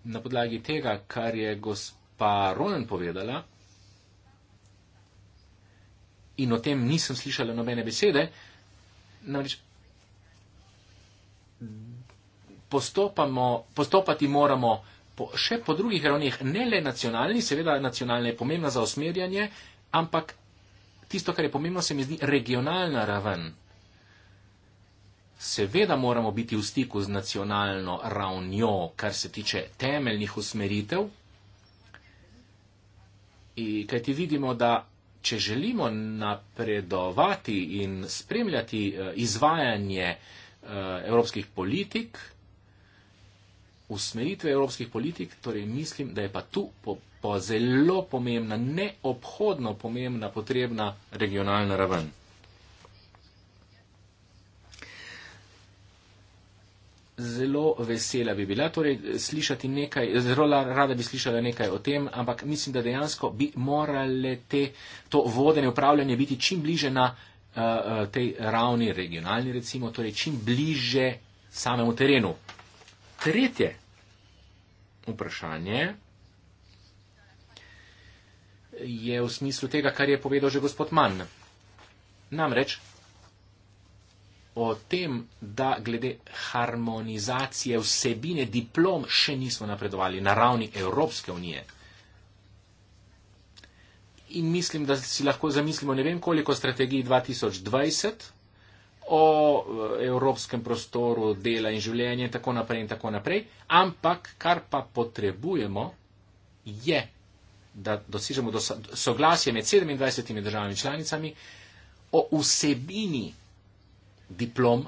Na podlagi tega, kar je gospa Ronen povedala, in o tem nisem slišala nobene besede, uh, Namreč, postopati moramo po, še po drugih ravneh, ne le nacionalni, seveda nacionalna je pomembna za osmerjanje, ampak tisto, kar je pomembno, se mi zdi regionalna raven. Seveda moramo biti v stiku z nacionalno ravnjo, kar se tiče temeljnih usmeritev, kajti vidimo, da če želimo napredovati in spremljati eh, izvajanje eh, evropskih politik, usmeritve evropskih politik, torej mislim, da je pa tu po, po zelo pomembna, neobhodno pomembna, potrebna regionalna raven. zelo vesela bi bila, torej slišati nekaj, zelo rada bi slišala nekaj o tem, ampak mislim, da dejansko bi morale te, to vodene upravljanje biti čim bliže na uh, tej ravni regionalni, recimo, torej čim bliže samemu terenu. Tretje vprašanje je v smislu tega, kar je povedal že gospod Mann. Namreč, o tem, da glede harmonizacije vsebine diplom še nismo napredovali na ravni Evropske unije. In mislim, da si lahko zamislimo ne vem koliko strategiji 2020 o eh, evropskem prostoru dela in življenja in tako naprej in tako naprej, ampak kar pa potrebujemo je, da dosežemo soglasje med 27 državami članicami o vsebini diplom,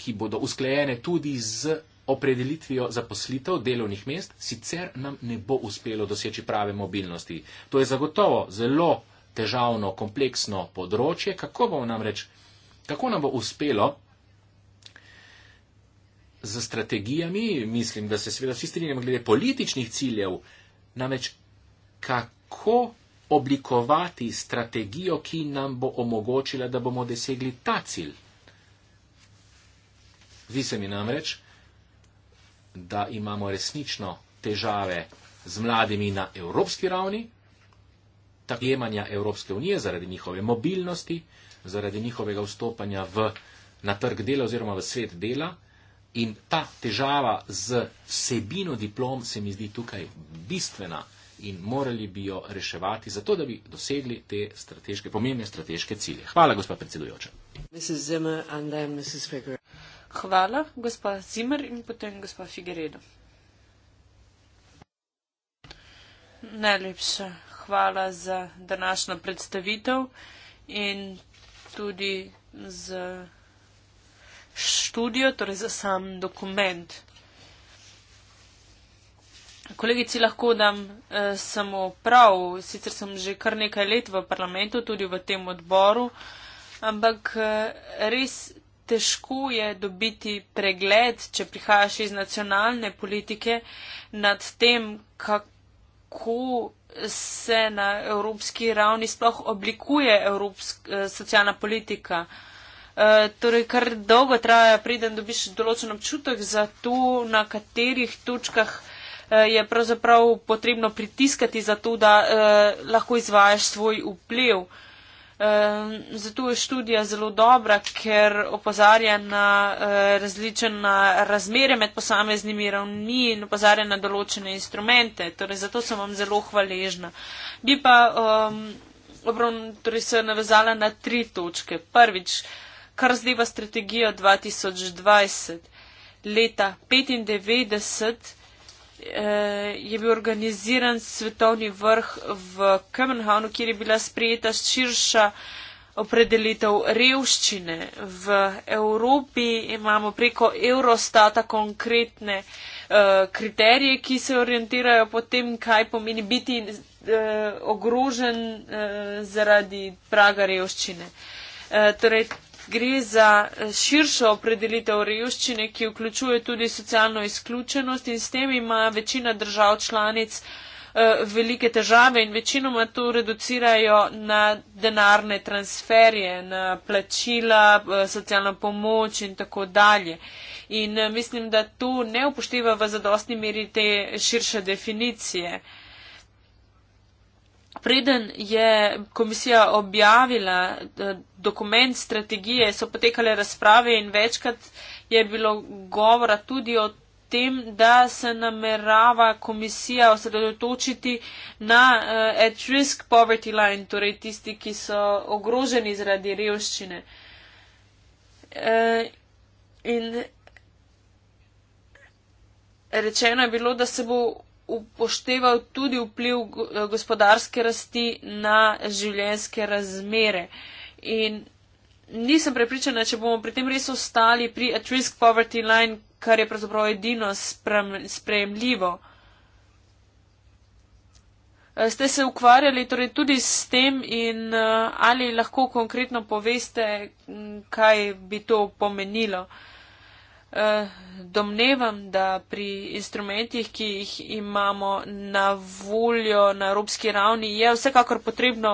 ki bodo usklejene tudi z opredelitvijo zaposlitev delovnih mest, sicer nam ne bo uspelo doseči prave mobilnosti. To je zagotovo zelo težavno, kompleksno področje, kako bomo nam reč, kako nam bo uspelo z strategijami, mislim, da se seveda vsi strinjamo glede političnih ciljev, namreč kako oblikovati strategijo, ki nam bo omogočila, da bomo dosegli ta cilj. Zdi se mi namreč, da imamo resnično težave z mladimi na evropski ravni, tako jemanja Evropske unije zaradi njihove mobilnosti, zaradi njihovega vstopanja v, na trg dela oziroma v svet dela. In ta težava z vsebino diplom se mi zdi tukaj bistvena in morali bi jo reševati, zato da bi dosegli te strateške, pomembne strateške cilje. Hvala, gospod predsedujoča. Hvala, gospod Zimmer in potem gospod Figueredo. Najlepša hvala za današnjo predstavitev in tudi za študijo, torej za sam dokument. Kolegici lahko dam eh, samo prav, sicer sem že kar nekaj let v parlamentu, tudi v tem odboru, ampak eh, res. Težko je dobiti pregled, če prihajaš iz nacionalne politike, nad tem, kako se na evropski ravni sploh oblikuje evropsk, eh, socialna politika. E, torej, kar dolgo traja, preden dobiš določen občutek za to, na katerih točkah Eh, je pravzaprav potrebno pritiskati za to, da eh, lahko izvajaš svoj vpliv. Zato je študija zelo dobra, ker opozarja na eh, različne razmere med posameznimi ravni in opozarja na določene instrumente. Torej, zato sem vam zelo hvaležna. Bi pa um, obron, torej se navezala na tri točke. Prvič, kar zdiva strategijo 2020. Leta 1995 Eh, je bil organiziran svetovni vrh v Kemenhavnu, kjer je bila sprejeta širša opredelitev revščine. V Evropi imamo preko Eurostata konkretne eh, kriterije, ki se orientirajo po tem, kaj pomeni biti eh, ogrožen eh, zaradi praga revščine. Eh, torej, gre za eh, širšo opredelitev revščine, ki vključuje tudi socialno izključenost in s tem ima večina držav članic eh, velike težave in večinoma to reducirajo na denarne transferje, na plačila, eh, socialna pomoč in tako dalje. In mislim, da to ne upošteva v zadostni meri te širše definicije. Preden je komisija objavila eh, dokument strategije, so potekale razprave in večkrat je bilo govora tudi o tem, da se namerava komisija osredotočiti na uh, eh, at-risk poverty line, torej tisti, ki so ogroženi zaradi revščine. Uh, in rečeno je bilo, da se bo upošteval tudi vpliv gospodarske rasti na življenjske razmere. In nisem prepričana, če bomo pri tem res ostali pri at risk poverty line, kar je pravzaprav edino sprejemljivo. Eh, ste se ukvarjali torej tudi s tem in eh, ali lahko konkretno poveste, kaj bi to pomenilo? Uh, Eh, domnevam, da pri instrumentih, ki jih imamo na voljo na evropski ravni, je vsekakor potrebno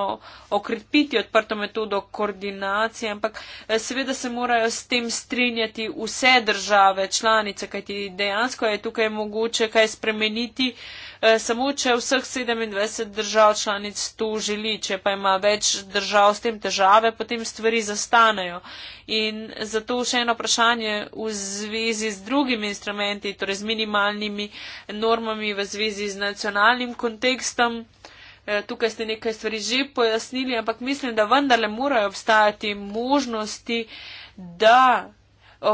okrepiti odprto metodo koordinacije, ampak eh, seveda se morajo s tem strinjati vse države članice, kajti dejansko je tukaj mogoče kaj spremeniti. Uh, Eh, samo če vseh 27 držav članic to želi, če pa ima več držav s tem težave, potem stvari zastanejo. In zato še eno vprašanje v zvezi z drugimi instrumenti, torej z minimalnimi normami v zvezi z nacionalnim kontekstom. Eh, tukaj ste nekaj stvari že pojasnili, ampak mislim, da vendarle morajo obstajati možnosti, da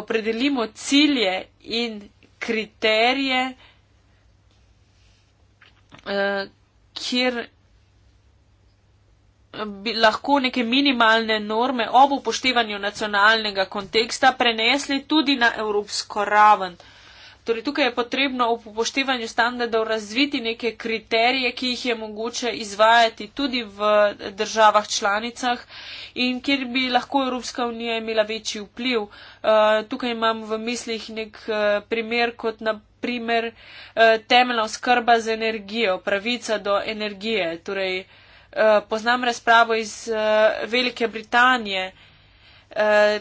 opredelimo cilje in kriterije, Eh, kjer bi lahko neke minimalne norme ob upoštevanju nacionalnega konteksta prenesli tudi na evropsko raven. Torej, tukaj je potrebno ob upoštevanju standardov razviti neke kriterije, ki jih je mogoče izvajati tudi v državah članicah in kjer bi lahko Evropska unija imela večji vpliv. Uh, tukaj imam v mislih nek uh, primer kot na primer eh, temeljna oskrba z energijo, pravica do energije. Torej, eh, poznam razpravo iz eh, Velike Britanije,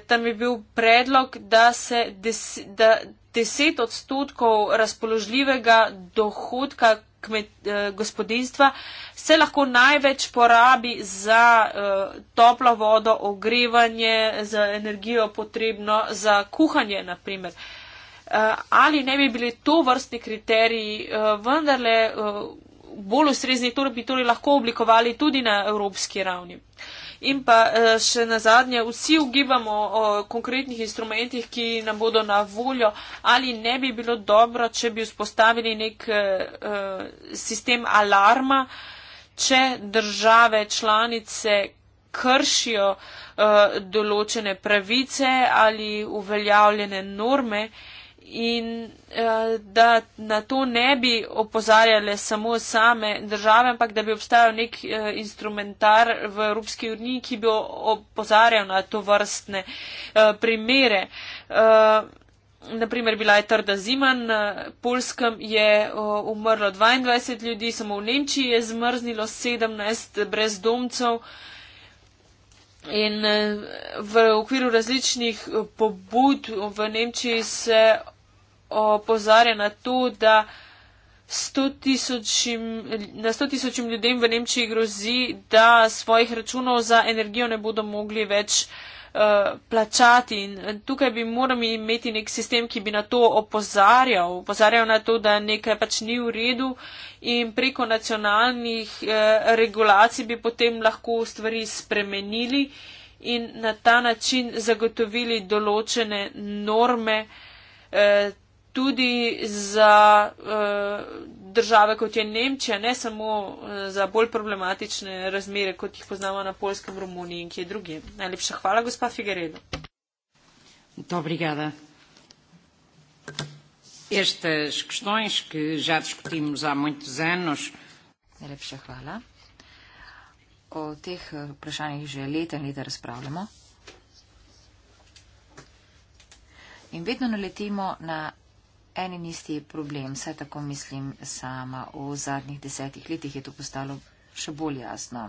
tam je bil predlog, da se des, da 10 odstotkov razpoložljivega dohodka kmet, gospodinstva se lahko največ porabi za toplo vodo, ogrevanje, za energijo potrebno, za kuhanje, naprimer. Eh, ali ne bi bili to vrstni kriteriji eh, vendarle eh, bolj ustrezni, torej bi torej lahko oblikovali tudi na evropski ravni. In pa še na zadnje, vsi ugibamo o konkretnih instrumentih, ki nam bodo na voljo, ali ne bi bilo dobro, če bi vzpostavili nek sistem alarma, če države članice kršijo določene pravice ali uveljavljene norme in uh, da na to ne bi opozarjale samo same države, ampak da bi obstajal nek uh, instrumentar v Evropski uniji, ki bi opozarjal na to vrstne uh, primere. Uh, Naprimer, bila je trda zima, na Polskem je umrlo 22 ljudi, samo v Nemčiji je zmrznilo 17 brezdomcev in v okviru različnih pobud v Nemčiji se opozarja na to, da 100 na 100 tisočim ljudem v Nemčiji grozi, da svojih računov za energijo ne bodo mogli več eh, plačati in tukaj bi morali imeti nek sistem, ki bi na to opozarjal, opozarjal na to, da nekaj pač ni v redu in preko nacionalnih eh, regulacij bi potem lahko stvari spremenili in na ta način zagotovili določene norme eh, tudi za uh, države, kot je Nemčija, ne samo uh, za bolj problematične razmere, kot jih poznamo na Poljskem, Romuniji in kje druge. Najlepša hvala, gospa Figaredo. Obrigada. Estas questões que já discutimos há muitos anos. Najlepša hvala. O teh eh, vprašanjih že leta in leta razpravljamo. In vedno naletimo na en in isti problem, saj tako mislim sama. V zadnjih desetih letih je to postalo še bolj jasno.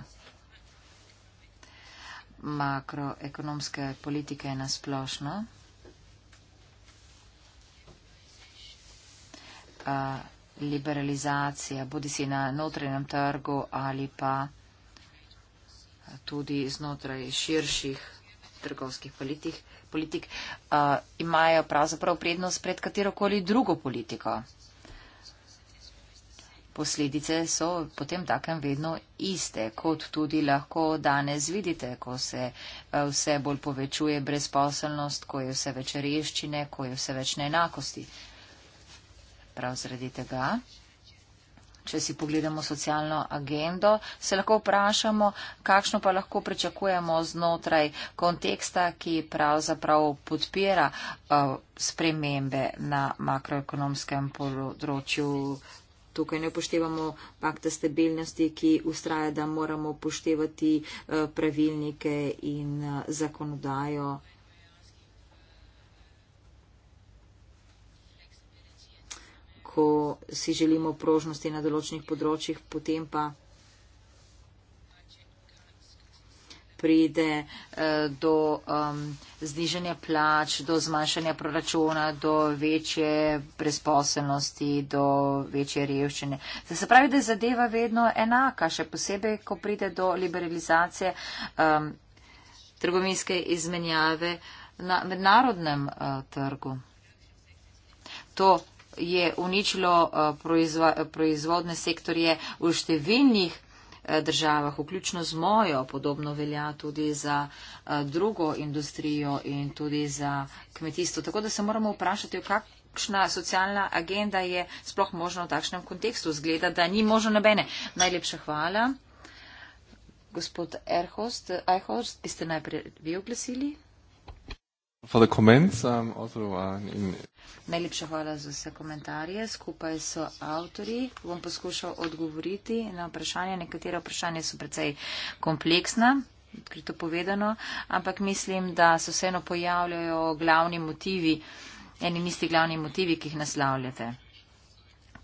Makroekonomske politike je nasplošno. Uh, liberalizacija, bodi si na notrenem trgu ali pa tudi znotraj širših trgovskih politik, politik, uh, imajo pravzaprav prednost pred katerokoli drugo politiko. Posledice so potem takem vedno iste, kot tudi lahko danes vidite, ko se uh, vse bolj povečuje brezposelnost, ko je vse več reščine, ko je vse več neenakosti. Prav zaradi tega če si pogledamo socialno agendo, se lahko vprašamo, kakšno pa lahko pričakujemo znotraj konteksta, ki pravzaprav podpira uh, spremembe na makroekonomskem področju. Tukaj ne upoštevamo pakta stabilnosti, ki ustraja, da moramo upoštevati uh, pravilnike in uh, zakonodajo. ko si želimo prožnosti na določenih področjih, potem pa pride eh, do um, znižanja plač, do zmanjšanja proračuna, do večje brezposelnosti, do večje revščine. Zdaj se pravi, da je zadeva vedno enaka, še posebej, ko pride do liberalizacije um, trgovinske izmenjave na mednarodnem uh, trgu. To je uničilo eh, proizva, proizvodne sektorje v številnih eh, državah, vključno z mojo, podobno velja tudi za eh, drugo industrijo in tudi za kmetijstvo. Tako da se moramo vprašati, kakšna socialna agenda je sploh možno v takšnem kontekstu. Zgleda, da ni možno nobene. Najlepša hvala. Gospod Erhost, Eichhorst, ste najprej vi oglasili? Um, uh, Najlepša hvala za vse komentarje. Skupaj so avtori. Bom poskušal odgovoriti na vprašanje. Nekatera vprašanja so precej kompleksna, odkrito povedano, ampak mislim, da se vseeno pojavljajo glavni motivi, eni isti glavni motivi, ki jih naslavljate.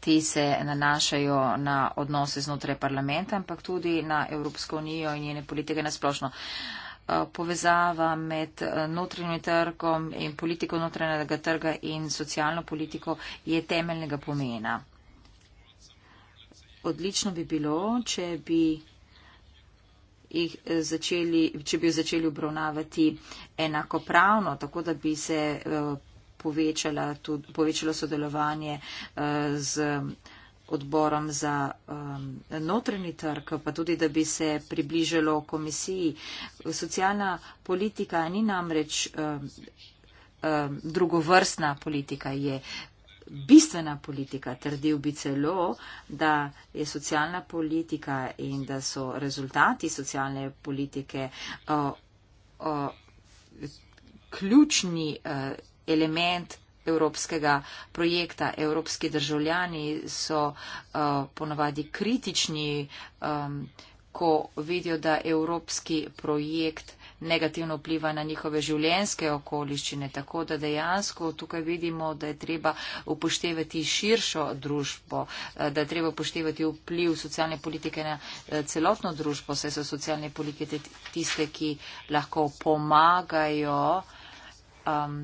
Ti se nanašajo na odnose znotraj parlamenta, ampak tudi na Evropsko unijo in njene politike nasplošno. splošno. Eh, povezava med eh, notranjim trgom in politiko notranjega trga in socialno politiko je temeljnega pomena. Odlično bi bilo, če bi, eh, začeli, če bi začeli obravnavati enakopravno, tako da bi se povečala, tudi, povečalo sodelovanje z odborom za um, notreni trg, pa tudi, da bi se približalo komisiji. Socialna politika ni namreč um, um, drugovrstna politika, je bistvena politika. Trdil bi celo, da je socialna politika in da so rezultati socialne politike uh, uh, ključni uh, element evropskega projekta. Evropski državljani so uh, ponavadi kritični, um, ko vidijo, da evropski projekt negativno vpliva na njihove življenjske okoliščine. Tako da dejansko tukaj vidimo, da je treba upoštevati širšo družbo, eh, da je treba upoštevati vpliv socialne politike na eh, celotno družbo, saj so socialne politike tiste, ki lahko pomagajo. Um,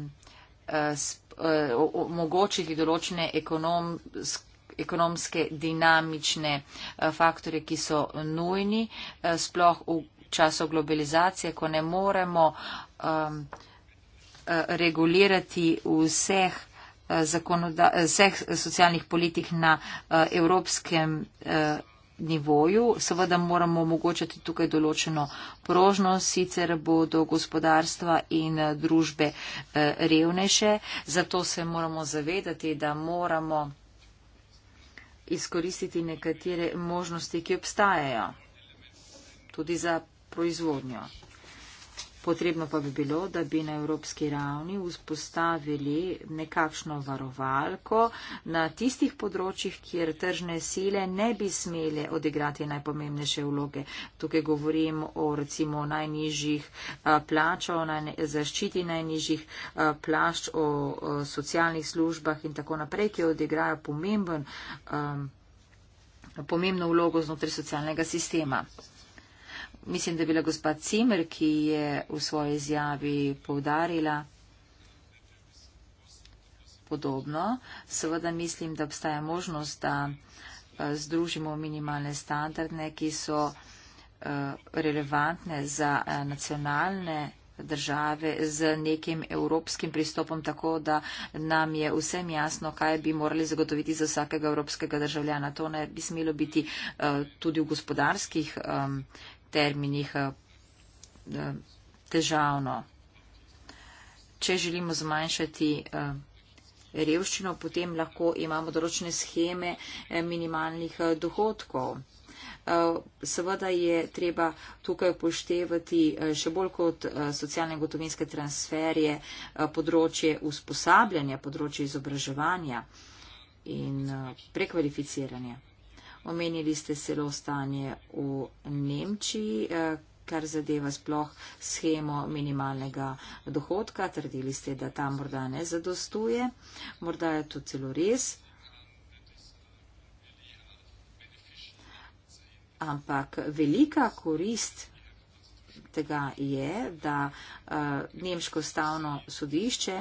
Eh, omogočili določene ekonomske ekonomske dinamične eh, faktore, ki so nujni, eh, sploh v času globalizacije, ko ne moremo um, regulirati vseh, zakonoda, vseh socialnih politik na uh, evropskem uh, nivoju. Seveda moramo omogočati tukaj določeno prožnost, sicer bodo gospodarstva in eh, družbe eh, revnejše. Zato se moramo zavedati, da moramo izkoristiti nekatere možnosti, ki obstajajo tudi za proizvodnjo. Potrebno pa bi bilo, da bi na evropski ravni vzpostavili nekakšno varovalko na tistih področjih, kjer tržne sile ne bi smele odigrati najpomembnejše vloge. Tukaj govorim o recimo najnižjih plačah, naj, zaščiti najnižjih plašč, o, o socialnih službah in tako naprej, ki odigrajo pomemben, um, pomembno vlogo znotraj socialnega sistema. Mislim, da je bila gospa Cimer, ki je v svoji izjavi povdarila podobno. Seveda mislim, da obstaja možnost, da eh, združimo minimalne standardne, ki so eh, relevantne za eh, nacionalne države z nekim evropskim pristopom, tako da nam je vsem jasno, kaj bi morali zagotoviti za vsakega evropskega državljana. To ne bi smelo biti uh, tudi v gospodarskih um, terminih eh, težavno. Če želimo zmanjšati eh, revščino, potem lahko imamo določene scheme eh, minimalnih dohodkov. Seveda je treba tukaj poštevati še bolj kot socialne gotovinske transferje področje usposabljanja, področje izobraževanja in prekvalificiranja. Omenili ste celo stanje v Nemčiji, eh, kar zadeva sploh schemo minimalnega dohodka. Trdili ste, da ta morda ne zadostuje. Morda je to celo res. Ampak velika korist tega je, da eh, Nemško stavno sodišče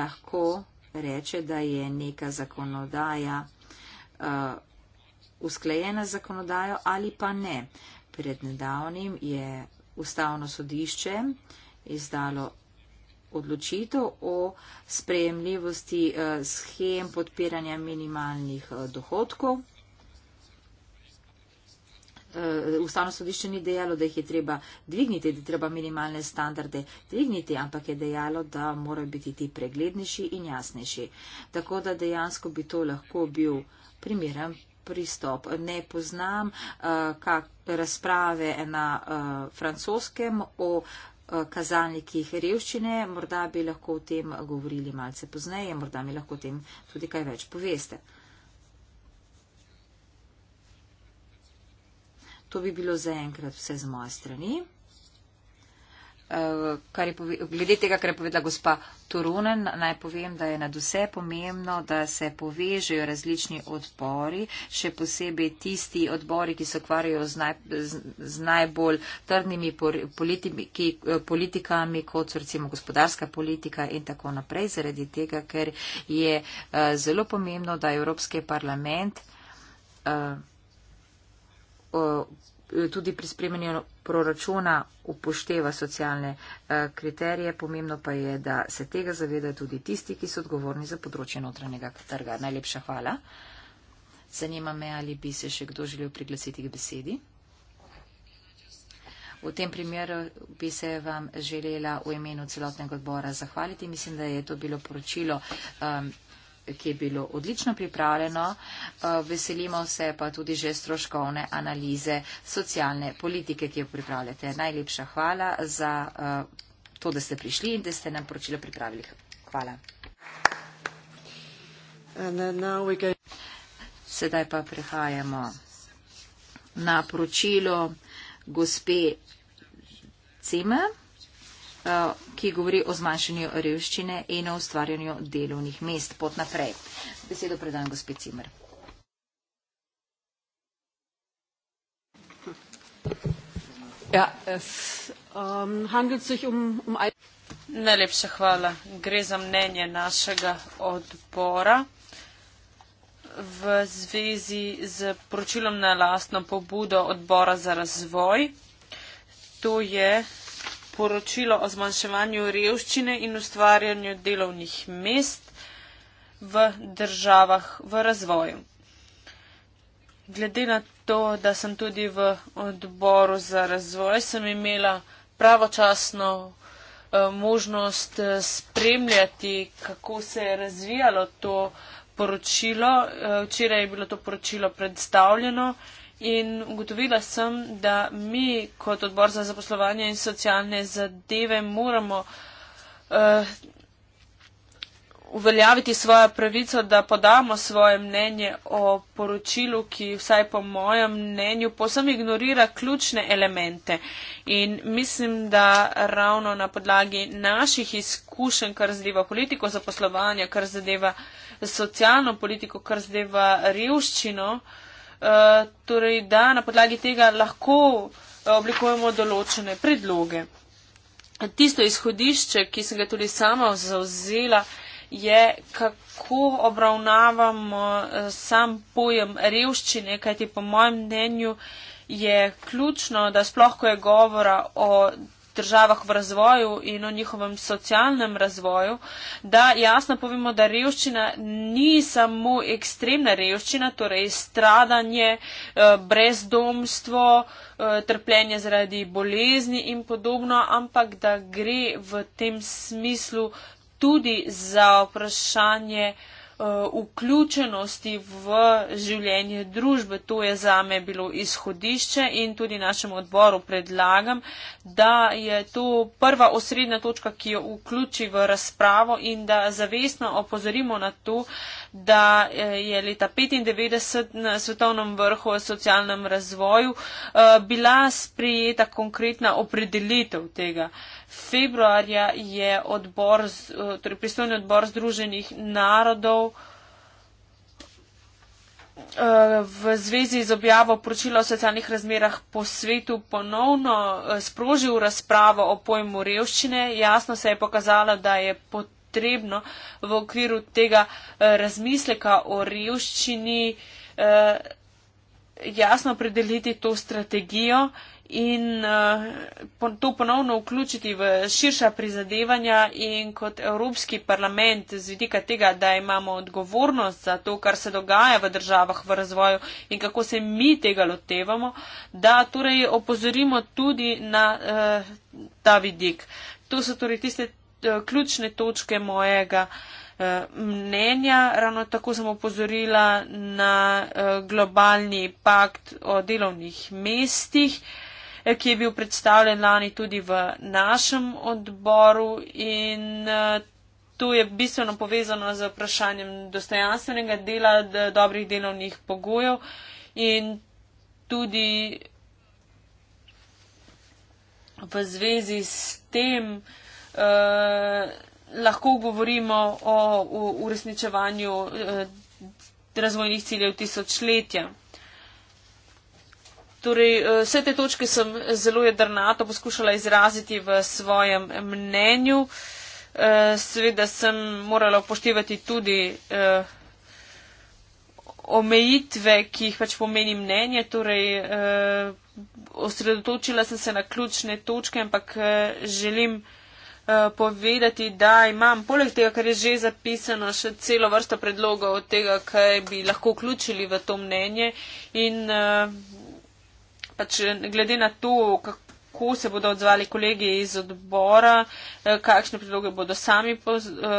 lahko reče, da je neka zakonodaja eh, usklajena z zakonodajo ali pa ne. Pred nedavnim je ustavno sodišče izdalo odločitev o sprejemljivosti eh, schem podpiranja minimalnih eh, dohodkov. Eh, ustavno sodišče ni dejalo, da jih je treba dvigniti, da je treba minimalne standarde dvigniti, ampak je dejalo, da morajo biti ti preglednejši in jasnejši. Tako da dejansko bi to lahko bil primeren pristop. Ne poznam uh, kak, razprave na uh, francoskem o eh, kazalnikih revščine, morda bi lahko o tem govorili malce pozneje, morda mi lahko o tem tudi kaj več poveste. To bi bilo zaenkrat vse z moje strani kar je pove, glede tega, kar je povedala gospa Turunen, naj povem, da je nad vse pomembno, da se povežejo različni odbori, še posebej tisti odbori, ki se ukvarjajo z, naj, z, z najbolj trdnimi politiki, politikami, kot so recimo gospodarska politika in tako naprej, zaradi tega, ker je uh, zelo pomembno, da Evropski parlament uh, uh, tudi pri spremenju proračuna upošteva socialne eh, kriterije. Pomembno pa je, da se tega zavedajo tudi tisti, ki so odgovorni za področje notranjega trga. Najlepša hvala. Zanima me, ali bi se še kdo želel priglasiti k besedi. V tem primeru bi se vam želela v imenu celotnega odbora zahvaliti. Mislim, da je to bilo poročilo. Um, ki je bilo odlično pripravljeno. Eh, veselimo se pa tudi že stroškovne analize socialne politike, ki jo pripravljate. Najlepša hvala za eh, to, da ste prišli in da ste nam poročilo pripravili. Hvala. Sedaj pa prehajamo na poročilo gospe Cimer. Eh, ki govori o zmanjšanju revščine in o ustvarjanju delovnih mest. Pot naprej. Besedo predam gospod Cimer. Ja, um, um, um Najlepša hvala. Gre za mnenje našega odbora v zvezi z poročilom na lastno pobudo odbora za razvoj. To je poročilo o zmanjševanju revščine in ustvarjanju delovnih mest v državah v razvoju. Glede na to, da sem tudi v odboru za razvoj, sem imela pravočasno eh, možnost eh, spremljati, kako se je razvijalo to poročilo. Eh, včeraj je bilo to poročilo predstavljeno. In ugotovila sem, da mi kot odbor za zaposlovanje in socialne zadeve moramo uh, uveljaviti svojo pravico, da podamo svoje mnenje o poročilu, ki vsaj po mojem mnenju posem ignorira ključne elemente. In mislim, da ravno na podlagi naših izkušenj, kar zadeva politiko zaposlovanja, kar zadeva socialno politiko, kar zadeva revščino, uh, Eh, torej, da na podlagi tega lahko eh, oblikujemo določene predloge. Tisto izhodišče, ki sem ga tudi sama zauzela, je, kako obravnavam eh, sam pojem revščine, kajti po mojem mnenju je ključno, da sploh, ko je govora o državah v razvoju in o njihovem socialnem razvoju, da jasno povemo, da revščina ni samo ekstremna revščina, torej stradanje, eh, brezdomstvo, eh, trpljenje zaradi bolezni in podobno, ampak da gre v tem smislu tudi za vprašanje uh, Eh, vključenosti v življenje družbe. To je za me bilo izhodišče in tudi našemu odboru predlagam, da je to prva osrednja točka, ki jo vključi v razpravo in da zavestno opozorimo na to, da eh, je leta 1995 na svetovnem vrhu o socialnem razvoju eh, bila sprijeta konkretna opredelitev tega februarja je odbor, eh, torej pristojni odbor Združenih narodov eh, v zvezi z objavo poročila o socialnih razmerah po svetu ponovno eh, sprožil razpravo o pojmu revščine. Jasno se je pokazalo, da je potrebno v okviru tega razmisleka o revščini jasno predeliti to strategijo, in eh, to ponovno vključiti v širša prizadevanja in kot Evropski parlament z vidika tega, da imamo odgovornost za to, kar se dogaja v državah v razvoju in kako se mi tega lotevamo, da torej opozorimo tudi na eh, ta vidik. To so torej tiste eh, ključne točke mojega mnenja. Ravno tako sem opozorila na globalni pakt o delovnih mestih ki je bil predstavljen lani tudi v našem odboru in eh, tu je bistveno povezano z vprašanjem dostojanstvenega dela, dobrih delovnih pogojev in tudi v zvezi s tem eh, lahko govorimo o, o uresničevanju. Eh, razvojnih ciljev tisočletja. Torej, eh, vse te točke sem zelo jedrnato poskušala izraziti v svojem mnenju. Eh, seveda sem morala upoštevati tudi eh, omejitve, ki jih pač pomeni mnenje. Torej, osredotočila sem se na ključne točke, ampak želim povedati, da imam poleg tega, kar je že zapisano, še celo vrsto predlogov od tega, kaj bi lahko vključili v to mnenje. In, pač glede na to, kako se bodo odzvali kolegi iz odbora, eh, kakšne predloge bodo sami eh,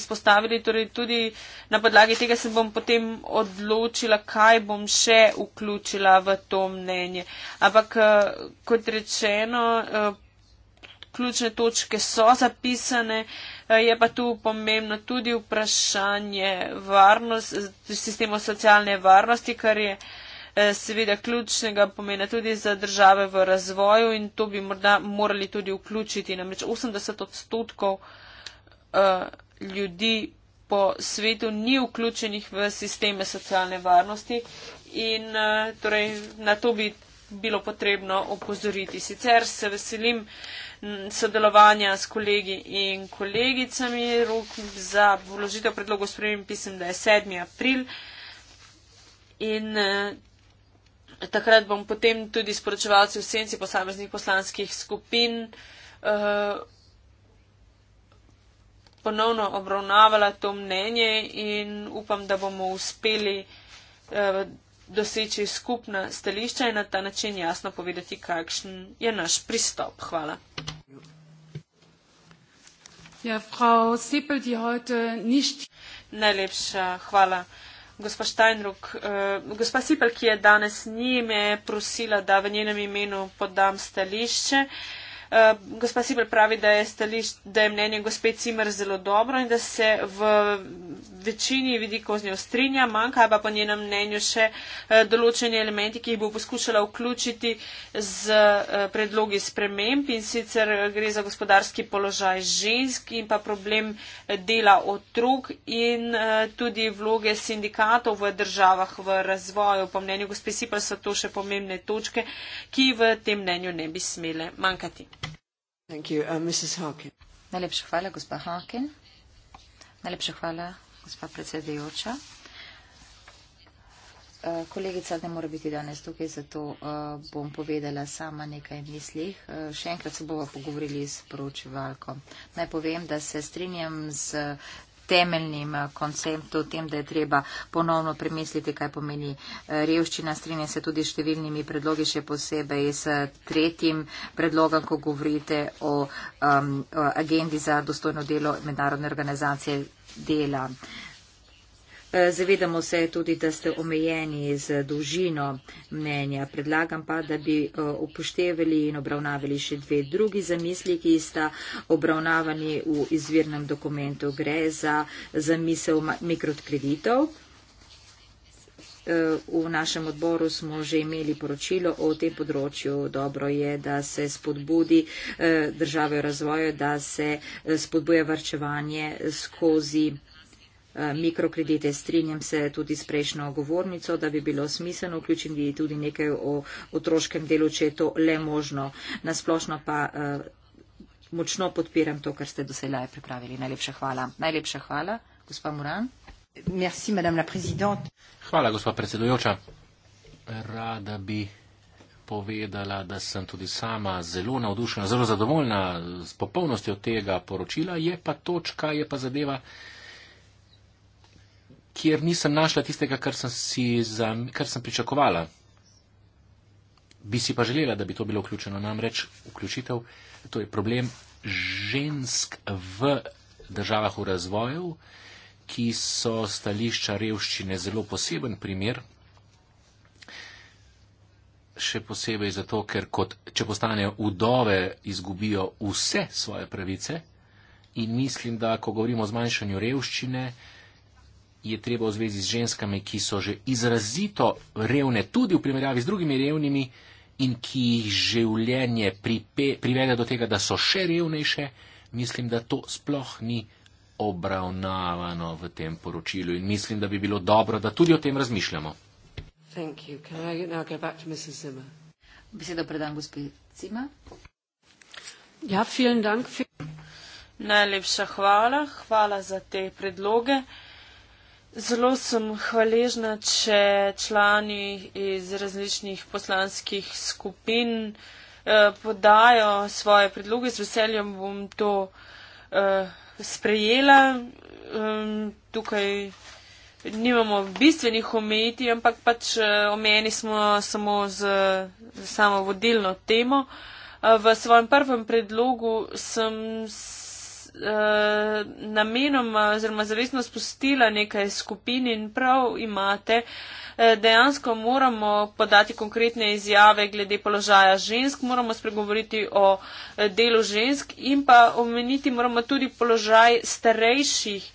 izpostavili. Torej tudi na podlagi tega se bom potem odločila, kaj bom še vključila v to mnenje. Ampak eh, kot rečeno, ključne točke so zapisane, je pa tu pomembno tudi vprašanje varnost, sistemov socialne varnosti, kar je uh, Eh, seveda ključnega pomena tudi za države v razvoju in to bi morda morali tudi vključiti. Namreč 80 odstotkov eh, ljudi po svetu ni vključenih v sisteme socialne varnosti in eh, torej, na to bi bilo potrebno opozoriti. Sicer se veselim mm, sodelovanja s kolegi in kolegicami. Rok za vložitev predlogov spremem pisem, da je 7. april. In Takrat bom potem tudi sporočevalci v senci posameznih poslanskih skupin eh, ponovno obravnavala to mnenje in upam, da bomo uspeli eh, doseči skupna stališča in na ta način jasno povedati, kakšen je naš pristop. Hvala. Ja, Sippel, nicht... Najlepša hvala gospa Steinrock. Uh, eh, gospa Sipel, ki je danes njime prosila, da v njenem imenu podam stališče. Uh, Eh, gospa Sibel pravi, da je, stališ, da je mnenje gospe Cimer zelo dobro in da se v večini vidikov z njo strinja, manjka pa po njenem mnenju še eh, določeni elementi, ki jih bo poskušala vključiti z eh, predlogi sprememb in sicer gre za gospodarski položaj žensk in pa problem dela otrok in tudi vloge sindikatov v državah v razvoju. Po mnenju gospe Sibel so to še pomembne točke, ki v tem mnenju ne bi smele manjkati. Thank you. Uh, Mrs. Harkin. Najlepša hvala, gospa Harkin. Najlepša hvala, gospa predsedujoča. Uh, kolegica ne more biti danes tukaj, zato uh, bom povedala sama nekaj mislih. Uh, še enkrat se bomo pogovorili s poročevalko. Naj povem, da se strinjam z temeljnim eh, konceptu, tem, da je treba ponovno premisliti, kaj pomeni eh, revščina. Strinjam se tudi številnimi predlogi, še posebej s tretjim predlogom, ko govorite o, um, o agendi za dostojno delo mednarodne organizacije dela. Uh, Eh, zavedamo se tudi, da ste omejeni z dolžino mnenja. Predlagam pa, da bi eh, upoštevali in obravnavali še dve drugi zamisli, ki sta obravnavani v izvirnem dokumentu. Gre za zamisel mikrokreditov. Eh, v našem odboru smo že imeli poročilo o tem področju. Dobro je, da se spodbudi države v razvoju, da se spodbuja vrčevanje skozi. Eh, mikrokredite. Strinjam se tudi s prejšnjo govornico, da bi bilo smiselno vključiti tudi nekaj o otroškem delu, če je to le možno. Nasplošno pa uh, močno podpiram to, kar ste doselaj pripravili. Najlepša hvala. Najlepša hvala, gospa Muran. Merci, hvala, gospa predsedujoča. Rada bi povedala, da sem tudi sama zelo navdušena, zelo zadovoljna s popolnostjo tega poročila, je pa točka, je pa zadeva kjer nisem našla tistega, kar sem, za, kar sem pričakovala. Bi si pa želela, da bi to bilo vključeno. Namreč vključitev, to je problem žensk v državah v razvoju, ki so stališča revščine zelo poseben primer. Še posebej zato, ker kot, če postanejo udove, izgubijo vse svoje pravice. In mislim, da ko govorimo o zmanjšanju revščine, je treba v zvezi z ženskami, ki so že izrazito revne, tudi v primerjavi z drugimi revnimi in ki jih življenje privede do tega, da so še revnejše, mislim, da to sploh ni obravnavano v tem poročilu in mislim, da bi bilo dobro, da tudi o tem razmišljamo. Besedo predam gospod Cima. Ja, dank, Najlepša hvala, hvala za te predloge. Uh, Zelo sem hvaležna, če člani iz različnih poslanskih skupin eh, podajo svoje predloge. Z veseljem bom to eh, sprejela. Um, tukaj nimamo bistvenih omejitev, ampak pač eh, omejeni smo samo z, z samo vodilno temo. Eh, v svojem prvem predlogu sem. S, uh, namenoma oziroma zavestno spustila nekaj skupin in prav imate, eh, dejansko moramo podati konkretne izjave glede položaja žensk, moramo spregovoriti o eh, delu žensk in pa omeniti moramo tudi položaj starejših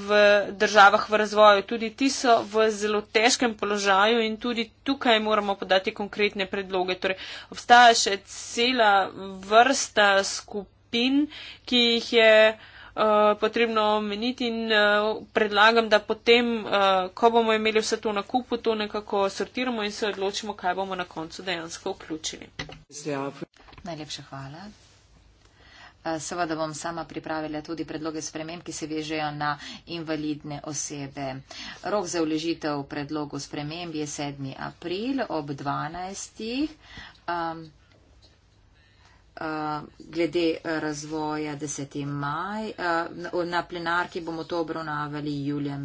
v državah v razvoju. Tudi ti so v zelo težkem položaju in tudi tukaj moramo podati konkretne predloge. Torej, obstaja še cela vrsta skupin skupin, ki jih je uh, potrebno omeniti in uh, predlagam, da potem, uh, ko bomo imeli vse to na kupu, to nekako sortiramo in se odločimo, kaj bomo na koncu dejansko vključili. Najlepša hvala. Seveda bom sama pripravila tudi predloge sprememb, ki se vežejo na invalidne osebe. Rok za uležitev predlogu sprememb je 7. april ob 12. Um, uh, glede eh, razvoja 10. maj. Uh, na plenarki bomo to obravnavali julija.